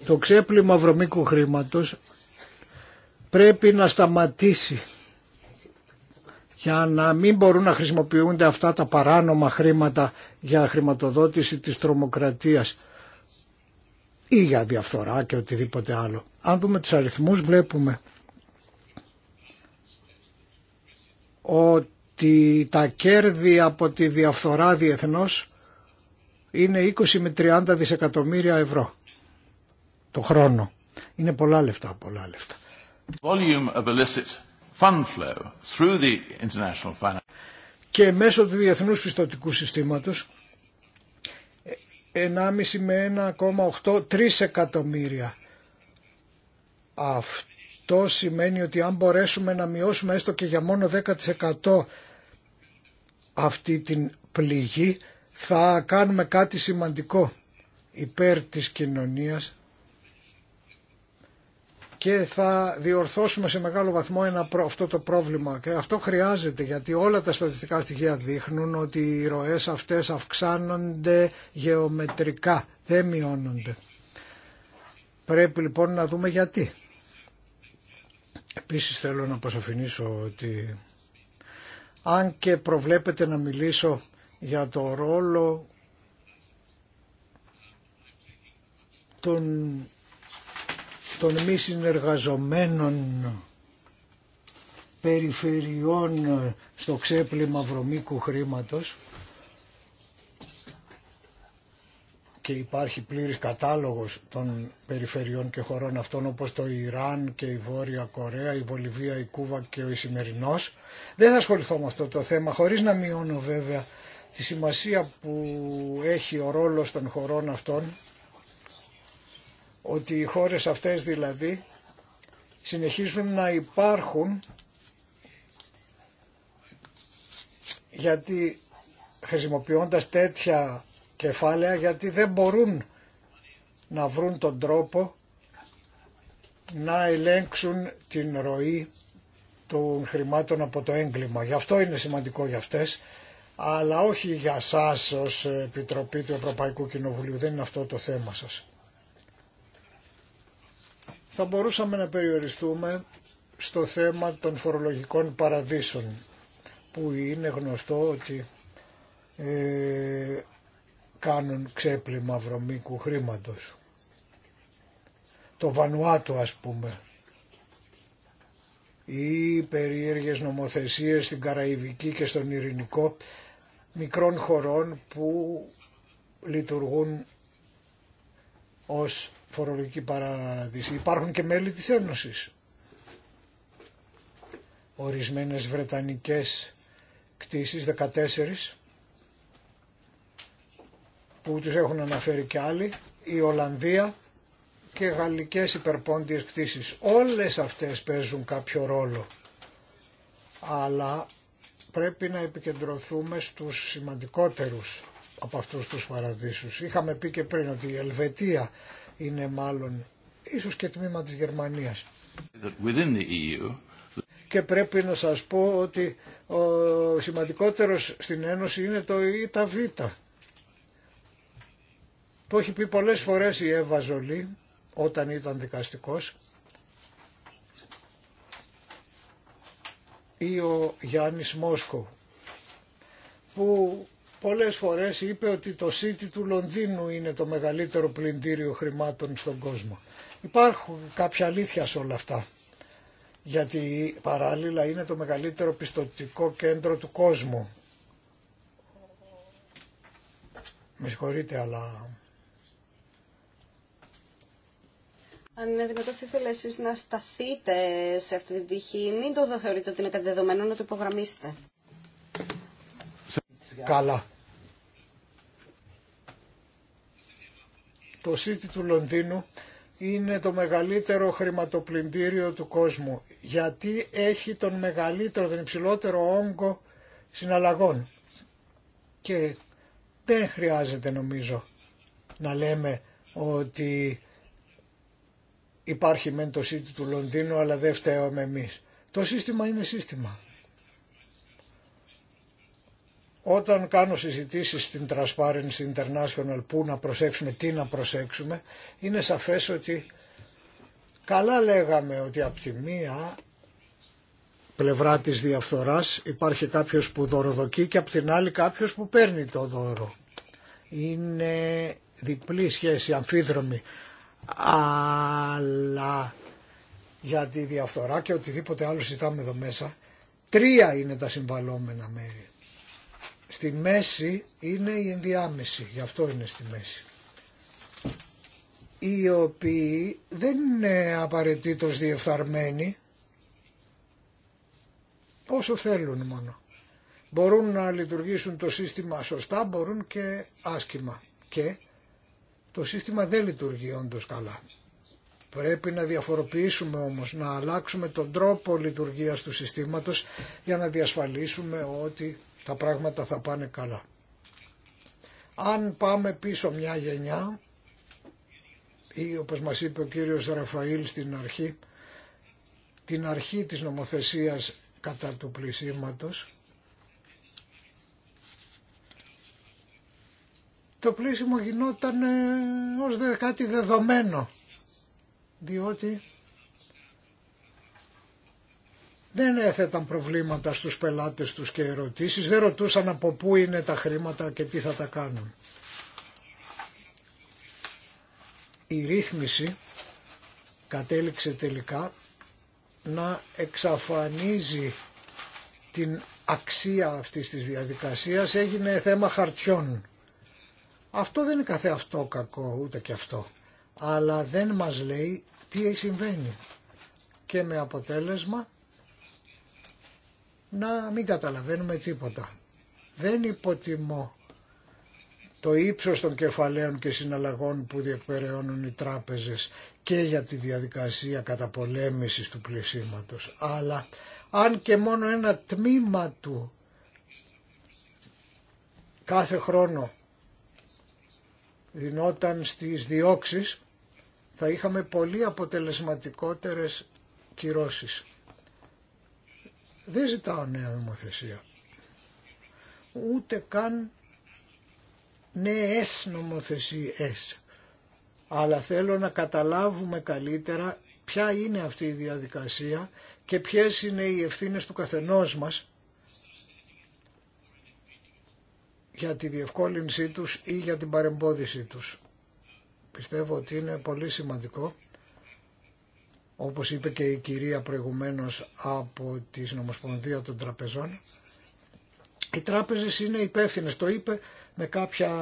Το ξέπλυμα βρωμίκου χρήματος πρέπει να σταματήσει για να μην μπορούν να χρησιμοποιούνται αυτά τα παράνομα χρήματα για χρηματοδότηση της τρομοκρατίας ή για διαφθορά και οτιδήποτε άλλο. Αν δούμε τους αριθμούς βλέπουμε ότι τα κέρδη από τη διαφθορά διεθνώς είναι 20 με 30 δισεκατομμύρια ευρώ το χρόνο. Είναι πολλά λεφτά, πολλά λεφτά. Και μέσω του διεθνούς πιστοτικού συστήματος 1,5 με 1,8 3 εκατομμύρια. Αυτό το σημαίνει ότι αν μπορέσουμε να μειώσουμε έστω και για μόνο 10% αυτή την πληγή θα κάνουμε κάτι σημαντικό υπέρ της κοινωνίας και θα διορθώσουμε σε μεγάλο βαθμό ένα, αυτό το πρόβλημα. Και αυτό χρειάζεται γιατί όλα τα στατιστικά στοιχεία δείχνουν ότι οι ροές αυτές αυξάνονται γεωμετρικά, δεν μειώνονται. Πρέπει λοιπόν να δούμε γιατί. Επίσης θέλω να αποσαφηνίσω ότι αν και προβλέπετε να μιλήσω για το ρόλο των, των μη συνεργαζομένων περιφερειών στο ξέπλυμα βρωμίκου χρήματος και υπάρχει πλήρης κατάλογος των περιφερειών και χωρών αυτών όπως το Ιράν και η Βόρεια Κορέα, η Βολιβία, η Κούβα και ο Ισημερινός. Δεν θα ασχοληθώ με αυτό το θέμα χωρίς να μειώνω βέβαια τη σημασία που έχει ο ρόλος των χωρών αυτών ότι οι χώρες αυτές δηλαδή συνεχίζουν να υπάρχουν γιατί χρησιμοποιώντας τέτοια κεφάλαια γιατί δεν μπορούν να βρουν τον τρόπο να ελέγξουν την ροή των χρημάτων από το έγκλημα. Γι' αυτό είναι σημαντικό για αυτές, αλλά όχι για σας ως Επιτροπή του Ευρωπαϊκού Κοινοβουλίου. Δεν είναι αυτό το θέμα σας. Θα μπορούσαμε να περιοριστούμε στο θέμα των φορολογικών παραδείσων, που είναι γνωστό ότι ε, κάνουν ξέπλυμα βρωμίκου χρήματος. Το Βανουάτο ας πούμε ή περίεργες νομοθεσίες στην Καραϊβική και στον Ειρηνικό μικρών χωρών που λειτουργούν ως φορολογική παράδειση. Υπάρχουν και μέλη της Ένωσης. Ορισμένες βρετανικές κτίσεις, 14, που τους έχουν αναφέρει και άλλοι, η Ολλανδία και γαλλικές υπερπόντιες κτήσεις. Όλες αυτές παίζουν κάποιο ρόλο. Αλλά πρέπει να επικεντρωθούμε στους σημαντικότερους από αυτούς τους παραδείσους. Είχαμε πει και πριν ότι η Ελβετία είναι μάλλον ίσως και τμήμα της Γερμανίας. E και πρέπει να σας πω ότι ο σημαντικότερος στην Ένωση είναι το ΙΤΑΒΙΤΑ. Το έχει πει πολλές φορές η Εύα Ζολή όταν ήταν δικαστικός ή ο Γιάννης Μόσκο που πολλές φορές είπε ότι το City του Λονδίνου είναι το μεγαλύτερο πλυντήριο χρημάτων στον κόσμο. Υπάρχουν κάποια αλήθεια σε όλα αυτά γιατί παράλληλα είναι το μεγαλύτερο πιστοτικό κέντρο του κόσμου. Με συγχωρείτε αλλά Αν είναι δυνατόν, θα ήθελα εσείς να σταθείτε σε αυτή την πτυχή. Μην το θεωρείτε ότι είναι κάτι δεδομένο, να το υπογραμμίσετε. Καλά. Το City του Λονδίνου είναι το μεγαλύτερο χρηματοπλυντήριο του κόσμου. Γιατί έχει τον μεγαλύτερο, τον υψηλότερο όγκο συναλλαγών. Και δεν χρειάζεται νομίζω να λέμε ότι Υπάρχει μεν το City του Λονδίνου αλλά δεν με εμείς. Το σύστημα είναι σύστημα. Όταν κάνω συζητήσεις στην Transparency International που να προσέξουμε, τι να προσέξουμε, είναι σαφές ότι καλά λέγαμε ότι από τη μία πλευρά της διαφθοράς υπάρχει κάποιος που δωροδοκεί και από την άλλη κάποιος που παίρνει το δώρο. Είναι διπλή σχέση, αμφίδρομη αλλά για τη διαφθορά και οτιδήποτε άλλο συζητάμε εδώ μέσα, τρία είναι τα συμβαλόμενα μέρη. Στη μέση είναι η ενδιάμεση, γι' αυτό είναι στη μέση. Οι οποίοι δεν είναι απαραίτητος διεφθαρμένοι, όσο θέλουν μόνο. Μπορούν να λειτουργήσουν το σύστημα σωστά, μπορούν και άσχημα Και το σύστημα δεν λειτουργεί όντως καλά. Πρέπει να διαφοροποιήσουμε όμως, να αλλάξουμε τον τρόπο λειτουργίας του συστήματος για να διασφαλίσουμε ότι τα πράγματα θα πάνε καλά. Αν πάμε πίσω μια γενιά ή όπως μας είπε ο κύριος Ραφαήλ στην αρχή, την αρχή της νομοθεσίας κατά του πλησίματος, το πλήσιμο γινόταν ε, ως κάτι δεδομένο διότι δεν έθεταν προβλήματα στους πελάτες τους και ερωτήσεις, δεν ρωτούσαν από πού είναι τα χρήματα και τι θα τα κάνουν. Η ρύθμιση κατέληξε τελικά να εξαφανίζει την αξία αυτής της διαδικασίας, έγινε θέμα χαρτιών. Αυτό δεν είναι καθε αυτό κακό ούτε και αυτό. Αλλά δεν μας λέει τι συμβαίνει. Και με αποτέλεσμα να μην καταλαβαίνουμε τίποτα. Δεν υποτιμώ το ύψος των κεφαλαίων και συναλλαγών που διεκπεραιώνουν οι τράπεζες και για τη διαδικασία καταπολέμησης του πλησίματος. Αλλά αν και μόνο ένα τμήμα του κάθε χρόνο δινόταν στις διώξεις θα είχαμε πολύ αποτελεσματικότερες κυρώσεις. Δεν ζητάω νέα νομοθεσία. Ούτε καν νέες νομοθεσίες. Αλλά θέλω να καταλάβουμε καλύτερα ποια είναι αυτή η διαδικασία και ποιες είναι οι ευθύνες του καθενός μας για τη διευκόλυνσή τους ή για την παρεμπόδισή τους. Πιστεύω ότι είναι πολύ σημαντικό, όπως είπε και η κυρία προηγουμένως από τη Νομοσπονδία των Τραπεζών, οι τράπεζες είναι υπεύθυνες, το είπε με κάποια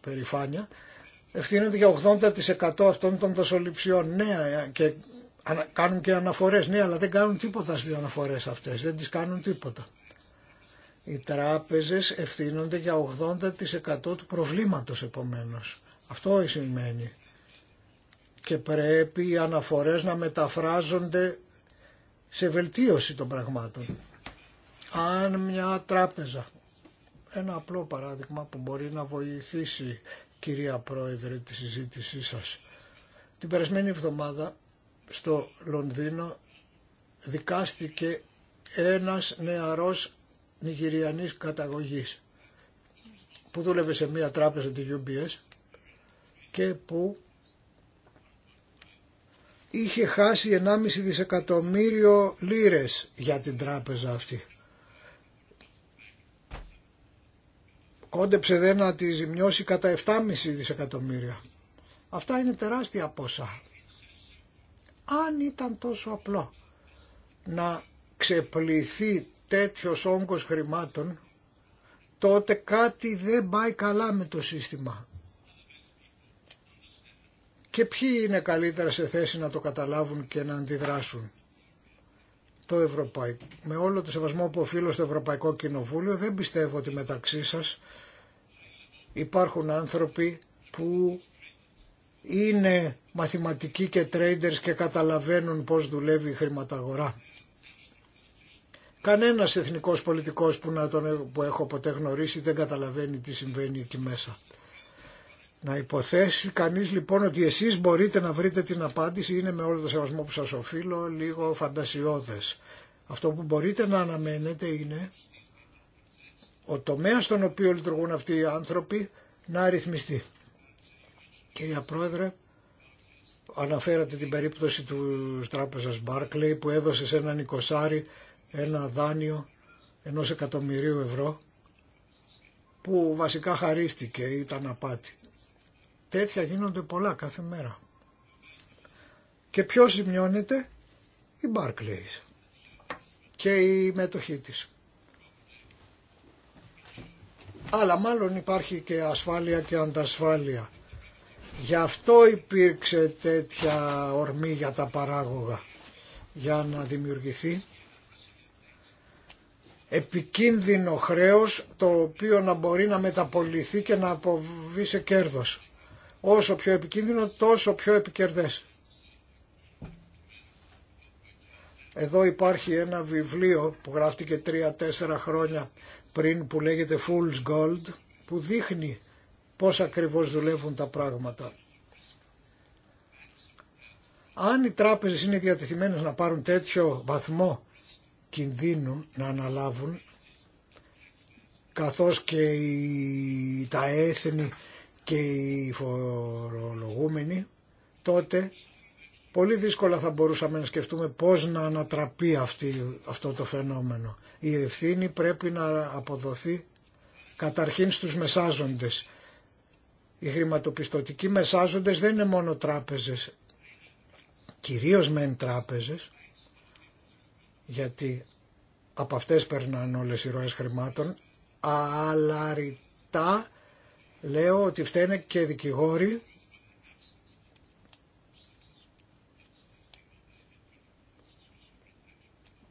περηφάνεια, ευθύνονται για 80% αυτών των δοσοληψιών. Ναι, και κάνουν και αναφορές, ναι, αλλά δεν κάνουν τίποτα στις αναφορές αυτές, δεν τις κάνουν τίποτα. Οι τράπεζες ευθύνονται για 80% του προβλήματος επομένως. Αυτό σημαίνει. Και πρέπει οι αναφορές να μεταφράζονται σε βελτίωση των πραγμάτων. Αν μια τράπεζα, ένα απλό παράδειγμα που μπορεί να βοηθήσει κυρία Πρόεδρε τη συζήτησή σας, την περασμένη εβδομάδα στο Λονδίνο δικάστηκε ένας νεαρός Νιγηριανής καταγωγής που δούλευε σε μια τράπεζα τη UBS και που είχε χάσει 1,5 δισεκατομμύριο λίρες για την τράπεζα αυτή. Κόντεψε δε να τη ζημιώσει κατά 7,5 δισεκατομμύρια. Αυτά είναι τεράστια ποσά. Αν ήταν τόσο απλό να ξεπληθεί τέτοιος όγκος χρημάτων, τότε κάτι δεν πάει καλά με το σύστημα. Και ποιοι είναι καλύτερα σε θέση να το καταλάβουν και να αντιδράσουν. Το Ευρωπαϊκό. Με όλο το σεβασμό που οφείλω στο Ευρωπαϊκό Κοινοβούλιο δεν πιστεύω ότι μεταξύ σας υπάρχουν άνθρωποι που είναι μαθηματικοί και traders και καταλαβαίνουν πώς δουλεύει η χρηματαγορά Κανένας εθνικός πολιτικός που, να τον, που έχω ποτέ γνωρίσει δεν καταλαβαίνει τι συμβαίνει εκεί μέσα. Να υποθέσει κανείς λοιπόν ότι εσείς μπορείτε να βρείτε την απάντηση είναι με όλο το σεβασμό που σας οφείλω λίγο φαντασιώδες. Αυτό που μπορείτε να αναμένετε είναι ο τομέας στον οποίο λειτουργούν αυτοί οι άνθρωποι να αριθμιστεί. Κυρία Πρόεδρε, αναφέρατε την περίπτωση του τράπεζας Μπάρκλεϊ που έδωσε σε έναν οικοσάρι ένα δάνειο ενός εκατομμυρίου ευρώ που βασικά χαρίστηκε, ήταν απάτη. Τέτοια γίνονται πολλά κάθε μέρα. Και ποιος ζημιώνεται, η Barclays και η μετοχή της. Αλλά μάλλον υπάρχει και ασφάλεια και αντασφάλεια. Γι' αυτό υπήρξε τέτοια ορμή για τα παράγωγα, για να δημιουργηθεί επικίνδυνο χρέος το οποίο να μπορεί να μεταπολιθεί και να αποβεί σε κέρδος. Όσο πιο επικίνδυνο τόσο πιο επικερδές. Εδώ υπάρχει ένα βιβλίο που γράφτηκε 3-4 χρόνια πριν που λέγεται Fool's Gold που δείχνει πώς ακριβώς δουλεύουν τα πράγματα. Αν οι τράπεζες είναι διατεθειμένες να πάρουν τέτοιο βαθμό κινδύνου να αναλάβουν καθώς και τα έθνη και οι φορολογούμενοι, τότε πολύ δύσκολα θα μπορούσαμε να σκεφτούμε πώς να ανατραπεί αυτό το φαινόμενο. Η ευθύνη πρέπει να αποδοθεί καταρχήν στους μεσάζοντες. Οι χρηματοπιστωτικοί μεσάζοντες δεν είναι μόνο τράπεζες, κυρίως μεν τράπεζες, γιατί από αυτές περνάνε όλες οι ροές χρημάτων, αλλά ρητά λέω ότι φταίνε και δικηγόροι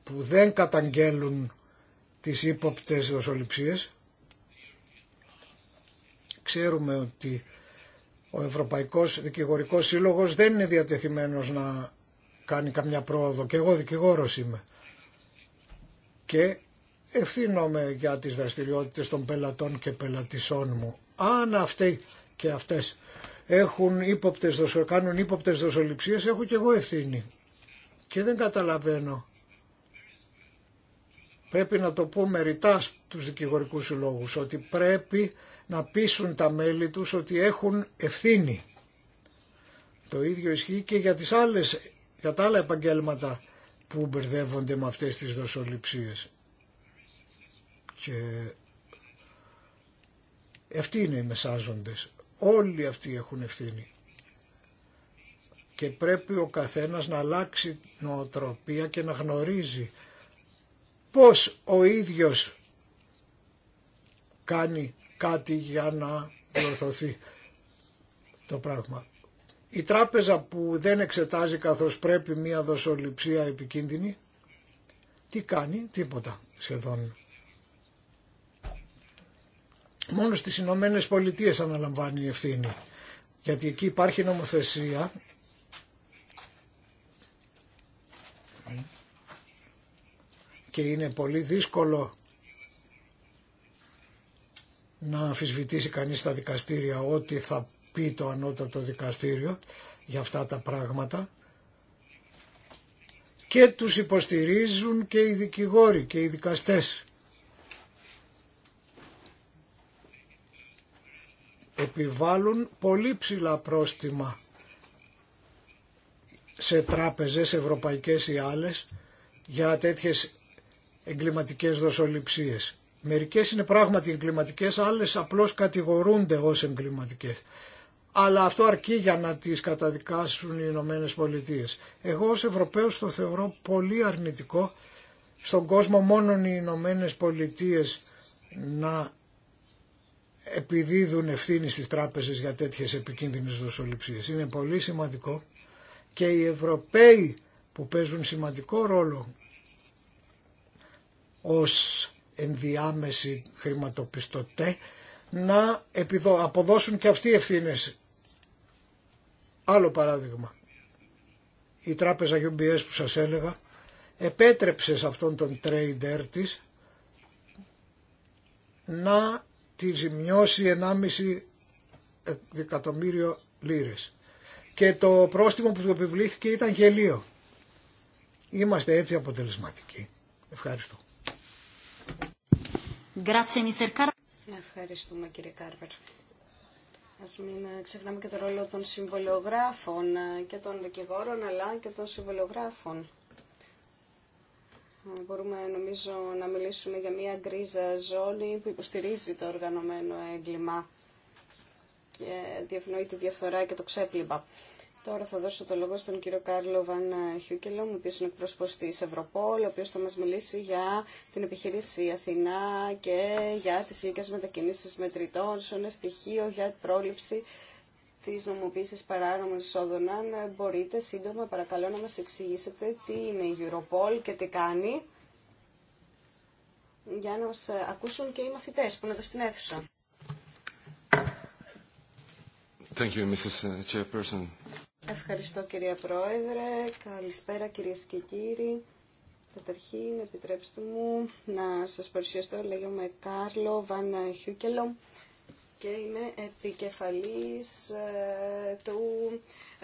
που δεν καταγγέλουν τις ύποπτες δοσοληψίες. Ξέρουμε ότι ο Ευρωπαϊκός Δικηγορικός Σύλλογος δεν είναι διατεθειμένος να κάνει καμιά πρόοδο και εγώ δικηγόρος είμαι και ευθύνομαι για τις δραστηριότητες των πελατών και πελατησών μου. Αν αυτοί και αυτές έχουν ύποπτες δοσο, κάνουν ύποπτες δοσοληψίες, έχω και εγώ ευθύνη. Και δεν καταλαβαίνω. Πρέπει να το πούμε ρητά στους δικηγορικούς λόγους, ότι πρέπει να πείσουν τα μέλη τους ότι έχουν ευθύνη. Το ίδιο ισχύει και για, τις άλλες, για τα άλλα επαγγέλματα που μπερδεύονται με αυτές τις δοσοληψίες. Και αυτοί είναι οι μεσάζοντες. Όλοι αυτοί έχουν ευθύνη. Και πρέπει ο καθένας να αλλάξει νοοτροπία και να γνωρίζει πώς ο ίδιος κάνει κάτι για να διορθωθεί το πράγμα. Η τράπεζα που δεν εξετάζει καθώς πρέπει μία δοσοληψία επικίνδυνη, τι κάνει, τίποτα σχεδόν. Μόνο στις Ηνωμένε Πολιτείε αναλαμβάνει η ευθύνη, γιατί εκεί υπάρχει νομοθεσία και είναι πολύ δύσκολο να αμφισβητήσει κανείς στα δικαστήρια ότι θα πει το ανώτατο δικαστήριο για αυτά τα πράγματα και τους υποστηρίζουν και οι δικηγόροι και οι δικαστές. Επιβάλλουν πολύ ψηλά πρόστιμα σε τράπεζες ευρωπαϊκές ή άλλες για τέτοιες εγκληματικές δοσοληψίες. Μερικές είναι πράγματι εγκληματικές, άλλες απλώς κατηγορούνται ως εγκληματικές αλλά αυτό αρκεί για να τις καταδικάσουν οι Ηνωμένε Πολιτείε. Εγώ ως Ευρωπαίος το θεωρώ πολύ αρνητικό στον κόσμο μόνον οι Ηνωμένε Πολιτείε να επιδίδουν ευθύνη στις τράπεζες για τέτοιες επικίνδυνες δοσοληψίες. Είναι πολύ σημαντικό και οι Ευρωπαίοι που παίζουν σημαντικό ρόλο ως ενδιάμεση χρηματοπιστωτέ να αποδώσουν και αυτοί ευθύνες Άλλο παράδειγμα. Η τράπεζα UBS που σας έλεγα επέτρεψε σε αυτόν τον trader της να τη ζημιώσει 1,5 δεκατομμύριο λίρες. Και το πρόστιμο που του επιβλήθηκε ήταν γελίο. Είμαστε έτσι αποτελεσματικοί. Ευχαριστώ. Ευχαριστούμε κύριε Κάρβερ. Ας μην ε, ξεχνάμε και το ρόλο των συμβολιογράφων ε, και των δικηγόρων αλλά και των συμβολιογράφων. Ε, μπορούμε νομίζω να μιλήσουμε για μια γκρίζα ζώνη που υποστηρίζει το οργανωμένο έγκλημα και διευνοεί τη διαφθορά και το ξέπλυμα. Τώρα θα δώσω το λόγο στον κύριο Κάρλο Βαν Χιούκελο, ο οποίο είναι εκπρόσωπο τη Ευρωπόλ, ο οποίο θα μα μιλήσει για την επιχείρηση Αθηνά και για τι γενικέ μετακινήσει μετρητών, σε ένα στοιχείο για την πρόληψη τη νομοποίηση παράνομων εισόδων. Αν μπορείτε σύντομα, παρακαλώ να μα εξηγήσετε τι είναι η Europol και τι κάνει, για να μα ακούσουν και οι μαθητέ που είναι εδώ στην αίθουσα. Thank you, Mrs. Chairperson. Ευχαριστώ κυρία Πρόεδρε. Καλησπέρα κυρίε και κύριοι. Καταρχήν, επιτρέψτε μου να σας παρουσιαστώ. Λέγομαι Κάρλο Βαν Χιούκελο και είμαι επικεφαλής ε, του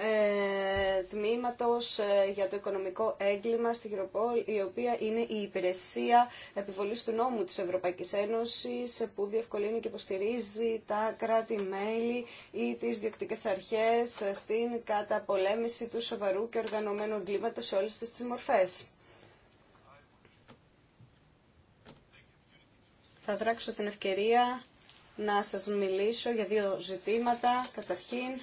ε, τμήματος ε, για το οικονομικό έγκλημα στη Γεροπόλ, η οποία είναι η υπηρεσία επιβολής του νόμου της Ευρωπαϊκής Ένωσης, που διευκολύνει και υποστηρίζει τα κράτη-μέλη ή τις διοκτικές αρχές στην καταπολέμηση του σοβαρού και οργανωμένου εγκλήματος σε όλες τις μορφές. Θα δράξω την ευκαιρία να σας μιλήσω για δύο ζητήματα. Καταρχήν,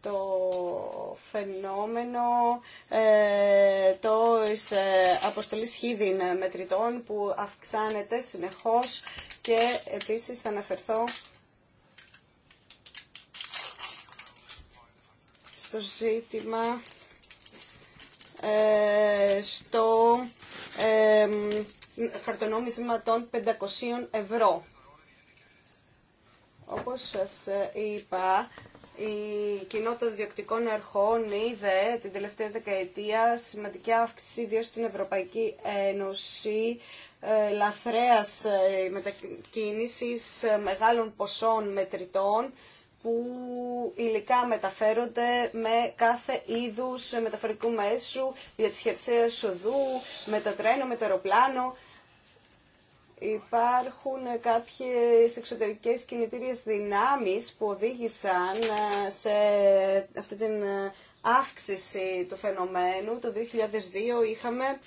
το φαινόμενο ε, το ε, αποστολής χίδιν μετρητών που αυξάνεται συνεχώς και επίσης θα αναφερθώ στο ζήτημα ε, στο ε, χαρτονόμισμα των 500 ευρώ. Όπως σας ε, είπα, η κοινότητα διοκτικών αρχών είδε την τελευταία δεκαετία σημαντική αύξηση ιδίω στην Ευρωπαϊκή Ένωση ε, λαθρέας ε, μετακίνησης ε, μεγάλων ποσών μετρητών που υλικά μεταφέρονται με κάθε είδους μεταφορικού μέσου, για σοδού οδού, με το τρένο, με το αεροπλάνο Υπάρχουν κάποιες εξωτερικές κινητήριες δυνάμεις που οδήγησαν ε, σε αυτή την ε, αύξηση του φαινομένου. Το 2002 είχαμε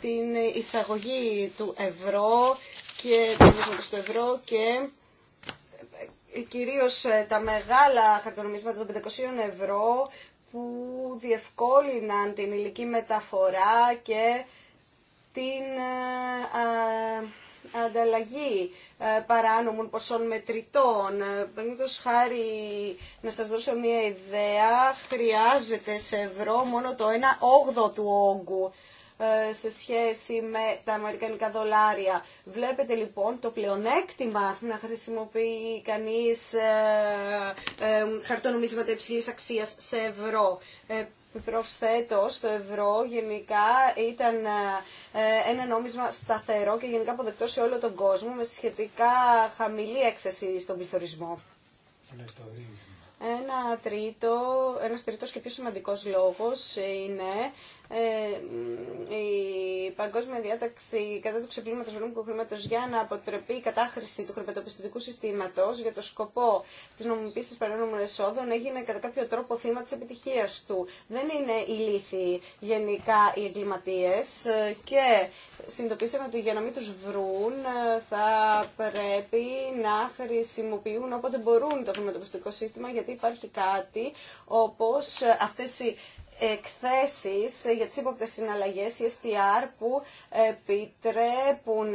την εισαγωγή του ευρώ και του ευρώ και ε, κυρίως τα μεγάλα χαρτονομίσματα των 500 ευρώ που διευκόλυναν την ηλική μεταφορά και την ανταλλαγή ε, παράνομων ποσών μετρητών. Ε, Παραδείγματο χάρη, να σα δώσω μια ιδέα, χρειάζεται σε ευρώ μόνο το ένα 8 του όγκου ε, σε σχέση με τα αμερικανικά δολάρια. Βλέπετε λοιπόν το πλεονέκτημα να χρησιμοποιεί κανείς χαρτονομίσματα υψηλής αξίας σε ευρώ προσθέτω στο ευρώ γενικά ήταν ε, ένα νόμισμα σταθερό και γενικά αποδεκτό σε όλο τον κόσμο με σχετικά χαμηλή έκθεση στον πληθωρισμό. Ένα τρίτο, ένας τρίτος και πιο σημαντικός λόγος είναι ε, η Παγκόσμια Διάταξη κατά του ξεπλήματος βελούμικου χρήματος για να αποτρεπεί η κατάχρηση του χρηματοπιστωτικού συστήματος για το σκοπό της νομιμοποίησης παράνομων εσόδων έγινε κατά κάποιο τρόπο θύμα της επιτυχίας του. Δεν είναι η ηλίθιοι γενικά οι εγκληματίες και συνειδητοποίησαμε ότι για να μην τους βρουν ε, θα πρέπει να χρησιμοποιούν όποτε μπορούν το χρηματοπιστωτικό σύστημα γιατί υπάρχει κάτι όπως αυτές οι εκθέσεις για τις ύποπτες συναλλαγές, οι STR, που επιτρέπουν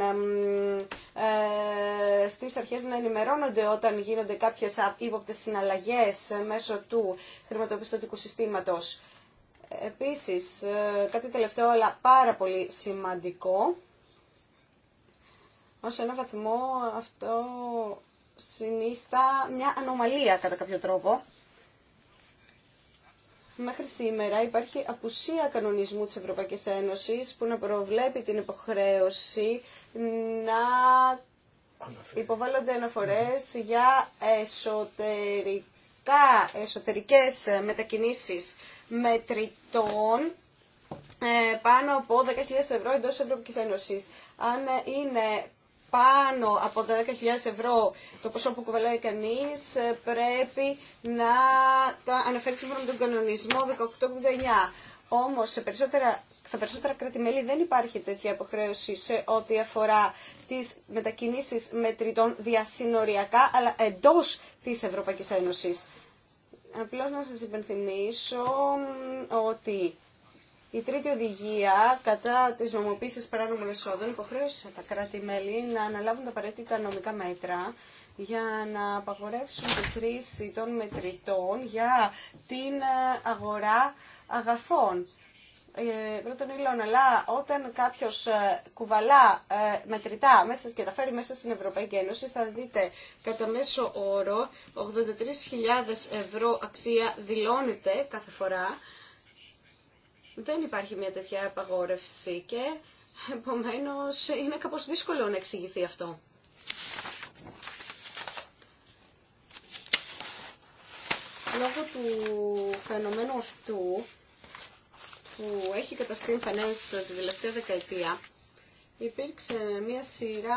ε, στις αρχές να ενημερώνονται όταν γίνονται κάποιες ύποπτες συναλλαγές μέσω του χρηματοπιστωτικού συστήματος. Επίσης, ε, κάτι τελευταίο, αλλά πάρα πολύ σημαντικό, ως ένα βαθμό αυτό συνίστα μια ανομαλία κατά κάποιο τρόπο Μέχρι σήμερα υπάρχει απουσία κανονισμού της Ευρωπαϊκής Ένωσης που να προβλέπει την υποχρέωση να υποβάλλονται αναφορές για εσωτερικά, εσωτερικές μετακινήσεις μετρητών ε, πάνω από 10.000 ευρώ εντός Ευρωπαϊκής Ένωσης. Αν είναι πάνω από 10.000 ευρώ το ποσό που κουβαλάει κανείς ε, πρέπει να το αναφέρει σύμφωνα με τον κανονισμό 1889. Όμως σε περισσότερα, στα περισσότερα κράτη-μέλη δεν υπάρχει τέτοια υποχρέωση σε ό,τι αφορά τις μετακινήσεις μετρητών διασυνοριακά αλλά εντός της Ευρωπαϊκής Ένωσης. Απλώς να σας υπενθυμίσω ότι η τρίτη οδηγία κατά τη νομοποίηση παράνομων εσόδων υποχρέωσε τα κράτη-μέλη να αναλάβουν τα απαραίτητα νομικά μέτρα για να απαγορεύσουν τη χρήση των μετρητών για την ε, αγορά αγαθών. Ε, πρώτον αλλά όταν κάποιο ε, κουβαλά ε, μετρητά μέσα και τα φέρει μέσα στην Ευρωπαϊκή Ένωση, θα δείτε κατά μέσο όρο 83.000 ευρώ αξία δηλώνεται κάθε φορά δεν υπάρχει μια τέτοια απαγόρευση και επομένως είναι κάπως δύσκολο να εξηγηθεί αυτό. Λόγω του φαινομένου αυτού που έχει καταστεί εμφανές τη τελευταία δεκαετία υπήρξε μια σειρά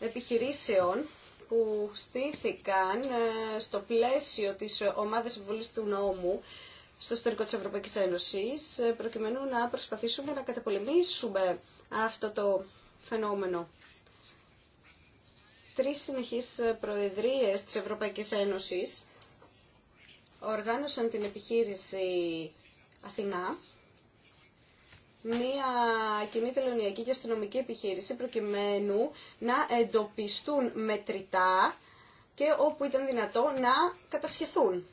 επιχειρήσεων που στήθηκαν ε, στο πλαίσιο της ομάδας συμβουλής του νόμου στο ιστορικό της Ευρωπαϊκής Ένωσης, ε, προκειμένου να προσπαθήσουμε να καταπολεμήσουμε αυτό το φαινόμενο. Τρεις συνεχείς προεδρίες της Ευρωπαϊκής Ένωσης οργάνωσαν την επιχείρηση Αθηνά, μια κοινή τελωνιακή και αστυνομική επιχείρηση προκειμένου να εντοπιστούν μετρητά και όπου ήταν δυνατό να κατασχεθούν.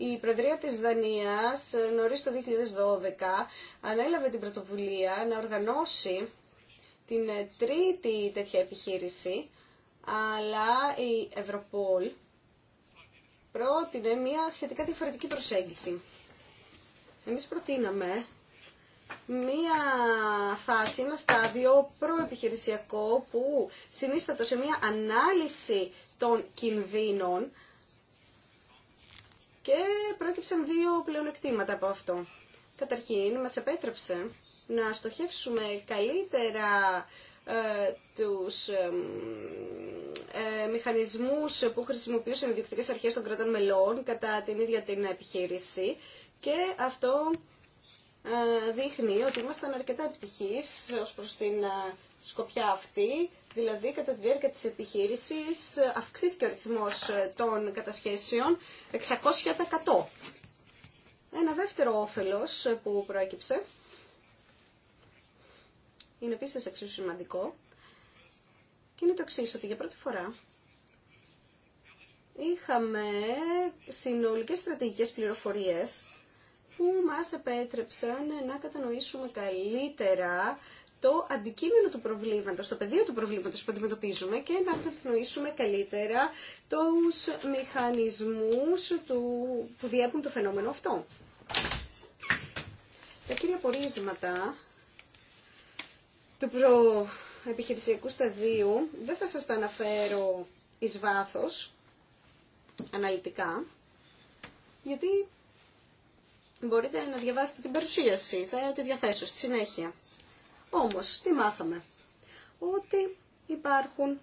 Η Προεδρία της Δανίας ε, νωρίς το 2012 ανέλαβε την πρωτοβουλία να οργανώσει την ε, τρίτη τέτοια επιχείρηση, αλλά η Ευρωπόλ πρότεινε μια σχετικά διαφορετική προσέγγιση. Εμείς προτείναμε μία φάση, ένα στάδιο προεπιχειρησιακό που συνίστατο σε μία ανάλυση των κινδύνων και πρόκειψαν δύο πλεονεκτήματα από αυτό. Καταρχήν, μας επέτρεψε να στοχεύσουμε καλύτερα ε, τους ε, ε, μηχανισμούς που χρησιμοποιούσαν οι διοικητικές αρχές των κρατών μελών κατά την ίδια την επιχείρηση και αυτό ε, δείχνει ότι ήμασταν αρκετά επιτυχείς ως προς την ε, σκοπιά αυτή Δηλαδή, κατά τη διάρκεια της επιχείρησης ε, αυξήθηκε ο ρυθμός ε, των κατασχέσεων 600%. Ένα δεύτερο όφελος ε, που προέκυψε είναι επίσης εξίσου σημαντικό και είναι το εξή ότι για πρώτη φορά είχαμε συνολικές στρατηγικές πληροφορίες που μας επέτρεψαν να κατανοήσουμε καλύτερα το αντικείμενο του προβλήματο, το πεδίο του προβλήματος που αντιμετωπίζουμε και να κατανοήσουμε καλύτερα τους μηχανισμούς του, που διέπουν το φαινόμενο αυτό. Τα κύρια πορίσματα του προεπιχειρησιακού σταδίου δεν θα σας τα αναφέρω εις βάθος, αναλυτικά, γιατί μπορείτε να διαβάσετε την παρουσίαση, θα τη διαθέσω στη συνέχεια. Όμως, τι μάθαμε. Ότι υπάρχουν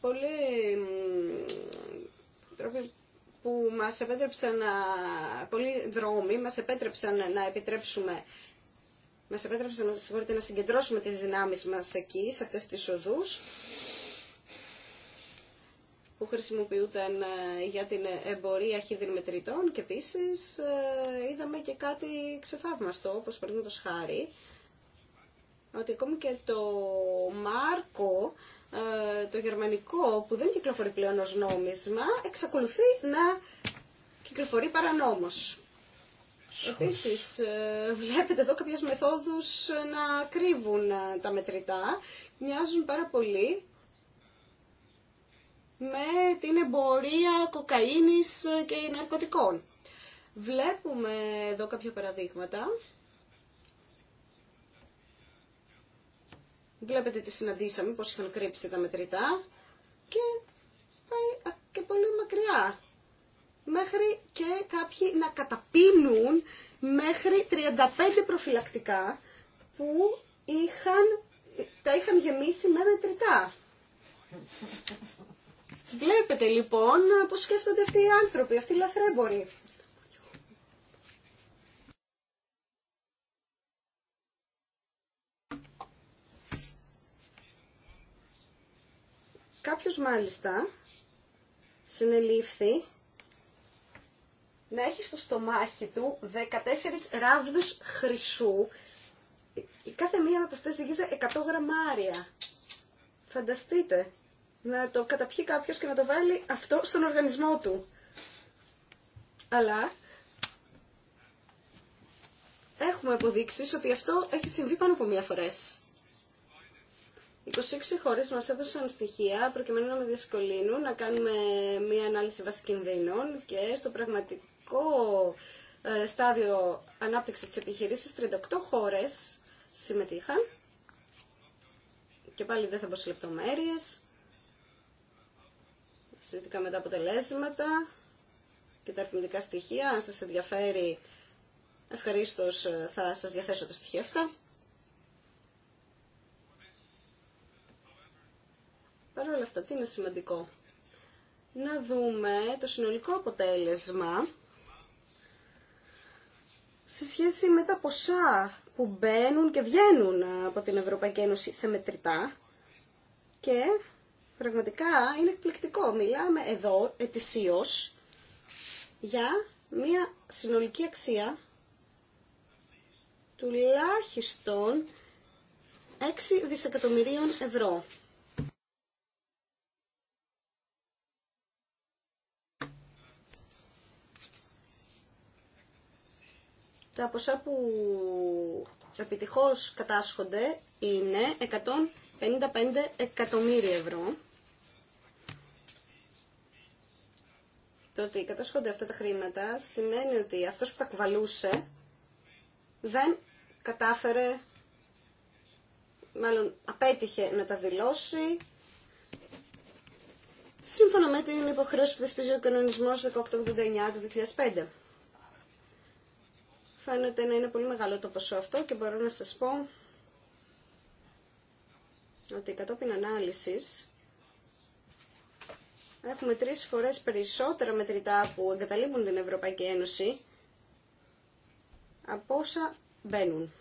πολλοί τρόποι που μας επέτρεψαν να... πολλοί δρόμοι μας επέτρεψαν να επιτρέψουμε μας επέτρεψαν να, να συγκεντρώσουμε τις δυνάμεις μας εκεί, σε αυτές τις οδούς που χρησιμοποιούνταν ε, για την εμπορία μετρητών. και επίση ε, είδαμε και κάτι ξεθαύμαστο, όπως παραδείγματο χάρη, ότι ακόμη και το Μάρκο, ε, το γερμανικό, που δεν κυκλοφορεί πλέον ως νόμισμα, εξακολουθεί να κυκλοφορεί παρανόμως. Επίσης, βλέπετε εδώ κάποιες μεθόδους να κρύβουν τα μετρητά. Μοιάζουν πάρα πολύ με την εμπορία κοκαίνης και ναρκωτικών. Βλέπουμε εδώ κάποια παραδείγματα. Βλέπετε τι συναντήσαμε, πώς είχαν κρύψει τα μετρητά και πάει και πολύ μακριά. Μέχρι και κάποιοι να καταπίνουν μέχρι 35 προφυλακτικά που είχαν, τα είχαν γεμίσει με μετρητά. Βλέπετε λοιπόν πώς σκέφτονται αυτοί οι άνθρωποι, αυτοί οι λαθρέμποροι. Κάποιος μάλιστα συνελήφθη να έχει στο στομάχι του 14 ράβδους χρυσού. Η κάθε μία από αυτές διηγήσε 100 γραμμάρια. Φανταστείτε να το καταπιεί κάποιο και να το βάλει αυτό στον οργανισμό του. Αλλά έχουμε αποδείξει ότι αυτό έχει συμβεί πάνω από μία φορέ. 26 χώρε μας έδωσαν στοιχεία προκειμένου να με δυσκολύνουν να κάνουμε μία ανάλυση βάση κινδύνων και στο πραγματικό ε, στάδιο ανάπτυξης τη επιχειρήση. 38 χώρε συμμετείχαν και πάλι δεν θα πω σε λεπτομέρειες σχετικά με τα αποτελέσματα και τα αριθμητικά στοιχεία. Αν σας ενδιαφέρει, ευχαρίστως ε, θα σας διαθέσω τα στοιχεία αυτά. Παρ' όλα αυτά, τι είναι σημαντικό. Να δούμε το συνολικό αποτέλεσμα σε σχέση με τα ποσά που μπαίνουν και βγαίνουν από την Ευρωπαϊκή Ένωση σε μετρητά και Πραγματικά είναι εκπληκτικό. Μιλάμε εδώ ετησίως για μια συνολική αξία τουλάχιστον 6 δισεκατομμυρίων ευρώ. Τα ποσά που επιτυχώς κατάσχονται είναι 155 εκατομμύρια ευρώ. Το ότι κατάσχονται αυτά τα χρήματα σημαίνει ότι αυτός που τα κουβαλούσε δεν κατάφερε, μάλλον απέτυχε να τα δηλώσει σύμφωνα με την υποχρέωση που θεσπίζει ο κανονισμός 1889 του 2005. Φαίνεται να είναι πολύ μεγάλο το ποσό αυτό και μπορώ να σας πω ότι κατόπιν ανάλυσης έχουμε τρεις φορές περισσότερα μετρητά που εγκαταλείπουν την Ευρωπαϊκή Ένωση από όσα μπαίνουν.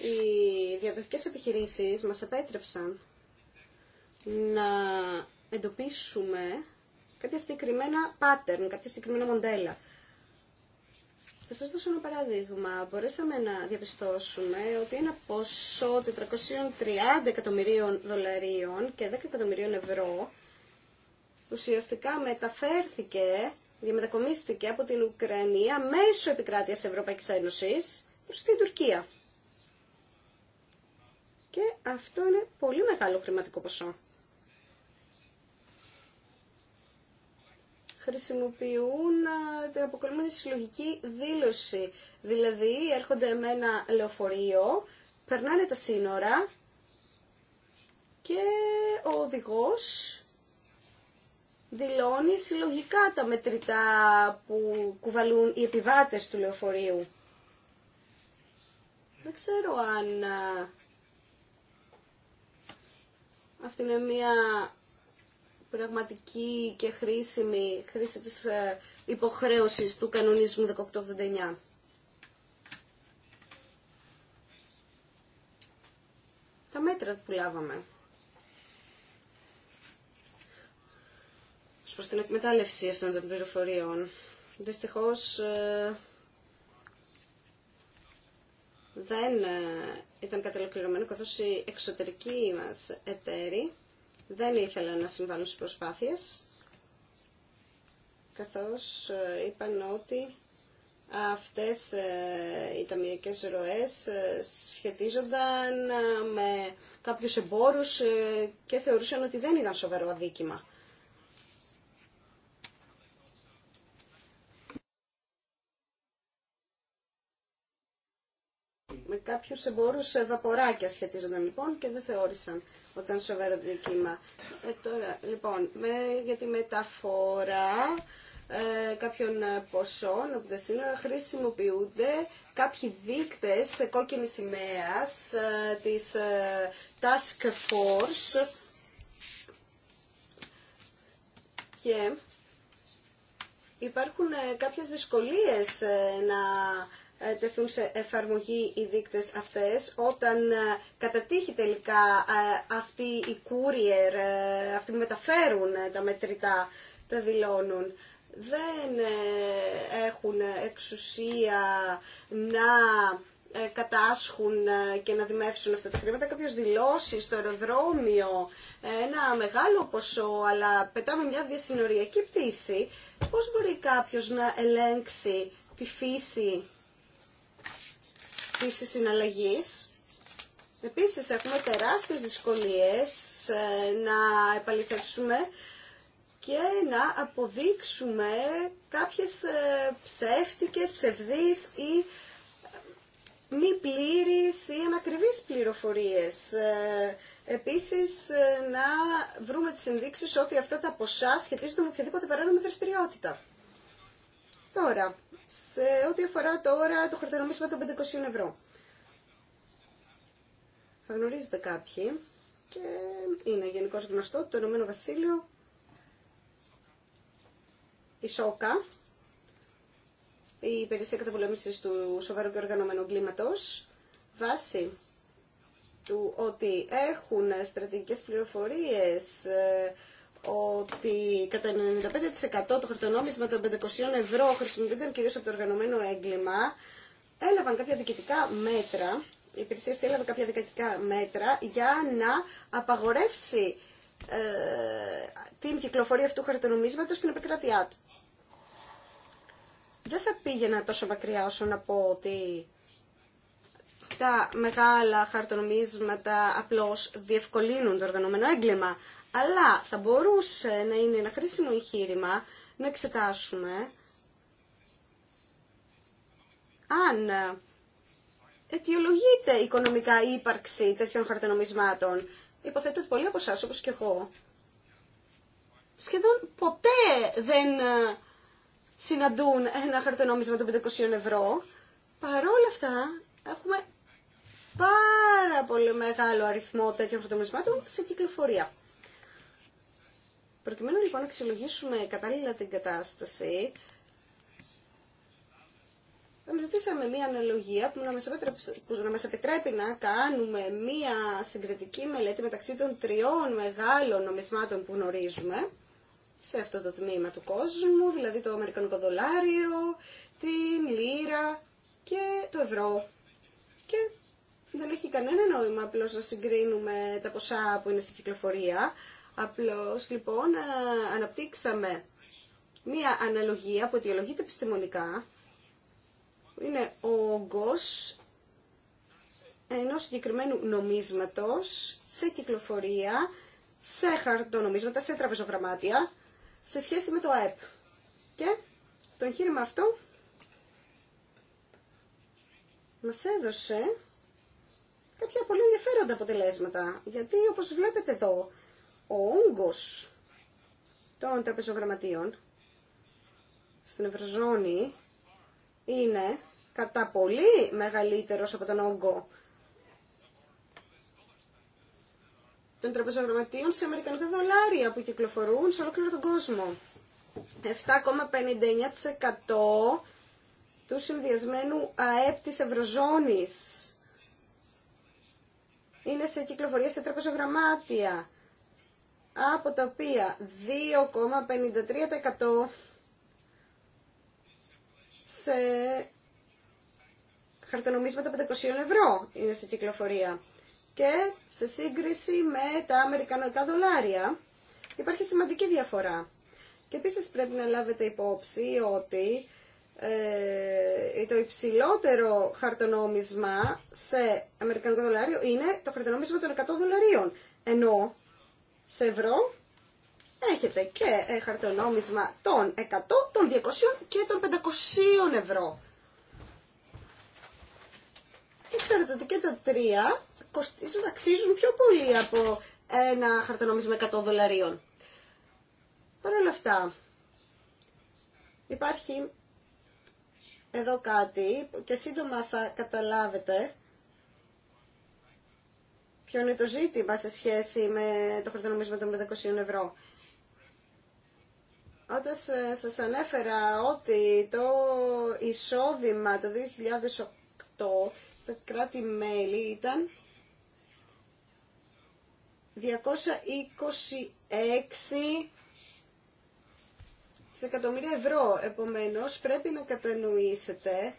Οι διαδοχικές επιχειρήσεις μας επέτρεψαν να εντοπίσουμε κάποια συγκεκριμένα pattern, κάποια συγκεκριμένα μοντέλα. Θα σας δώσω ένα παράδειγμα. Μπορέσαμε να διαπιστώσουμε ότι ένα ποσό 430 εκατομμυρίων δολαρίων και 10 εκατομμυρίων ευρώ ουσιαστικά μεταφέρθηκε, διαμετακομίστηκε από την Ουκρανία μέσω επικράτειας Ευρωπαϊκής Ένωσης προς την Τουρκία. Και αυτό είναι πολύ μεγάλο χρηματικό ποσό. χρησιμοποιούν την αποκαλούμενη συλλογική δήλωση. Δηλαδή έρχονται με ένα λεωφορείο, περνάνε τα σύνορα και ο οδηγός δηλώνει συλλογικά τα μετρητά που κουβαλούν οι επιβάτες του λεωφορείου. Δεν ξέρω αν αυτή είναι μια πραγματική και χρήσιμη χρήση της ε, υποχρέωσης του κανονισμού 1889. Τα μέτρα που λάβαμε. Ως προς την εκμετάλλευση αυτών των πληροφοριών. Δυστυχώς ε, δεν ε, ήταν κατελοκληρωμένο καθώς οι εξωτερικοί μας εταίροι δεν ήθελα να συμβάλλουν στις προσπάθειες, καθώς ε, είπαν ότι αυτές ε, οι ταμιακές ροές ε, σχετίζονταν με κάποιους εμπόρους και θεωρούσαν ότι δεν ήταν σοβαρό αδίκημα. Με κάποιους εμπόρους βαποράκια σχετίζονταν λοιπόν και δεν θεώρησαν όταν σοβαρό δίκημα. Ε, λοιπόν, με, για τη μεταφορά ε, κάποιων ε, ποσών από τα σύνορα χρησιμοποιούνται κάποιοι δείκτες κόκκινη σημαία ε, της ε, Task Force και υπάρχουν ε, κάποιες δυσκολίες να ε, τεθούν σε εφαρμογή οι δείκτες αυτές, όταν ε, κατατύχει τελικά ε, αυτοί οι courier, αυτοί που μεταφέρουν τα μετρητά, τα δηλώνουν, δεν έχουν εξουσία να κατάσχουν και να δημεύσουν αυτά τα χρήματα. Κάποιος δηλώσει στο αεροδρόμιο ένα μεγάλο ποσό, αλλά πετάμε μια διασυνοριακή πτήση. Πώς μπορεί κάποιος να ελέγξει τη φύση της συναλλαγής. Επίσης έχουμε τεράστιες δυσκολίες ε, να επαληθεύσουμε και να αποδείξουμε κάποιες ε, ψεύτικες, ψευδείς ή ε, μη πλήρης ή ανακριβείς πληροφορίες. Επίσης, να βρούμε τις ενδείξεις ότι αυτά τα ποσά σχετίζονται με οποιαδήποτε παράνομη δραστηριότητα. Τώρα, σε ό,τι αφορά τώρα το χαρτονομίσμα των 500 ευρώ. Θα γνωρίζετε κάποιοι και είναι γενικώ γνωστό το Ηνωμένο Βασίλειο, η ΣΟΚΑ, η Υπηρεσία καταπολέμηση του Σοβαρού και Οργανωμένου Κλίματος, βάσει του ότι έχουν στρατηγικές πληροφορίες ε, ότι κατά 95% το χαρτονόμισμα των 500 ευρώ χρησιμοποιούνταν κυρίως από το οργανωμένο έγκλημα, έλαβαν κάποια διοικητικά μέτρα, η υπηρεσία αυτή έλαβε κάποια διοικητικά μέτρα για να απαγορεύσει ε, την κυκλοφορία αυτού του χαρτονομίσματος στην επικρατειά του. Δεν θα πήγαινα τόσο μακριά όσο να πω ότι τα μεγάλα χαρτονομίσματα απλώς διευκολύνουν το οργανωμένο έγκλημα, αλλά θα μπορούσε να είναι ένα χρήσιμο εγχείρημα να εξετάσουμε αν αιτιολογείται οικονομικά η ύπαρξη τέτοιων χαρτονομισμάτων. Υποθέτω ότι πολλοί από εσά, όπως και εγώ, σχεδόν ποτέ δεν ε, συναντούν ένα χαρτονόμισμα των 500 ευρώ. Παρόλα αυτά, έχουμε πάρα πολύ μεγάλο αριθμό τέτοιων χαρτονομισμάτων σε κυκλοφορία. Προκειμένου λοιπόν να αξιολογήσουμε κατάλληλα την κατάσταση, μας ζητήσαμε μία αναλογία που να, μας που να μας επιτρέπει να κάνουμε μία συγκριτική μελέτη μεταξύ των τριών μεγάλων νομισμάτων που γνωρίζουμε σε αυτό το τμήμα του κόσμου, δηλαδή το αμερικανικό δολάριο, την λίρα και το ευρώ. Και δεν έχει κανένα νόημα απλώς να συγκρίνουμε τα ποσά που είναι στην κυκλοφορία, Απλώς λοιπόν ε, αναπτύξαμε μία αναλογία που αιτιολογείται επιστημονικά, που είναι ο όγκος ενός συγκεκριμένου νομίσματος σε κυκλοφορία, σε χαρτονομίσματα, σε τραπεζογραμμάτια, σε σχέση με το ΑΕΠ. Και το εγχείρημα αυτό μας έδωσε κάποια πολύ ενδιαφέροντα αποτελέσματα. Γιατί όπως βλέπετε εδώ, ο όγκος των τραπεζογραμματείων στην Ευρωζώνη είναι κατά πολύ μεγαλύτερος από τον όγκο των τραπεζογραμματείων σε αμερικανικά δολάρια που κυκλοφορούν σε ολόκληρο τον κόσμο. 7,59% του συνδυασμένου ΑΕΠ της Ευρωζώνης είναι σε κυκλοφορία σε τραπεζογραμμάτια από τα οποία 2,53% σε χαρτονομίσματα 500 ευρώ είναι σε κυκλοφορία και σε σύγκριση με τα αμερικανικά δολάρια υπάρχει σημαντική διαφορά. Και επίσης πρέπει να λάβετε υπόψη ότι ε, το υψηλότερο χαρτονόμισμα σε αμερικανικό δολάριο είναι το χαρτονόμισμα των 100 δολαρίων, ενώ σε ευρώ έχετε και ε, χαρτονόμισμα των 100, των 200 και των 500 ευρώ. Και ξέρετε ότι και τα τρία κοστίζουν, αξίζουν πιο πολύ από ένα χαρτονόμισμα 100 δολαρίων. Παρ' όλα αυτά, υπάρχει εδώ κάτι και σύντομα θα καταλάβετε ποιο είναι το ζήτημα σε σχέση με το χρητονομίσμα των 500 ευρώ. Όταν σας ανέφερα ότι το εισόδημα το 2008 στο κράτη-μέλη ήταν 226 εκατομμύρια ευρώ. Επομένως, πρέπει να κατανοήσετε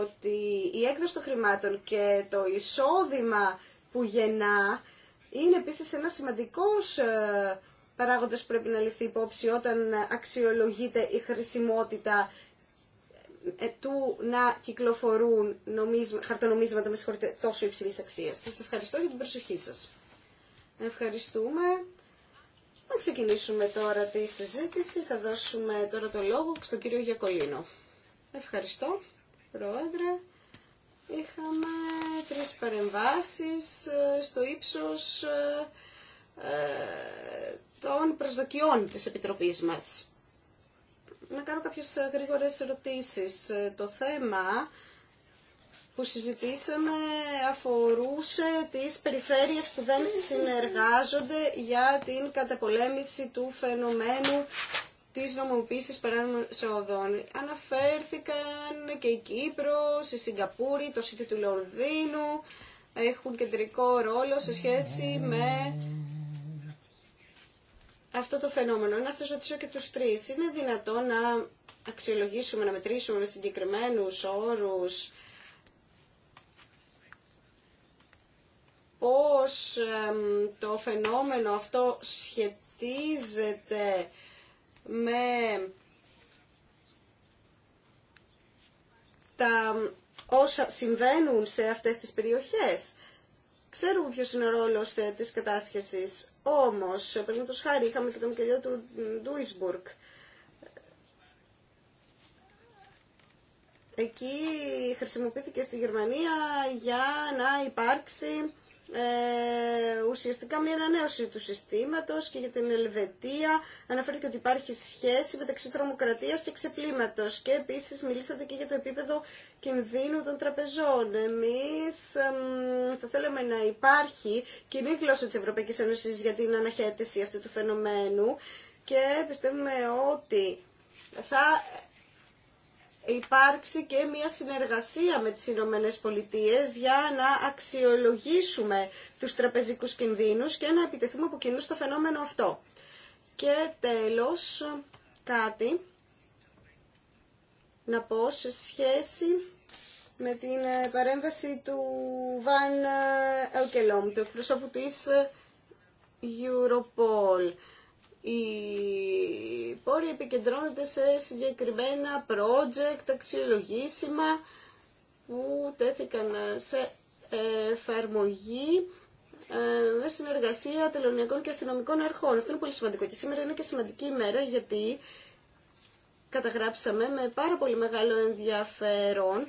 ότι η έκδοση των χρημάτων και το εισόδημα που γεννά είναι επίσης ένα σημαντικός ε, παράγοντας που πρέπει να ληφθεί υπόψη όταν αξιολογείται η χρησιμότητα ε, του να κυκλοφορούν νομίσμα, χαρτονομίσματα με τόσο υψηλής αξία. Σα ευχαριστώ για την προσοχή σας. Ευχαριστούμε. Να ξεκινήσουμε τώρα τη συζήτηση. Θα δώσουμε τώρα το λόγο στον κύριο Γιακολίνο. Ευχαριστώ, Πρόεδρε. Είχαμε τρεις παρεμβάσεις ε, στο ύψος ε, ε, των προσδοκιών της Επιτροπής μας. Να κάνω κάποιες γρήγορες ερωτήσεις. Το θέμα που συζητήσαμε αφορούσε τις περιφέρειες που δεν συνεργάζονται για την καταπολέμηση του φαινομένου της νομοποίησης σε οδών. Αναφέρθηκαν και η Κύπρος, η Σιγκαπούρη, το City του Λονδίνου, έχουν κεντρικό ρόλο σε σχέση με αυτό το φαινόμενο. Να σας ρωτήσω και τους τρεις. Είναι δυνατό να αξιολογήσουμε, να μετρήσουμε με συγκεκριμένους όρους πώς το φαινόμενο αυτό σχετίζεται με τα όσα συμβαίνουν σε αυτές τις περιοχές. Ξέρουμε ποιος είναι ο ρόλος ε, της κατάσχεσης. Όμως, παραδείγματος χάρη, είχαμε και το κελιό του Ντουίσμπουργκ. Εκεί χρησιμοποιήθηκε στη Γερμανία για να υπάρξει ε, ουσιαστικά μια ανανέωση του συστήματος και για την Ελβετία αναφέρθηκε ότι υπάρχει σχέση μεταξύ τρομοκρατίας και ξεπλήματος και επίσης μιλήσατε και για το επίπεδο κινδύνου των τραπεζών. Εμείς θα θέλαμε να υπάρχει κοινή γλώσσα της Ευρωπαϊκής Ένωσης για την αναχέτηση αυτού του φαινομένου και πιστεύουμε ότι θα υπάρξει και μια συνεργασία με τις Ηνωμένε Πολιτείε για να αξιολογήσουμε τους τραπεζικούς κινδύνους και να επιτεθούμε από κοινού στο φαινόμενο αυτό. Και τέλος κάτι να πω σε σχέση με την ε, παρέμβαση του Βαν ε, Ελκελόμ, του εκπροσώπου της ε, Europol οι πόροι επικεντρώνονται σε συγκεκριμένα project, αξιολογήσιμα που τέθηκαν σε εφαρμογή ε, με συνεργασία τελωνιακών και αστυνομικών αρχών. Αυτό είναι πολύ σημαντικό και σήμερα είναι και σημαντική ημέρα γιατί καταγράψαμε με πάρα πολύ μεγάλο ενδιαφέρον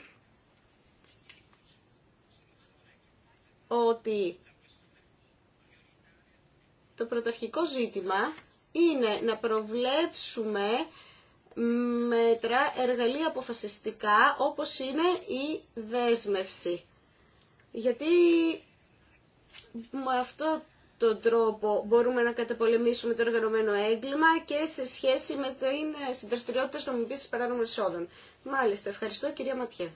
ότι το πρωταρχικό ζήτημα είναι να προβλέψουμε μέτρα, εργαλεία αποφασιστικά όπως είναι η δέσμευση. Γιατί με αυτό τον τρόπο μπορούμε να καταπολεμήσουμε το οργανωμένο έγκλημα και σε σχέση με την συνταστηριότητα των νομιμοποίησης παράνομων εισόδων. Μάλιστα, ευχαριστώ κυρία Ματιέ.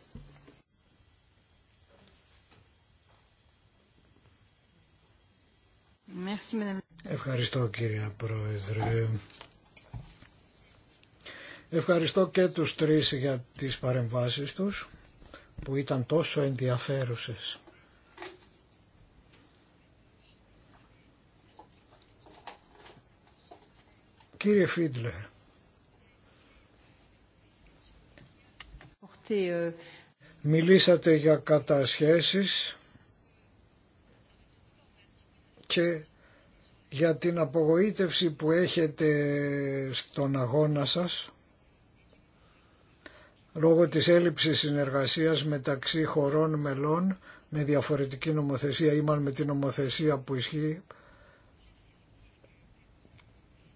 Ευχαριστώ κύριε Πρόεδρε. Ευχαριστώ και τους τρεις για τις παρεμβάσεις τους που ήταν τόσο ενδιαφέρουσες. Κύριε Φίντλερ. Μιλήσατε για κατασχέσεις και για την απογοήτευση που έχετε στον αγώνα σας λόγω της έλλειψης συνεργασίας μεταξύ χωρών μελών με διαφορετική νομοθεσία ή με την νομοθεσία που ισχύει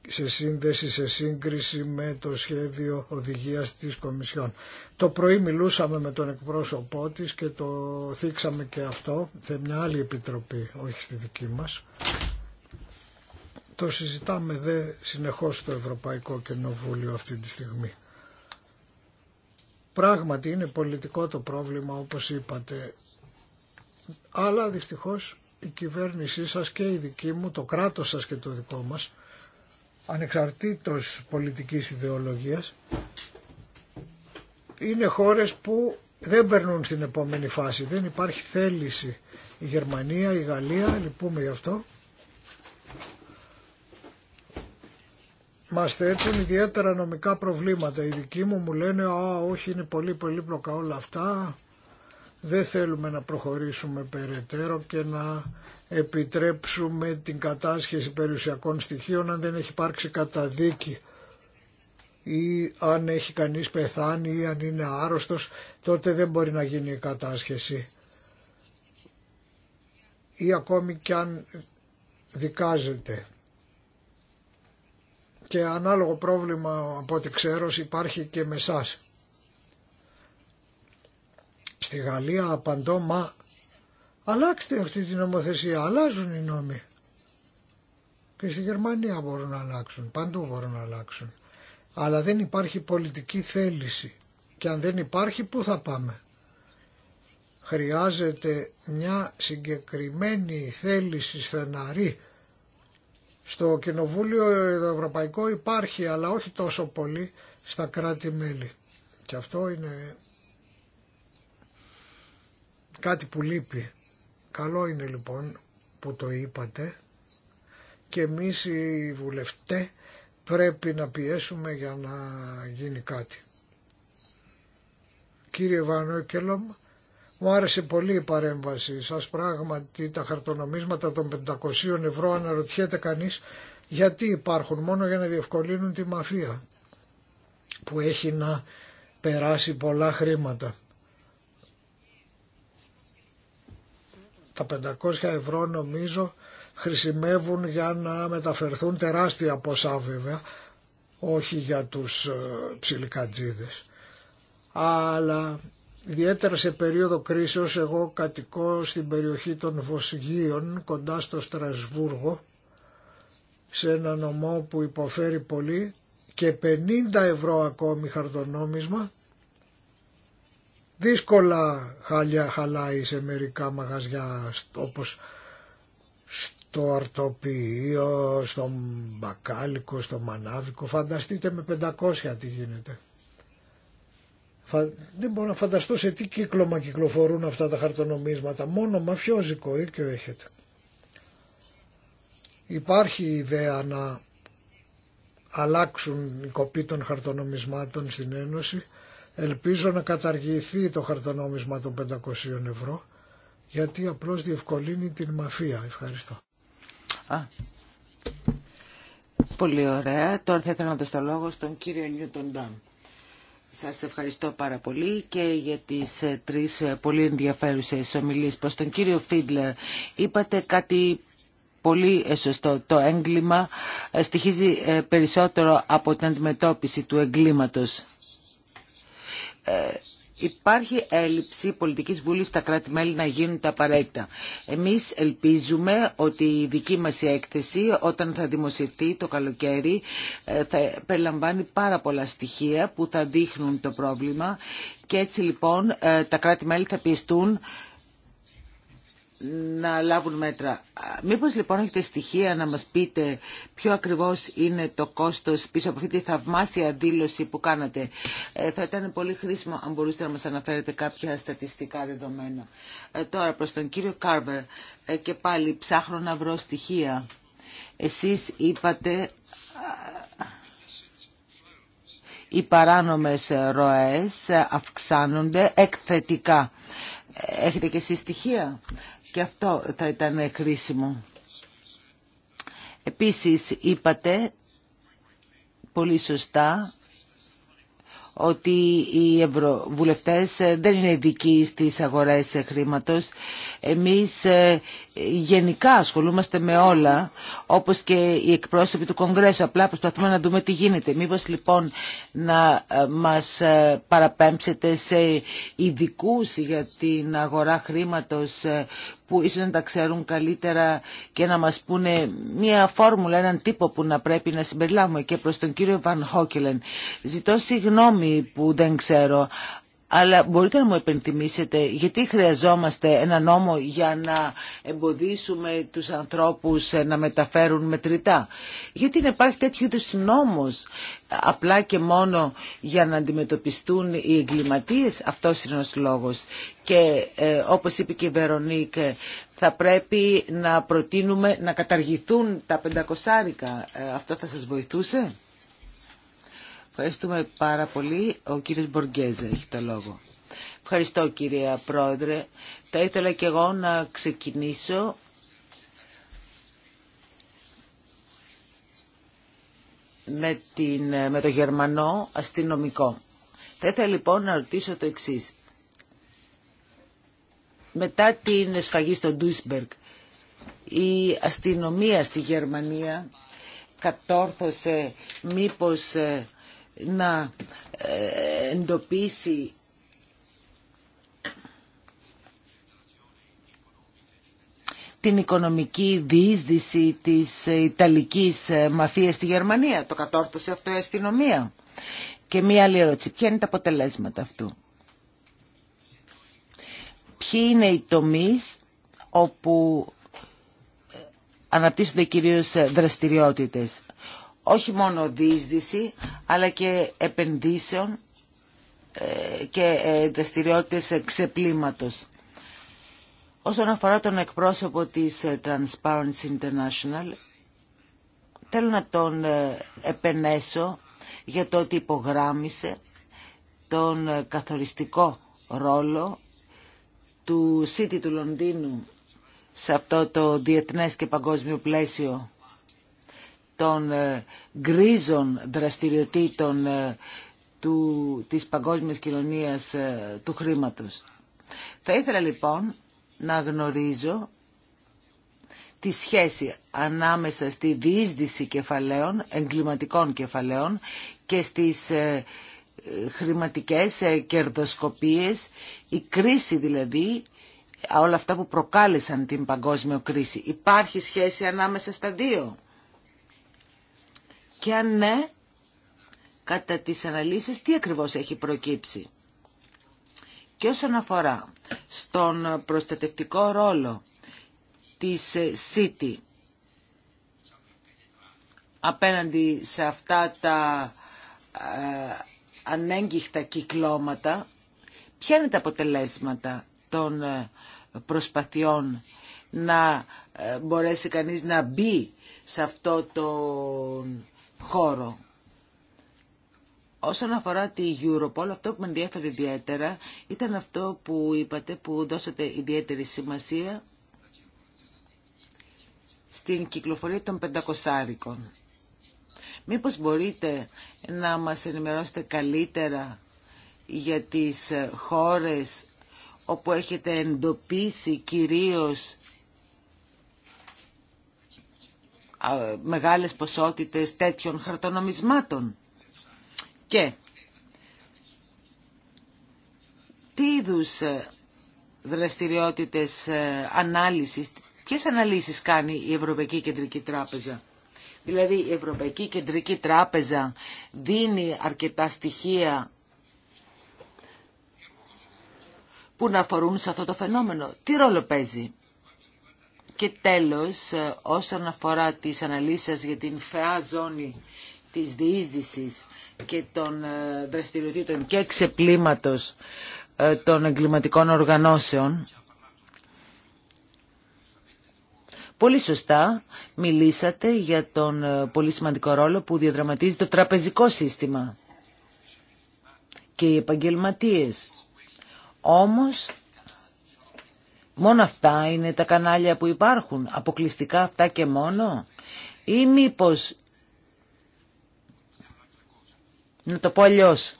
σε σύνδεση, σε σύγκριση με το σχέδιο οδηγίας της Κομισιόν. Το πρωί μιλούσαμε με τον εκπρόσωπό της και το θίξαμε και αυτό σε μια άλλη επιτροπή, όχι στη δική μας. Το συζητάμε δε συνεχώς στο Ευρωπαϊκό Κοινοβούλιο αυτή τη στιγμή. Πράγματι είναι πολιτικό το πρόβλημα όπως είπατε, αλλά δυστυχώς η κυβέρνησή σας και η δική μου, το κράτος σας και το δικό μας, ανεξαρτήτως πολιτικής ιδεολογίας, είναι χώρες που δεν περνούν στην επόμενη φάση. Δεν υπάρχει θέληση. Η Γερμανία, η Γαλλία, λυπούμε γι' αυτό, μας θέτουν ιδιαίτερα νομικά προβλήματα. Οι δικοί μου μου λένε όχι, είναι πολύ πολύπλοκα όλα αυτά, δεν θέλουμε να προχωρήσουμε περαιτέρω και να επιτρέψουμε την κατάσχεση περιουσιακών στοιχείων αν δεν έχει υπάρξει καταδίκη ή αν έχει κανείς πεθάνει ή αν είναι άρρωστος, τότε δεν μπορεί να γίνει η κατάσχεση. Ή ακόμη κι αν δικάζεται και ανάλογο πρόβλημα από ό,τι ξέρω υπάρχει και με Στη Γαλλία απαντώ μα αλλάξτε αυτή την νομοθεσία, αλλάζουν οι νόμοι. Και στη Γερμανία μπορούν να αλλάξουν, παντού μπορούν να αλλάξουν. Αλλά δεν υπάρχει πολιτική θέληση και αν δεν υπάρχει πού θα πάμε. Χρειάζεται μια συγκεκριμένη θέληση στεναρή στο Κοινοβούλιο Ευρωπαϊκό υπάρχει, αλλά όχι τόσο πολύ στα κράτη-μέλη. Και αυτό είναι κάτι που λείπει. Καλό είναι λοιπόν που το είπατε και εμείς οι βουλευτέ πρέπει να πιέσουμε για να γίνει κάτι. Κύριε Βανόκελομ, μου άρεσε πολύ η παρέμβασή σας, πράγματι τα χαρτονομίσματα των 500 ευρώ αναρωτιέται κανείς γιατί υπάρχουν μόνο για να διευκολύνουν τη μαφία που έχει να περάσει πολλά χρήματα. Τα 500 ευρώ νομίζω χρησιμεύουν για να μεταφερθούν τεράστια ποσά βέβαια, όχι για τους ε, ψιλικατζίδες. Αλλά Ιδιαίτερα σε περίοδο κρίσεως εγώ κατοικώ στην περιοχή των Βοσγίων κοντά στο Στρασβούργο σε ένα νομό που υποφέρει πολύ και 50 ευρώ ακόμη χαρτονόμισμα δύσκολα χαλιά, χαλάει σε μερικά μαγαζιά όπως στο Αρτοποιείο, στο μπακάλικο, στο μανάβικο. Φανταστείτε με 500 τι γίνεται. Δεν μπορώ να φανταστώ σε τι κύκλωμα κυκλοφορούν αυτά τα χαρτονομίσματα. Μόνο μαφιόζικο δίκιο έχετε. Υπάρχει ιδέα να αλλάξουν οι κοπή των χαρτονομισμάτων στην Ένωση. Ελπίζω να καταργηθεί το χαρτονόμισμα των 500 ευρώ γιατί απλώς διευκολύνει την μαφία. Ευχαριστώ. Α, πολύ ωραία. Τώρα θα ήθελα να δώσω το λόγο στον κύριο Νιούτον Ντάμπ. Σας ευχαριστώ πάρα πολύ και για τις ε, τρεις ε, πολύ ενδιαφέρουσες ομιλίες. Προς τον κύριο Φίτλερ είπατε κάτι πολύ ε, σωστό. Το έγκλημα στοιχίζει περισσότερο από την αντιμετώπιση του εγκλήματος. Υπάρχει έλλειψη πολιτικής βούλης στα κράτη-μέλη να γίνουν τα απαραίτητα. Εμείς ελπίζουμε ότι η δική μας έκθεση όταν θα δημοσιευτεί το καλοκαίρι ε, θα περιλαμβάνει πάρα πολλά στοιχεία που θα δείχνουν το πρόβλημα και έτσι λοιπόν ε, τα κράτη-μέλη θα πιεστούν να λάβουν μέτρα. Μήπως λοιπόν έχετε στοιχεία να μας πείτε ποιο ακριβώς είναι το κόστος πίσω από αυτή τη θαυμάσια δήλωση που κάνατε. Ε, θα ήταν πολύ χρήσιμο αν μπορούσατε να μας αναφέρετε κάποια στατιστικά δεδομένα. Ε, τώρα προς τον κύριο Κάρβερ ε, και πάλι ψάχνω να βρω στοιχεία. Εσείς είπατε οι παράνομες ροές αυξάνονται εκθετικά. Έχετε και εσείς στοιχεία. Και αυτό θα ήταν χρήσιμο. Επίσης είπατε πολύ σωστά ότι οι ευρωβουλευτές δεν είναι ειδικοί στις αγορές χρήματος. Εμείς ε, γενικά ασχολούμαστε με όλα, όπως και οι εκπρόσωποι του Κογκρέσου. Απλά προσπαθούμε να δούμε τι γίνεται. Μήπως λοιπόν να ε, μας ε, παραπέμψετε σε ειδικού για την αγορά χρήματος που ίσως να τα ξέρουν καλύτερα και να μας πούνε μια φόρμουλα, έναν τύπο που να πρέπει να συμπεριλάβουμε και προς τον κύριο Βαν Χόκελεν. Ζητώ συγγνώμη που δεν ξέρω, αλλά μπορείτε να μου επενθυμίσετε γιατί χρειαζόμαστε ένα νόμο για να εμποδίσουμε τους ανθρώπους ε, να μεταφέρουν μετρητά. Γιατί να υπάρχει τέτοιου είδους νόμος απλά και μόνο για να αντιμετωπιστούν οι εγκληματίες, αυτός είναι ο λόγος. Και ε, όπως είπε και η Βερονίκ, θα πρέπει να προτείνουμε να καταργηθούν τα πεντακοσάρικα. Ε, αυτό θα σας βοηθούσε. Ευχαριστούμε πάρα πολύ. Ο κύριος Μποργκέζε έχει το λόγο. Ευχαριστώ κύριε Πρόεδρε. Θα ήθελα και εγώ να ξεκινήσω με, την, με το γερμανό αστυνομικό. Θα ήθελα λοιπόν να ρωτήσω το εξής. Μετά την σφαγή στο Ντουίσμπεργκ, η αστυνομία στη Γερμανία κατόρθωσε μήπως ε, να ε, εντοπίσει την οικονομική διείσδυση της Ιταλικής ε, μαφίας στη Γερμανία. Το κατόρθωσε αυτό η αστυνομία. Και μία άλλη ερώτηση. Ποια είναι τα αποτελέσματα αυτού. Ποιοι είναι οι τομείς όπου ε, αναπτύσσονται κυρίως δραστηριότητες όχι μόνο διείσδυση αλλά και επενδύσεων ε, και ε, δραστηριότητε ξεπλήματος. Όσον αφορά τον εκπρόσωπο της ε, Transparency International, θέλω να τον επενέσω για το ότι υπογράμμισε τον καθοριστικό ρόλο του City του Λονδίνου σε αυτό το διεθνές και παγκόσμιο πλαίσιο των ε, γκρίζων δραστηριοτήτων ε, του, της παγκόσμιας κοινωνίας ε, του χρήματος. Θα ήθελα λοιπόν να γνωρίζω τη σχέση ανάμεσα στη διείσδυση κεφαλαίων, εγκληματικών κεφαλαίων και στις χρηματικές κερδοσκοπίες, η κρίση δηλαδή, όλα αυτά που προκάλεσαν την παγκόσμια κρίση. Υπάρχει σχέση ανάμεσα στα δύο. Και αν ναι, κατά τις αναλύσεις, τι ακριβώς έχει προκύψει. Και όσον αφορά στον προστατευτικό ρόλο της ε, City απέναντι σε αυτά τα ε, ανέγγιχτα κυκλώματα, ποια είναι τα αποτελέσματα των ε, προσπαθειών να ε, μπορέσει κανείς να μπει σε αυτό το χώρο. Όσον αφορά τη Europol, αυτό που με ενδιαφέρει ιδιαίτερα ήταν αυτό που είπατε, που δώσατε ιδιαίτερη σημασία στην κυκλοφορία των πεντακοσάρικων. Μήπως μπορείτε να μας ενημερώσετε καλύτερα για τις χώρες όπου έχετε εντοπίσει κυρίως μεγάλες ποσότητες τέτοιων χαρτονομισμάτων. Και τι είδου ε, δραστηριότητες ε, ανάλυσης, ποιες αναλύσεις κάνει η Ευρωπαϊκή Κεντρική Τράπεζα. Δηλαδή η Ευρωπαϊκή Κεντρική Τράπεζα δίνει αρκετά στοιχεία που να αφορούν σε αυτό το φαινόμενο. Τι ρόλο παίζει. Και τέλος, ε, όσον αφορά τις αναλύσεις σας για την φαιά ζώνη της διείσδυσης και των ε, δραστηριοτήτων και ξεπλήματος ε, των εγκληματικών οργανώσεων, Πολύ σωστά μιλήσατε για τον πολύ σημαντικό ρόλο που διαδραματίζει το τραπεζικό σύστημα και οι επαγγελματίες. Όμως Μόνο αυτά είναι τα κανάλια που υπάρχουν, αποκλειστικά αυτά και μόνο. Ή μήπως, να το πω αλλιώς,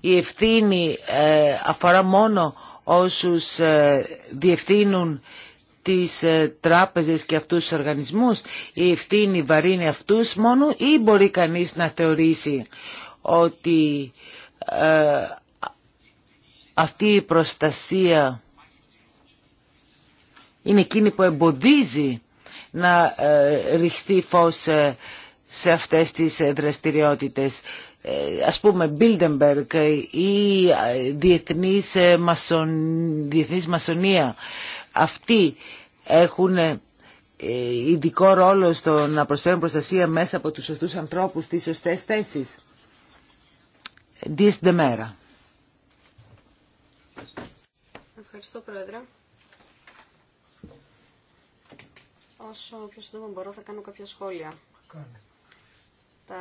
η ευθύνη ε, αφορά μόνο όσους ε, διευθύνουν τις ε, τράπεζες και αυτούς τους οργανισμούς, η ευθύνη βαρύνει αυτούς μόνο ή μπορεί κανείς να θεωρήσει ότι ε, αυτή η προστασία οτι αυτη η εκείνη που εμποδίζει να ε, ρηχθεί φως ε, σε αυτές τις ε, δραστηριότητες. Ας πούμε, Bilderberg ή διεθνής, μασον, διεθνής μασονία αυτοί έχουν ε, ειδικό ρόλο στο να προσφέρουν προστασία μέσα από τους σωστούς ανθρώπους στις σωστές θέσεις. Δις μέρα. Ευχαριστώ Πρόεδρε. Όσο πιο σύντομα μπορώ θα κάνω κάποια σχόλια. Τα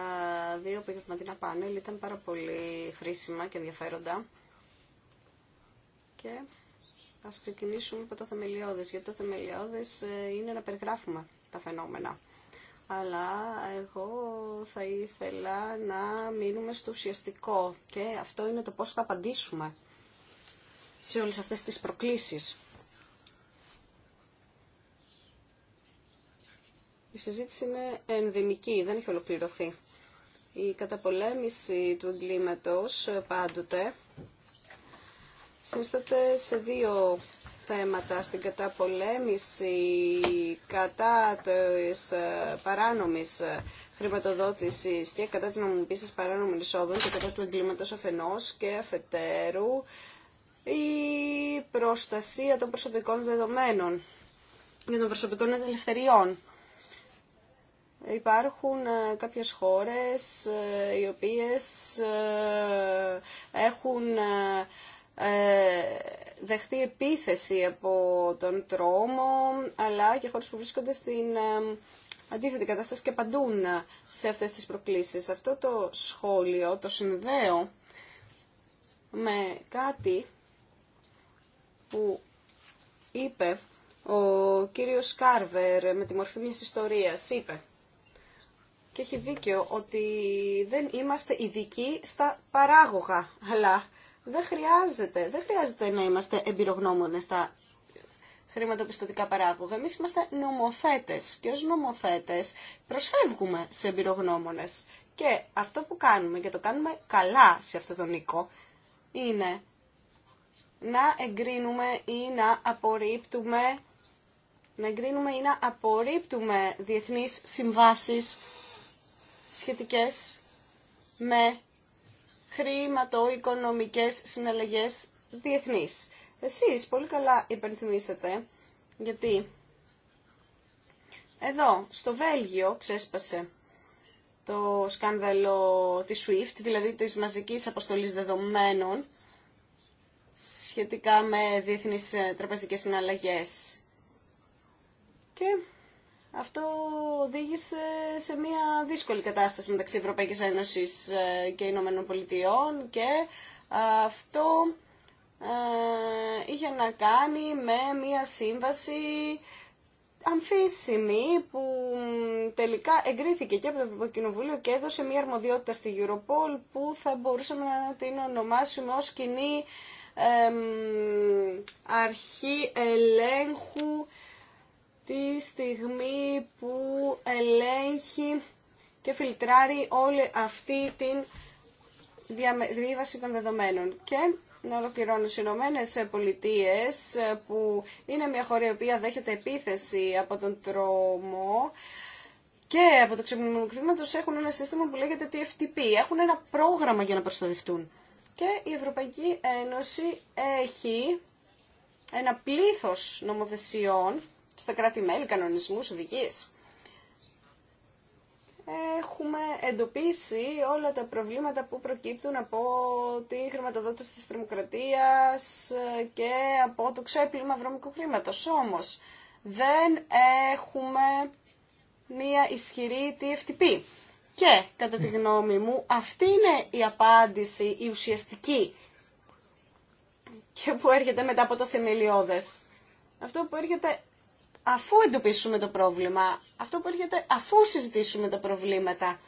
δύο να πάνελ ήταν πάρα πολύ χρήσιμα και ενδιαφέροντα. Και Ας ξεκινήσουμε από το θεμελιώδες, γιατί το θεμελιώδες ε, είναι να περιγράφουμε τα φαινόμενα. Αλλά εγώ θα ήθελα να μείνουμε στο ουσιαστικό και αυτό είναι το πώς θα απαντήσουμε σε όλες αυτές τις προκλήσεις. Η συζήτηση είναι ενδυμική, δεν έχει ολοκληρωθεί. Η καταπολέμηση του εγκλήματος ε, πάντοτε σύσταται σε δύο θέματα στην καταπολέμηση κατά της ε, παράνομης ε, χρηματοδότησης και κατά της νομιμοποίησης παράνομων εισόδων και κατά του εγκλήματος αφενός και αφετέρου η προστασία των προσωπικών δεδομένων για των προσωπικών ελευθεριών. Υπάρχουν ε, κάποιες χώρες οι οποίες έχουν ε, δεχτεί επίθεση από τον τρόμο, αλλά και χώρες που βρίσκονται στην ε, αντίθετη κατάσταση και απαντούν σε αυτές τις προκλήσεις. Αυτό το σχόλιο το συνδέω με κάτι που είπε ο κύριος Κάρβερ με τη μορφή μιας ιστορίας. Είπε και έχει δίκιο ότι δεν είμαστε ειδικοί στα παράγωγα, αλλά δεν χρειάζεται, δεν χρειάζεται να είμαστε εμπειρογνώμονε στα χρηματοπιστωτικά παράγωγα. Εμείς είμαστε νομοθέτε και ω νομοθέτε προσφεύγουμε σε εμπειρογνώμονε. Και αυτό που κάνουμε και το κάνουμε καλά σε αυτό τον οίκο είναι να εγκρίνουμε ή να απορρίπτουμε να εγκρίνουμε ή να απορρίπτουμε διεθνείς συμβάσεις σχετικές με χρηματοοικονομικές συναλλαγές διεθνείς. Εσείς πολύ καλά υπενθυμίσατε, γιατί εδώ, στο Βέλγιο, ξέσπασε το σκάνδαλο της SWIFT, δηλαδή της μαζικής αποστολής δεδομένων, σχετικά με διεθνείς ε, τραπεζικές συναλλαγές. Και αυτό οδήγησε σε μια δύσκολη κατάσταση μεταξύ Ευρωπαϊκής Ένωσης ε, και Ηνωμένων Πολιτειών και αυτό ε, είχε να κάνει με μια σύμβαση αμφίσιμη που τελικά εγκρίθηκε και από το Κοινοβούλιο και έδωσε μια αρμοδιότητα στη Europol που θα μπορούσαμε να την ονομάσουμε ως κοινή αρχή ελέγχου τη στιγμή που ελέγχει και φιλτράρει όλη αυτή την διαβίβαση των δεδομένων. Και να ολοκληρώνω στι Ηνωμένε Πολιτείε, που είναι μια χώρα η οποία δέχεται επίθεση από τον τρόμο και από το ξεπλημένο έχουν ένα σύστημα που λέγεται TFTP. Έχουν ένα πρόγραμμα για να προστατευτούν. Και η Ευρωπαϊκή Ένωση έχει ένα πλήθος νομοθεσιών στα κράτη-μέλη, κανονισμούς, οδηγίες. Έχουμε εντοπίσει όλα τα προβλήματα που προκύπτουν από τη χρηματοδότηση της τρομοκρατίας και από το ξέπλυμα βρώμικου χρήματος. Όμως δεν έχουμε μία ισχυρή TFTP. Και, κατά τη γνώμη μου, αυτή είναι η απάντηση, η ουσιαστική και που έρχεται μετά από το θεμελιώδες. Αυτό που έρχεται αφού εντοπίσουμε το πρόβλημα. Αυτό που έρχεται αφού συζητήσουμε τα προβλήματα.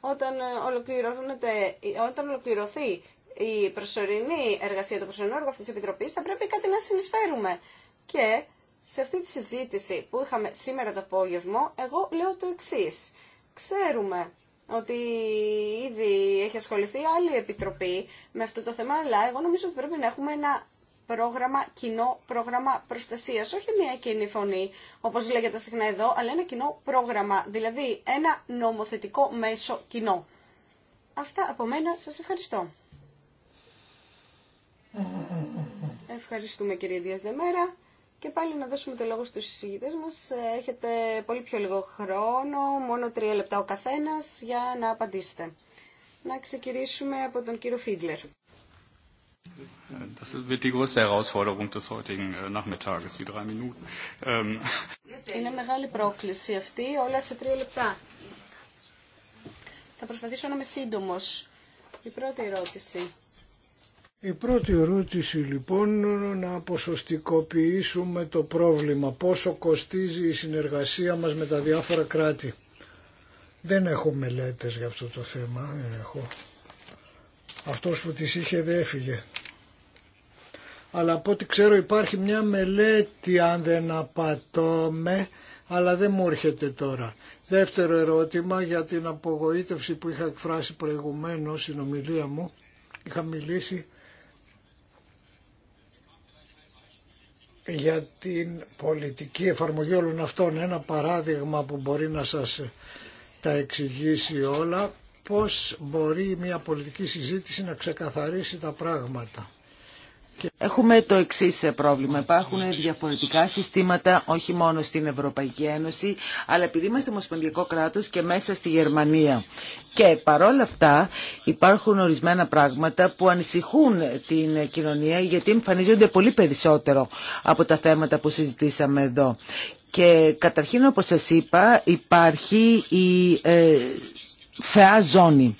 Όταν, ε, ολοκληρώνεται, όταν ολοκληρωθεί η προσωρινή εργασία, του προσωρινό έργο αυτής της Επιτροπής, θα πρέπει κάτι να συνεισφέρουμε. Και σε αυτή τη συζήτηση που είχαμε σήμερα το απόγευμα, εγώ λέω το εξή. Ξέρουμε ότι ήδη έχει ασχοληθεί άλλη επιτροπή με αυτό το θέμα, αλλά εγώ νομίζω ότι πρέπει να έχουμε ένα πρόγραμμα, κοινό πρόγραμμα προστασίας. Όχι μια κοινή φωνή, όπως λέγεται συχνά εδώ, αλλά ένα κοινό πρόγραμμα, δηλαδή ένα νομοθετικό μέσο κοινό. Αυτά από μένα. Σας ευχαριστώ. Ευχαριστούμε κύριε Δίας Δεμέρα. Και πάλι να δώσουμε το λόγο στους συζητητές μας. Έχετε πολύ πιο λίγο χρόνο, μόνο τρία λεπτά ο καθένας για να απαντήσετε. Να ξεκινήσουμε από τον κύριο Φίγκλερ. Das wird Είναι μεγάλη πρόκληση αυτή, όλα σε τρία λεπτά. Θα προσπαθήσω να είμαι σύντομο. Η πρώτη ερώτηση. Η πρώτη ερώτηση λοιπόν να αποσωστικοποιήσουμε το πρόβλημα. Πόσο κοστίζει η συνεργασία μας με τα διάφορα κράτη. Δεν έχω μελέτες για αυτό το θέμα, δεν έχω. Αυτός που τις είχε δεν έφυγε αλλά από ό,τι ξέρω υπάρχει μια μελέτη αν δεν απατώμε, αλλά δεν μου έρχεται τώρα. Δεύτερο ερώτημα για την απογοήτευση που είχα εκφράσει προηγουμένως στην ομιλία μου. Είχα μιλήσει για την πολιτική εφαρμογή όλων αυτών. Ένα παράδειγμα που μπορεί να σας τα εξηγήσει όλα, πώς μπορεί μια πολιτική συζήτηση να ξεκαθαρίσει τα πράγματα. Έχουμε το εξή ε, πρόβλημα. Υπάρχουν διαφορετικά συστήματα όχι μόνο στην Ευρωπαϊκή Ένωση, αλλά επειδή είμαστε ομοσπονδιακό κράτο και μέσα στη Γερμανία. Και παρόλα αυτά υπάρχουν ορισμένα πράγματα που ανησυχούν την κοινωνία γιατί εμφανίζονται πολύ περισσότερο από τα θέματα που συζητήσαμε εδώ. Και καταρχήν όπως σας είπα υπάρχει η ε, φαιά ζώνη.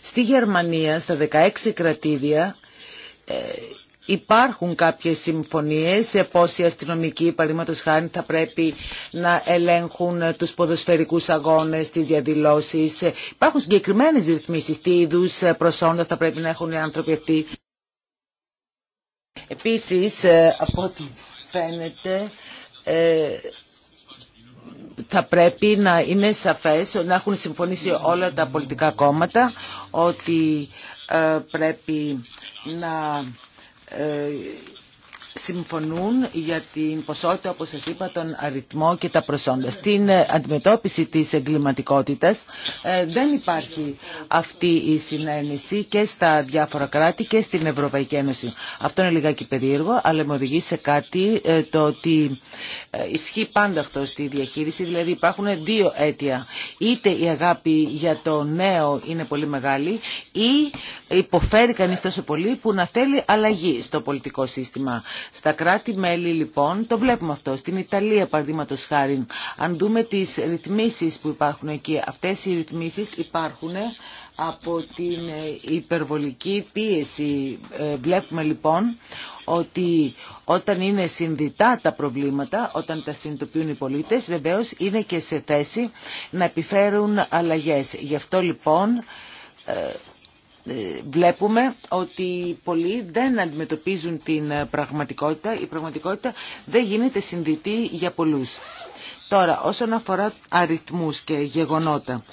Στη Γερμανία, στα 16 κρατήδια, ε, υπάρχουν κάποιες συμφωνίες πως οι αστυνομικοί παραδείγματος χάρη θα πρέπει να ελέγχουν ε, τους ποδοσφαιρικούς αγώνες, τις διαδηλώσεις. Ε, υπάρχουν συγκεκριμένες ρυθμίσεις, τι είδου προσόντα θα πρέπει να έχουν οι άνθρωποι αυτοί. Επίσης, από ό,τι φαίνεται, θα πρέπει να είναι σαφές, να έχουν συμφωνήσει όλα τα πολιτικά κόμματα ότι πρέπει να ε, συμφωνούν για την ποσότητα, όπως σας είπα, τον αριθμό και τα προσόντα. Στην ε, αντιμετώπιση της εγκληματικότητας ε, δεν υπάρχει αυτή η συνένεση και στα διάφορα κράτη και στην Ευρωπαϊκή Ένωση. Αυτό είναι λιγάκι περίεργο, αλλά με οδηγεί σε κάτι ε, το ότι ισχύει πάντα αυτό στη διαχείριση, δηλαδή υπάρχουν δύο αίτια. Είτε η αγάπη για το νέο είναι πολύ μεγάλη ή υποφέρει κανείς τόσο πολύ που να θέλει αλλαγή στο πολιτικό σύστημα. Στα κράτη-μέλη λοιπόν το βλέπουμε αυτό. Στην Ιταλία παραδείγματο χάρη, αν δούμε τις ρυθμίσεις που υπάρχουν εκεί, αυτές οι ρυθμίσεις υπάρχουν από την υπερβολική πίεση. Ε, βλέπουμε λοιπόν ότι όταν είναι συνδυτά τα προβλήματα, όταν τα συνειδητοποιούν οι πολίτες, βεβαίως είναι και σε θέση να επιφέρουν αλλαγές. Γι' αυτό λοιπόν ε, ε, βλέπουμε ότι πολλοί δεν αντιμετωπίζουν την ε, πραγματικότητα. Η πραγματικότητα δεν γίνεται συνδυτή για πολλούς. Τώρα, όσον αφορά αριθμούς και γεγονότα,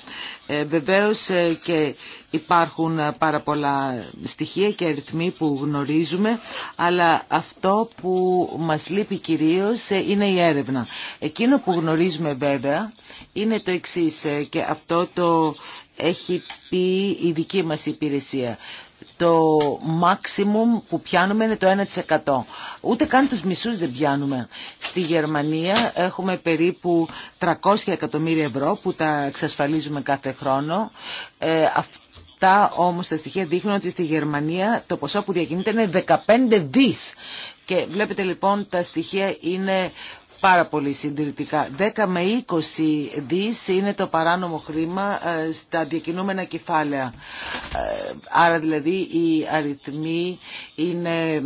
ε, βεβαίως και υπάρχουν πάρα πολλά στοιχεία και αριθμοί που γνωρίζουμε, αλλά αυτό που μας λείπει κυρίως είναι η έρευνα. Εκείνο που γνωρίζουμε βέβαια είναι το εξής και αυτό το έχει πει η δική μας υπηρεσία. Το maximum που πιάνουμε είναι το 1%. Ούτε καν τους μισούς δεν πιάνουμε. Στη Γερμανία έχουμε περίπου 300 εκατομμύρια ευρώ που τα εξασφαλίζουμε κάθε χρόνο. Ε, αυτά όμως τα στοιχεία δείχνουν ότι στη Γερμανία το ποσό που διακινείται είναι 15 δις. Και βλέπετε λοιπόν τα στοιχεία είναι πάρα πολύ συντηρητικά. 10 με 20 δις είναι το παράνομο χρήμα ε, στα διακινούμενα κεφάλαια. Ε, άρα δηλαδή οι αριθμοί είναι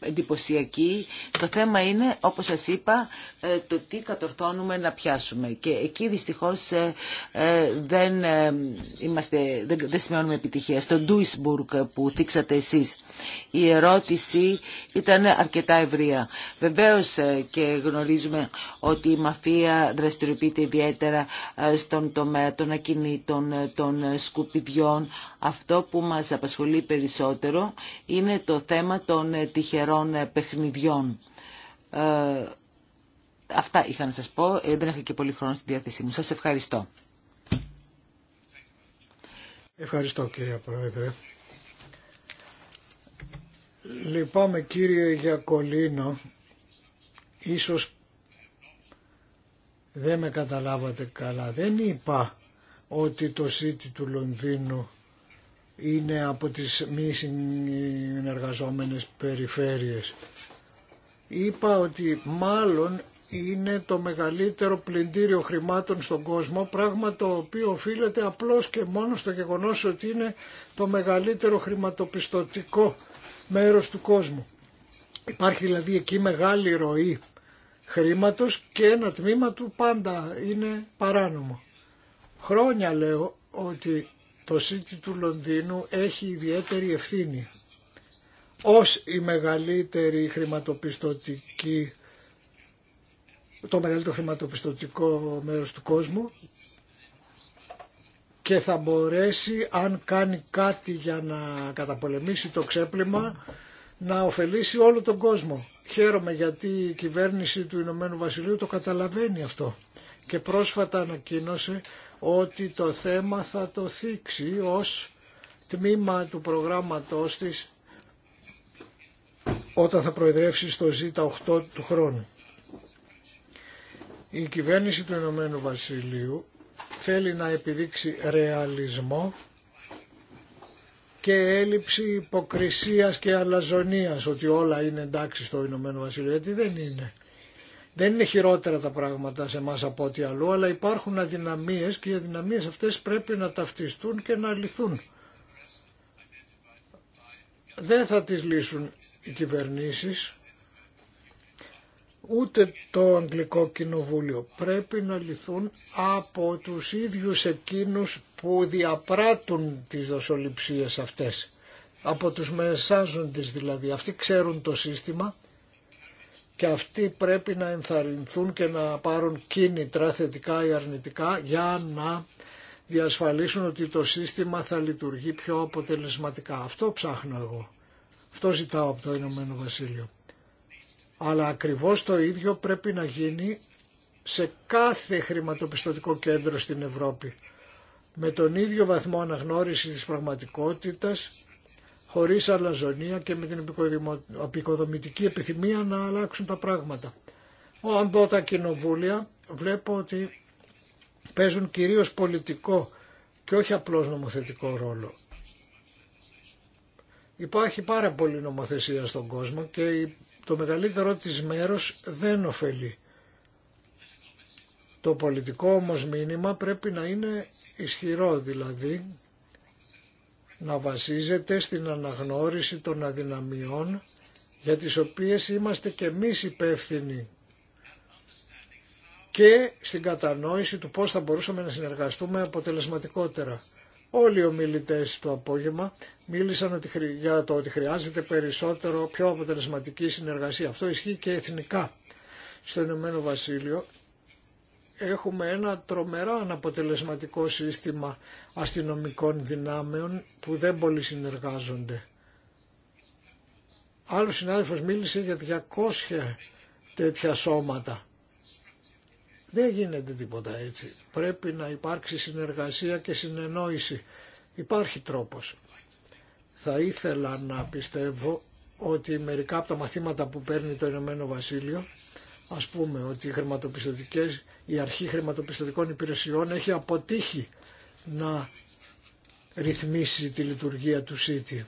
εντυπωσιακή. Το θέμα είναι, όπως σας είπα, ε, το τι κατορθώνουμε να πιάσουμε. Και εκεί δυστυχώς ε, ε, δεν, είμαστε, δεν, δεν σημειώνουμε επιτυχία. Στο Ντουισμπουργκ που θίξατε εσείς, η ερώτηση ήταν αρκετά ευρεία. Βεβαίως και γνωρίζουμε ότι η μαφία δραστηριοποιείται ιδιαίτερα στον τομέα των ακινήτων, των σκουπιδιών. Αυτό που μας απασχολεί περισσότερο είναι το θέμα των τυχερών ε, παιχνιδιών. Ε, αυτά είχα να σας πω. Ε, δεν είχα και πολύ χρόνο στη διάθεσή μου. Σας ευχαριστώ. Ευχαριστώ κύριε Πρόεδρε. Λυπάμαι κύριε Γιακολίνο. Ίσως δεν με καταλάβατε καλά. Δεν είπα ότι το σίτι του Λονδίνου είναι από τις μη συνεργαζόμενες περιφέρειες. Είπα ότι μάλλον είναι το μεγαλύτερο πλυντήριο χρημάτων στον κόσμο, πράγμα το οποίο οφείλεται απλώς και μόνο στο γεγονός ότι είναι το μεγαλύτερο χρηματοπιστωτικό μέρος του κόσμου. Υπάρχει δηλαδή εκεί μεγάλη ροή χρήματος και ένα τμήμα του πάντα είναι παράνομο. Χρόνια λέω ότι το City του Λονδίνου έχει ιδιαίτερη ευθύνη. Ως η μεγαλύτερη χρηματοπιστωτική, το μεγαλύτερο χρηματοπιστωτικό μέρος του κόσμου και θα μπορέσει αν κάνει κάτι για να καταπολεμήσει το ξέπλυμα να ωφελήσει όλο τον κόσμο. Χαίρομαι γιατί η κυβέρνηση του Ηνωμένου Βασιλείου το καταλαβαίνει αυτό και πρόσφατα ανακοίνωσε ότι το θέμα θα το θίξει ως τμήμα του προγράμματός της όταν θα προεδρεύσει στο Z8 του χρόνου. Η κυβέρνηση του Ηνωμένου Βασιλείου θέλει να επιδείξει ρεαλισμό και έλλειψη υποκρισίας και αλαζονίας ότι όλα είναι εντάξει στο Ηνωμένο Βασιλείο, γιατί δεν είναι. Δεν είναι χειρότερα τα πράγματα σε εμά από ό,τι αλλού, αλλά υπάρχουν αδυναμίες και οι αδυναμίες αυτές πρέπει να ταυτιστούν και να λυθούν. Δεν θα τις λύσουν οι κυβερνήσεις, ούτε το Αγγλικό Κοινοβούλιο. Πρέπει να λυθούν από τους ίδιους εκείνους που διαπράττουν τις δοσοληψίες αυτές. Από τους μεσάζοντες δηλαδή. Αυτοί ξέρουν το σύστημα και αυτοί πρέπει να ενθαρρυνθούν και να πάρουν κίνητρα θετικά ή αρνητικά για να διασφαλίσουν ότι το σύστημα θα λειτουργεί πιο αποτελεσματικά. Αυτό ψάχνω εγώ. Αυτό ζητάω από το Ηνωμένο Βασίλειο. Αλλά ακριβώς το ίδιο πρέπει να γίνει σε κάθε χρηματοπιστωτικό κέντρο στην Ευρώπη. Με τον ίδιο βαθμό αναγνώρισης της πραγματικότητας χωρίς αλαζονία και με την επικοδομητική επιθυμία να αλλάξουν τα πράγματα. Αν δω τα κοινοβούλια βλέπω ότι παίζουν κυρίως πολιτικό και όχι απλώς νομοθετικό ρόλο. Υπάρχει πάρα πολύ νομοθεσία στον κόσμο και το μεγαλύτερο της μέρος δεν ωφελεί. Το πολιτικό όμως μήνυμα πρέπει να είναι ισχυρό δηλαδή να βασίζεται στην αναγνώριση των αδυναμιών για τις οποίες είμαστε και εμείς υπεύθυνοι και στην κατανόηση του πώς θα μπορούσαμε να συνεργαστούμε αποτελεσματικότερα. Όλοι οι ομιλητές το απόγευμα μίλησαν για το ότι χρειάζεται περισσότερο πιο αποτελεσματική συνεργασία. Αυτό ισχύει και εθνικά. Στο Ηνωμένο Βασίλειο έχουμε ένα τρομερά αναποτελεσματικό σύστημα αστυνομικών δυνάμεων που δεν πολύ συνεργάζονται. Άλλος συνάδελφος μίλησε για 200 τέτοια σώματα. Δεν γίνεται τίποτα έτσι. Πρέπει να υπάρξει συνεργασία και συνεννόηση. Υπάρχει τρόπος. Θα ήθελα να πιστεύω ότι μερικά από τα μαθήματα που παίρνει το Ηνωμένο Βασίλειο, ας πούμε ότι οι χρηματοπιστωτικές η αρχή χρηματοπιστωτικών υπηρεσιών έχει αποτύχει να ρυθμίσει τη λειτουργία του ΣΥΤΙ.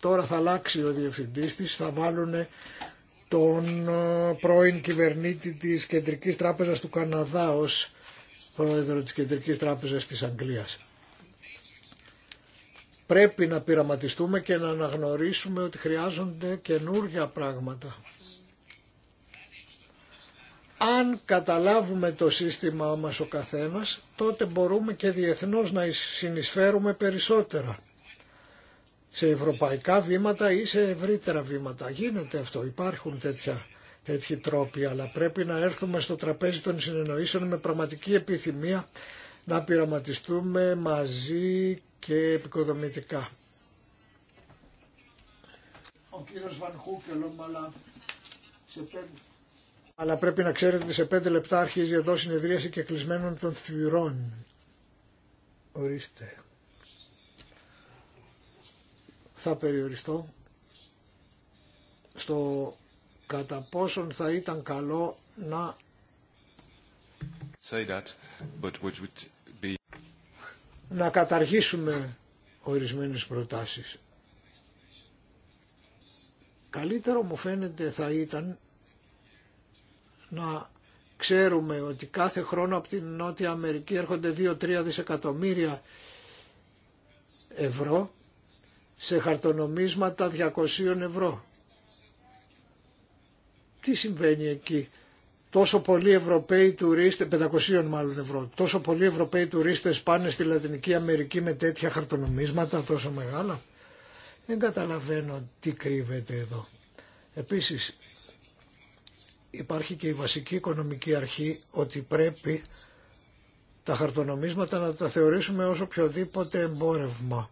Τώρα θα αλλάξει ο διευθυντής της, θα βάλουν τον ε, πρώην κυβερνήτη της Κεντρικής Τράπεζας του Καναδά ως πρόεδρο της Κεντρικής Τράπεζας της Αγγλίας. Πρέπει να πειραματιστούμε και να αναγνωρίσουμε ότι χρειάζονται καινούργια πράγματα αν καταλάβουμε το σύστημά μας ο καθένας, τότε μπορούμε και διεθνώς να συνεισφέρουμε περισσότερα. Σε ευρωπαϊκά βήματα ή σε ευρύτερα βήματα. Γίνεται αυτό, υπάρχουν τέτοια, τέτοιοι τρόποι, αλλά πρέπει να έρθουμε στο τραπέζι των συνεννοήσεων με πραγματική επιθυμία να πειραματιστούμε μαζί και επικοδομητικά. Ο κύριος σε αλλά πρέπει να ξέρετε ότι σε πέντε λεπτά αρχίζει εδώ συνεδρίαση και κλεισμένων των θυρών. Ορίστε. Θα περιοριστώ στο κατά πόσον θα ήταν καλό να that, but would be... να καταργήσουμε ορισμένες προτάσεις. Καλύτερο μου φαίνεται θα ήταν να ξέρουμε ότι κάθε χρόνο από την Νότια Αμερική έρχονται 2-3 δισεκατομμύρια ευρώ σε χαρτονομίσματα 200 ευρώ. Τι συμβαίνει εκεί. Τόσο πολλοί Ευρωπαίοι τουρίστες, 500 μάλλον ευρώ, τόσο πολλοί Ευρωπαίοι τουρίστες πάνε στη Λατινική Αμερική με τέτοια χαρτονομίσματα τόσο μεγάλα. Δεν καταλαβαίνω τι κρύβεται εδώ. Επίσης, υπάρχει και η βασική οικονομική αρχή ότι πρέπει τα χαρτονομίσματα να τα θεωρήσουμε ως οποιοδήποτε εμπόρευμα.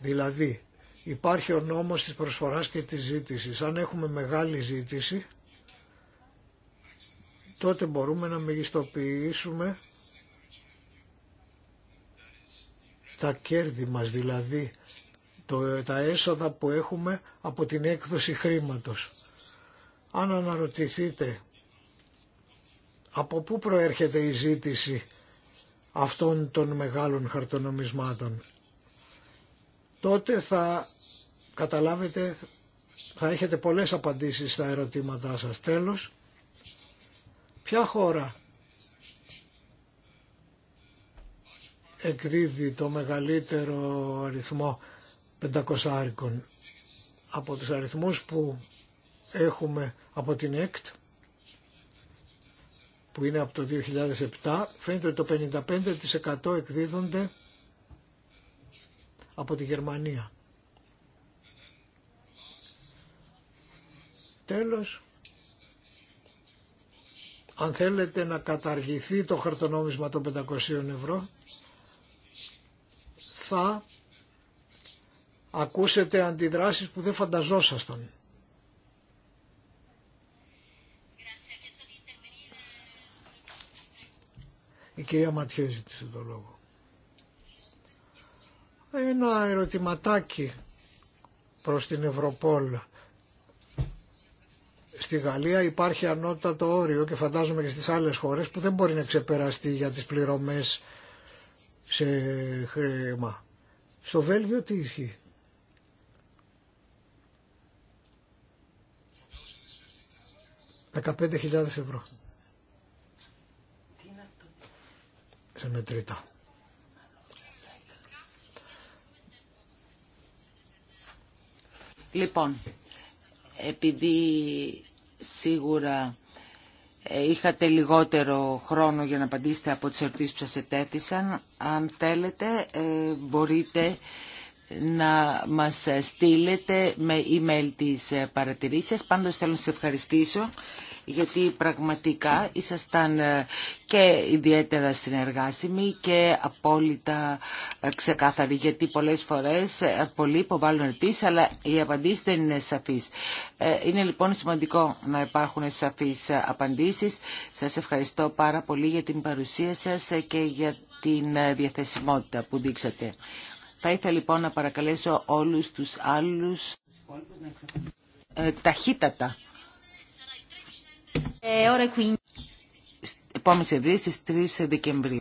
Δηλαδή υπάρχει ο νόμος της προσφοράς και της ζήτησης. Αν έχουμε μεγάλη ζήτηση τότε μπορούμε να μεγιστοποιήσουμε τα κέρδη μας, δηλαδή τα έσοδα που έχουμε από την έκδοση χρήματος. Αν αναρωτηθείτε από πού προέρχεται η ζήτηση αυτών των μεγάλων χαρτονομισμάτων, τότε θα καταλάβετε, θα έχετε πολλές απαντήσεις στα ερωτήματά σας. Τέλος, ποια χώρα εκδίδει το μεγαλύτερο αριθμό πεντακοσάρικων από τους αριθμούς που έχουμε από την ΕΚΤ που είναι από το 2007 φαίνεται ότι το 55% εκδίδονται από τη Γερμανία. Τέλος, αν θέλετε να καταργηθεί το χαρτονόμισμα των 500 ευρώ, θα ακούσετε αντιδράσεις που δεν φανταζόσασταν. Η κυρία Ματιέ ζήτησε το λόγο. Ένα ερωτηματάκι προς την Ευρωπόλ. Στη Γαλλία υπάρχει ανώτατο όριο και φαντάζομαι και στις άλλες χώρες που δεν μπορεί να ξεπεραστεί για τις πληρωμές σε χρήμα. Στο Βέλγιο τι ισχύει. Δεκαπέντε ευρώ. σε Λοιπόν, επειδή σίγουρα ε, είχατε λιγότερο χρόνο για να απαντήσετε από τις ερωτήσεις που σας ετέθησαν, αν θέλετε ε, μπορείτε να μας στείλετε με email τις ε, παρατηρήσεις. Πάντως θέλω να σας ευχαριστήσω γιατί πραγματικά ήσασταν ε, και ιδιαίτερα συνεργάσιμοι και απόλυτα ε, ξεκάθαροι, γιατί πολλές φορές ε, πολλοί υποβάλλουν ερωτήσει, αλλά οι απαντήση δεν είναι σαφής. Είναι λοιπόν σημαντικό να υπάρχουν σαφείς απαντήσεις. Σας ευχαριστώ πάρα πολύ για την παρουσία σας και για την διαθεσιμότητα που δείξατε. Θα ήθελα λοιπόν να παρακαλέσω όλους τους άλλους ε, ταχύτατα ε, ώρα Επόμενη συνεδρία στις 3 Δεκεμβρίου.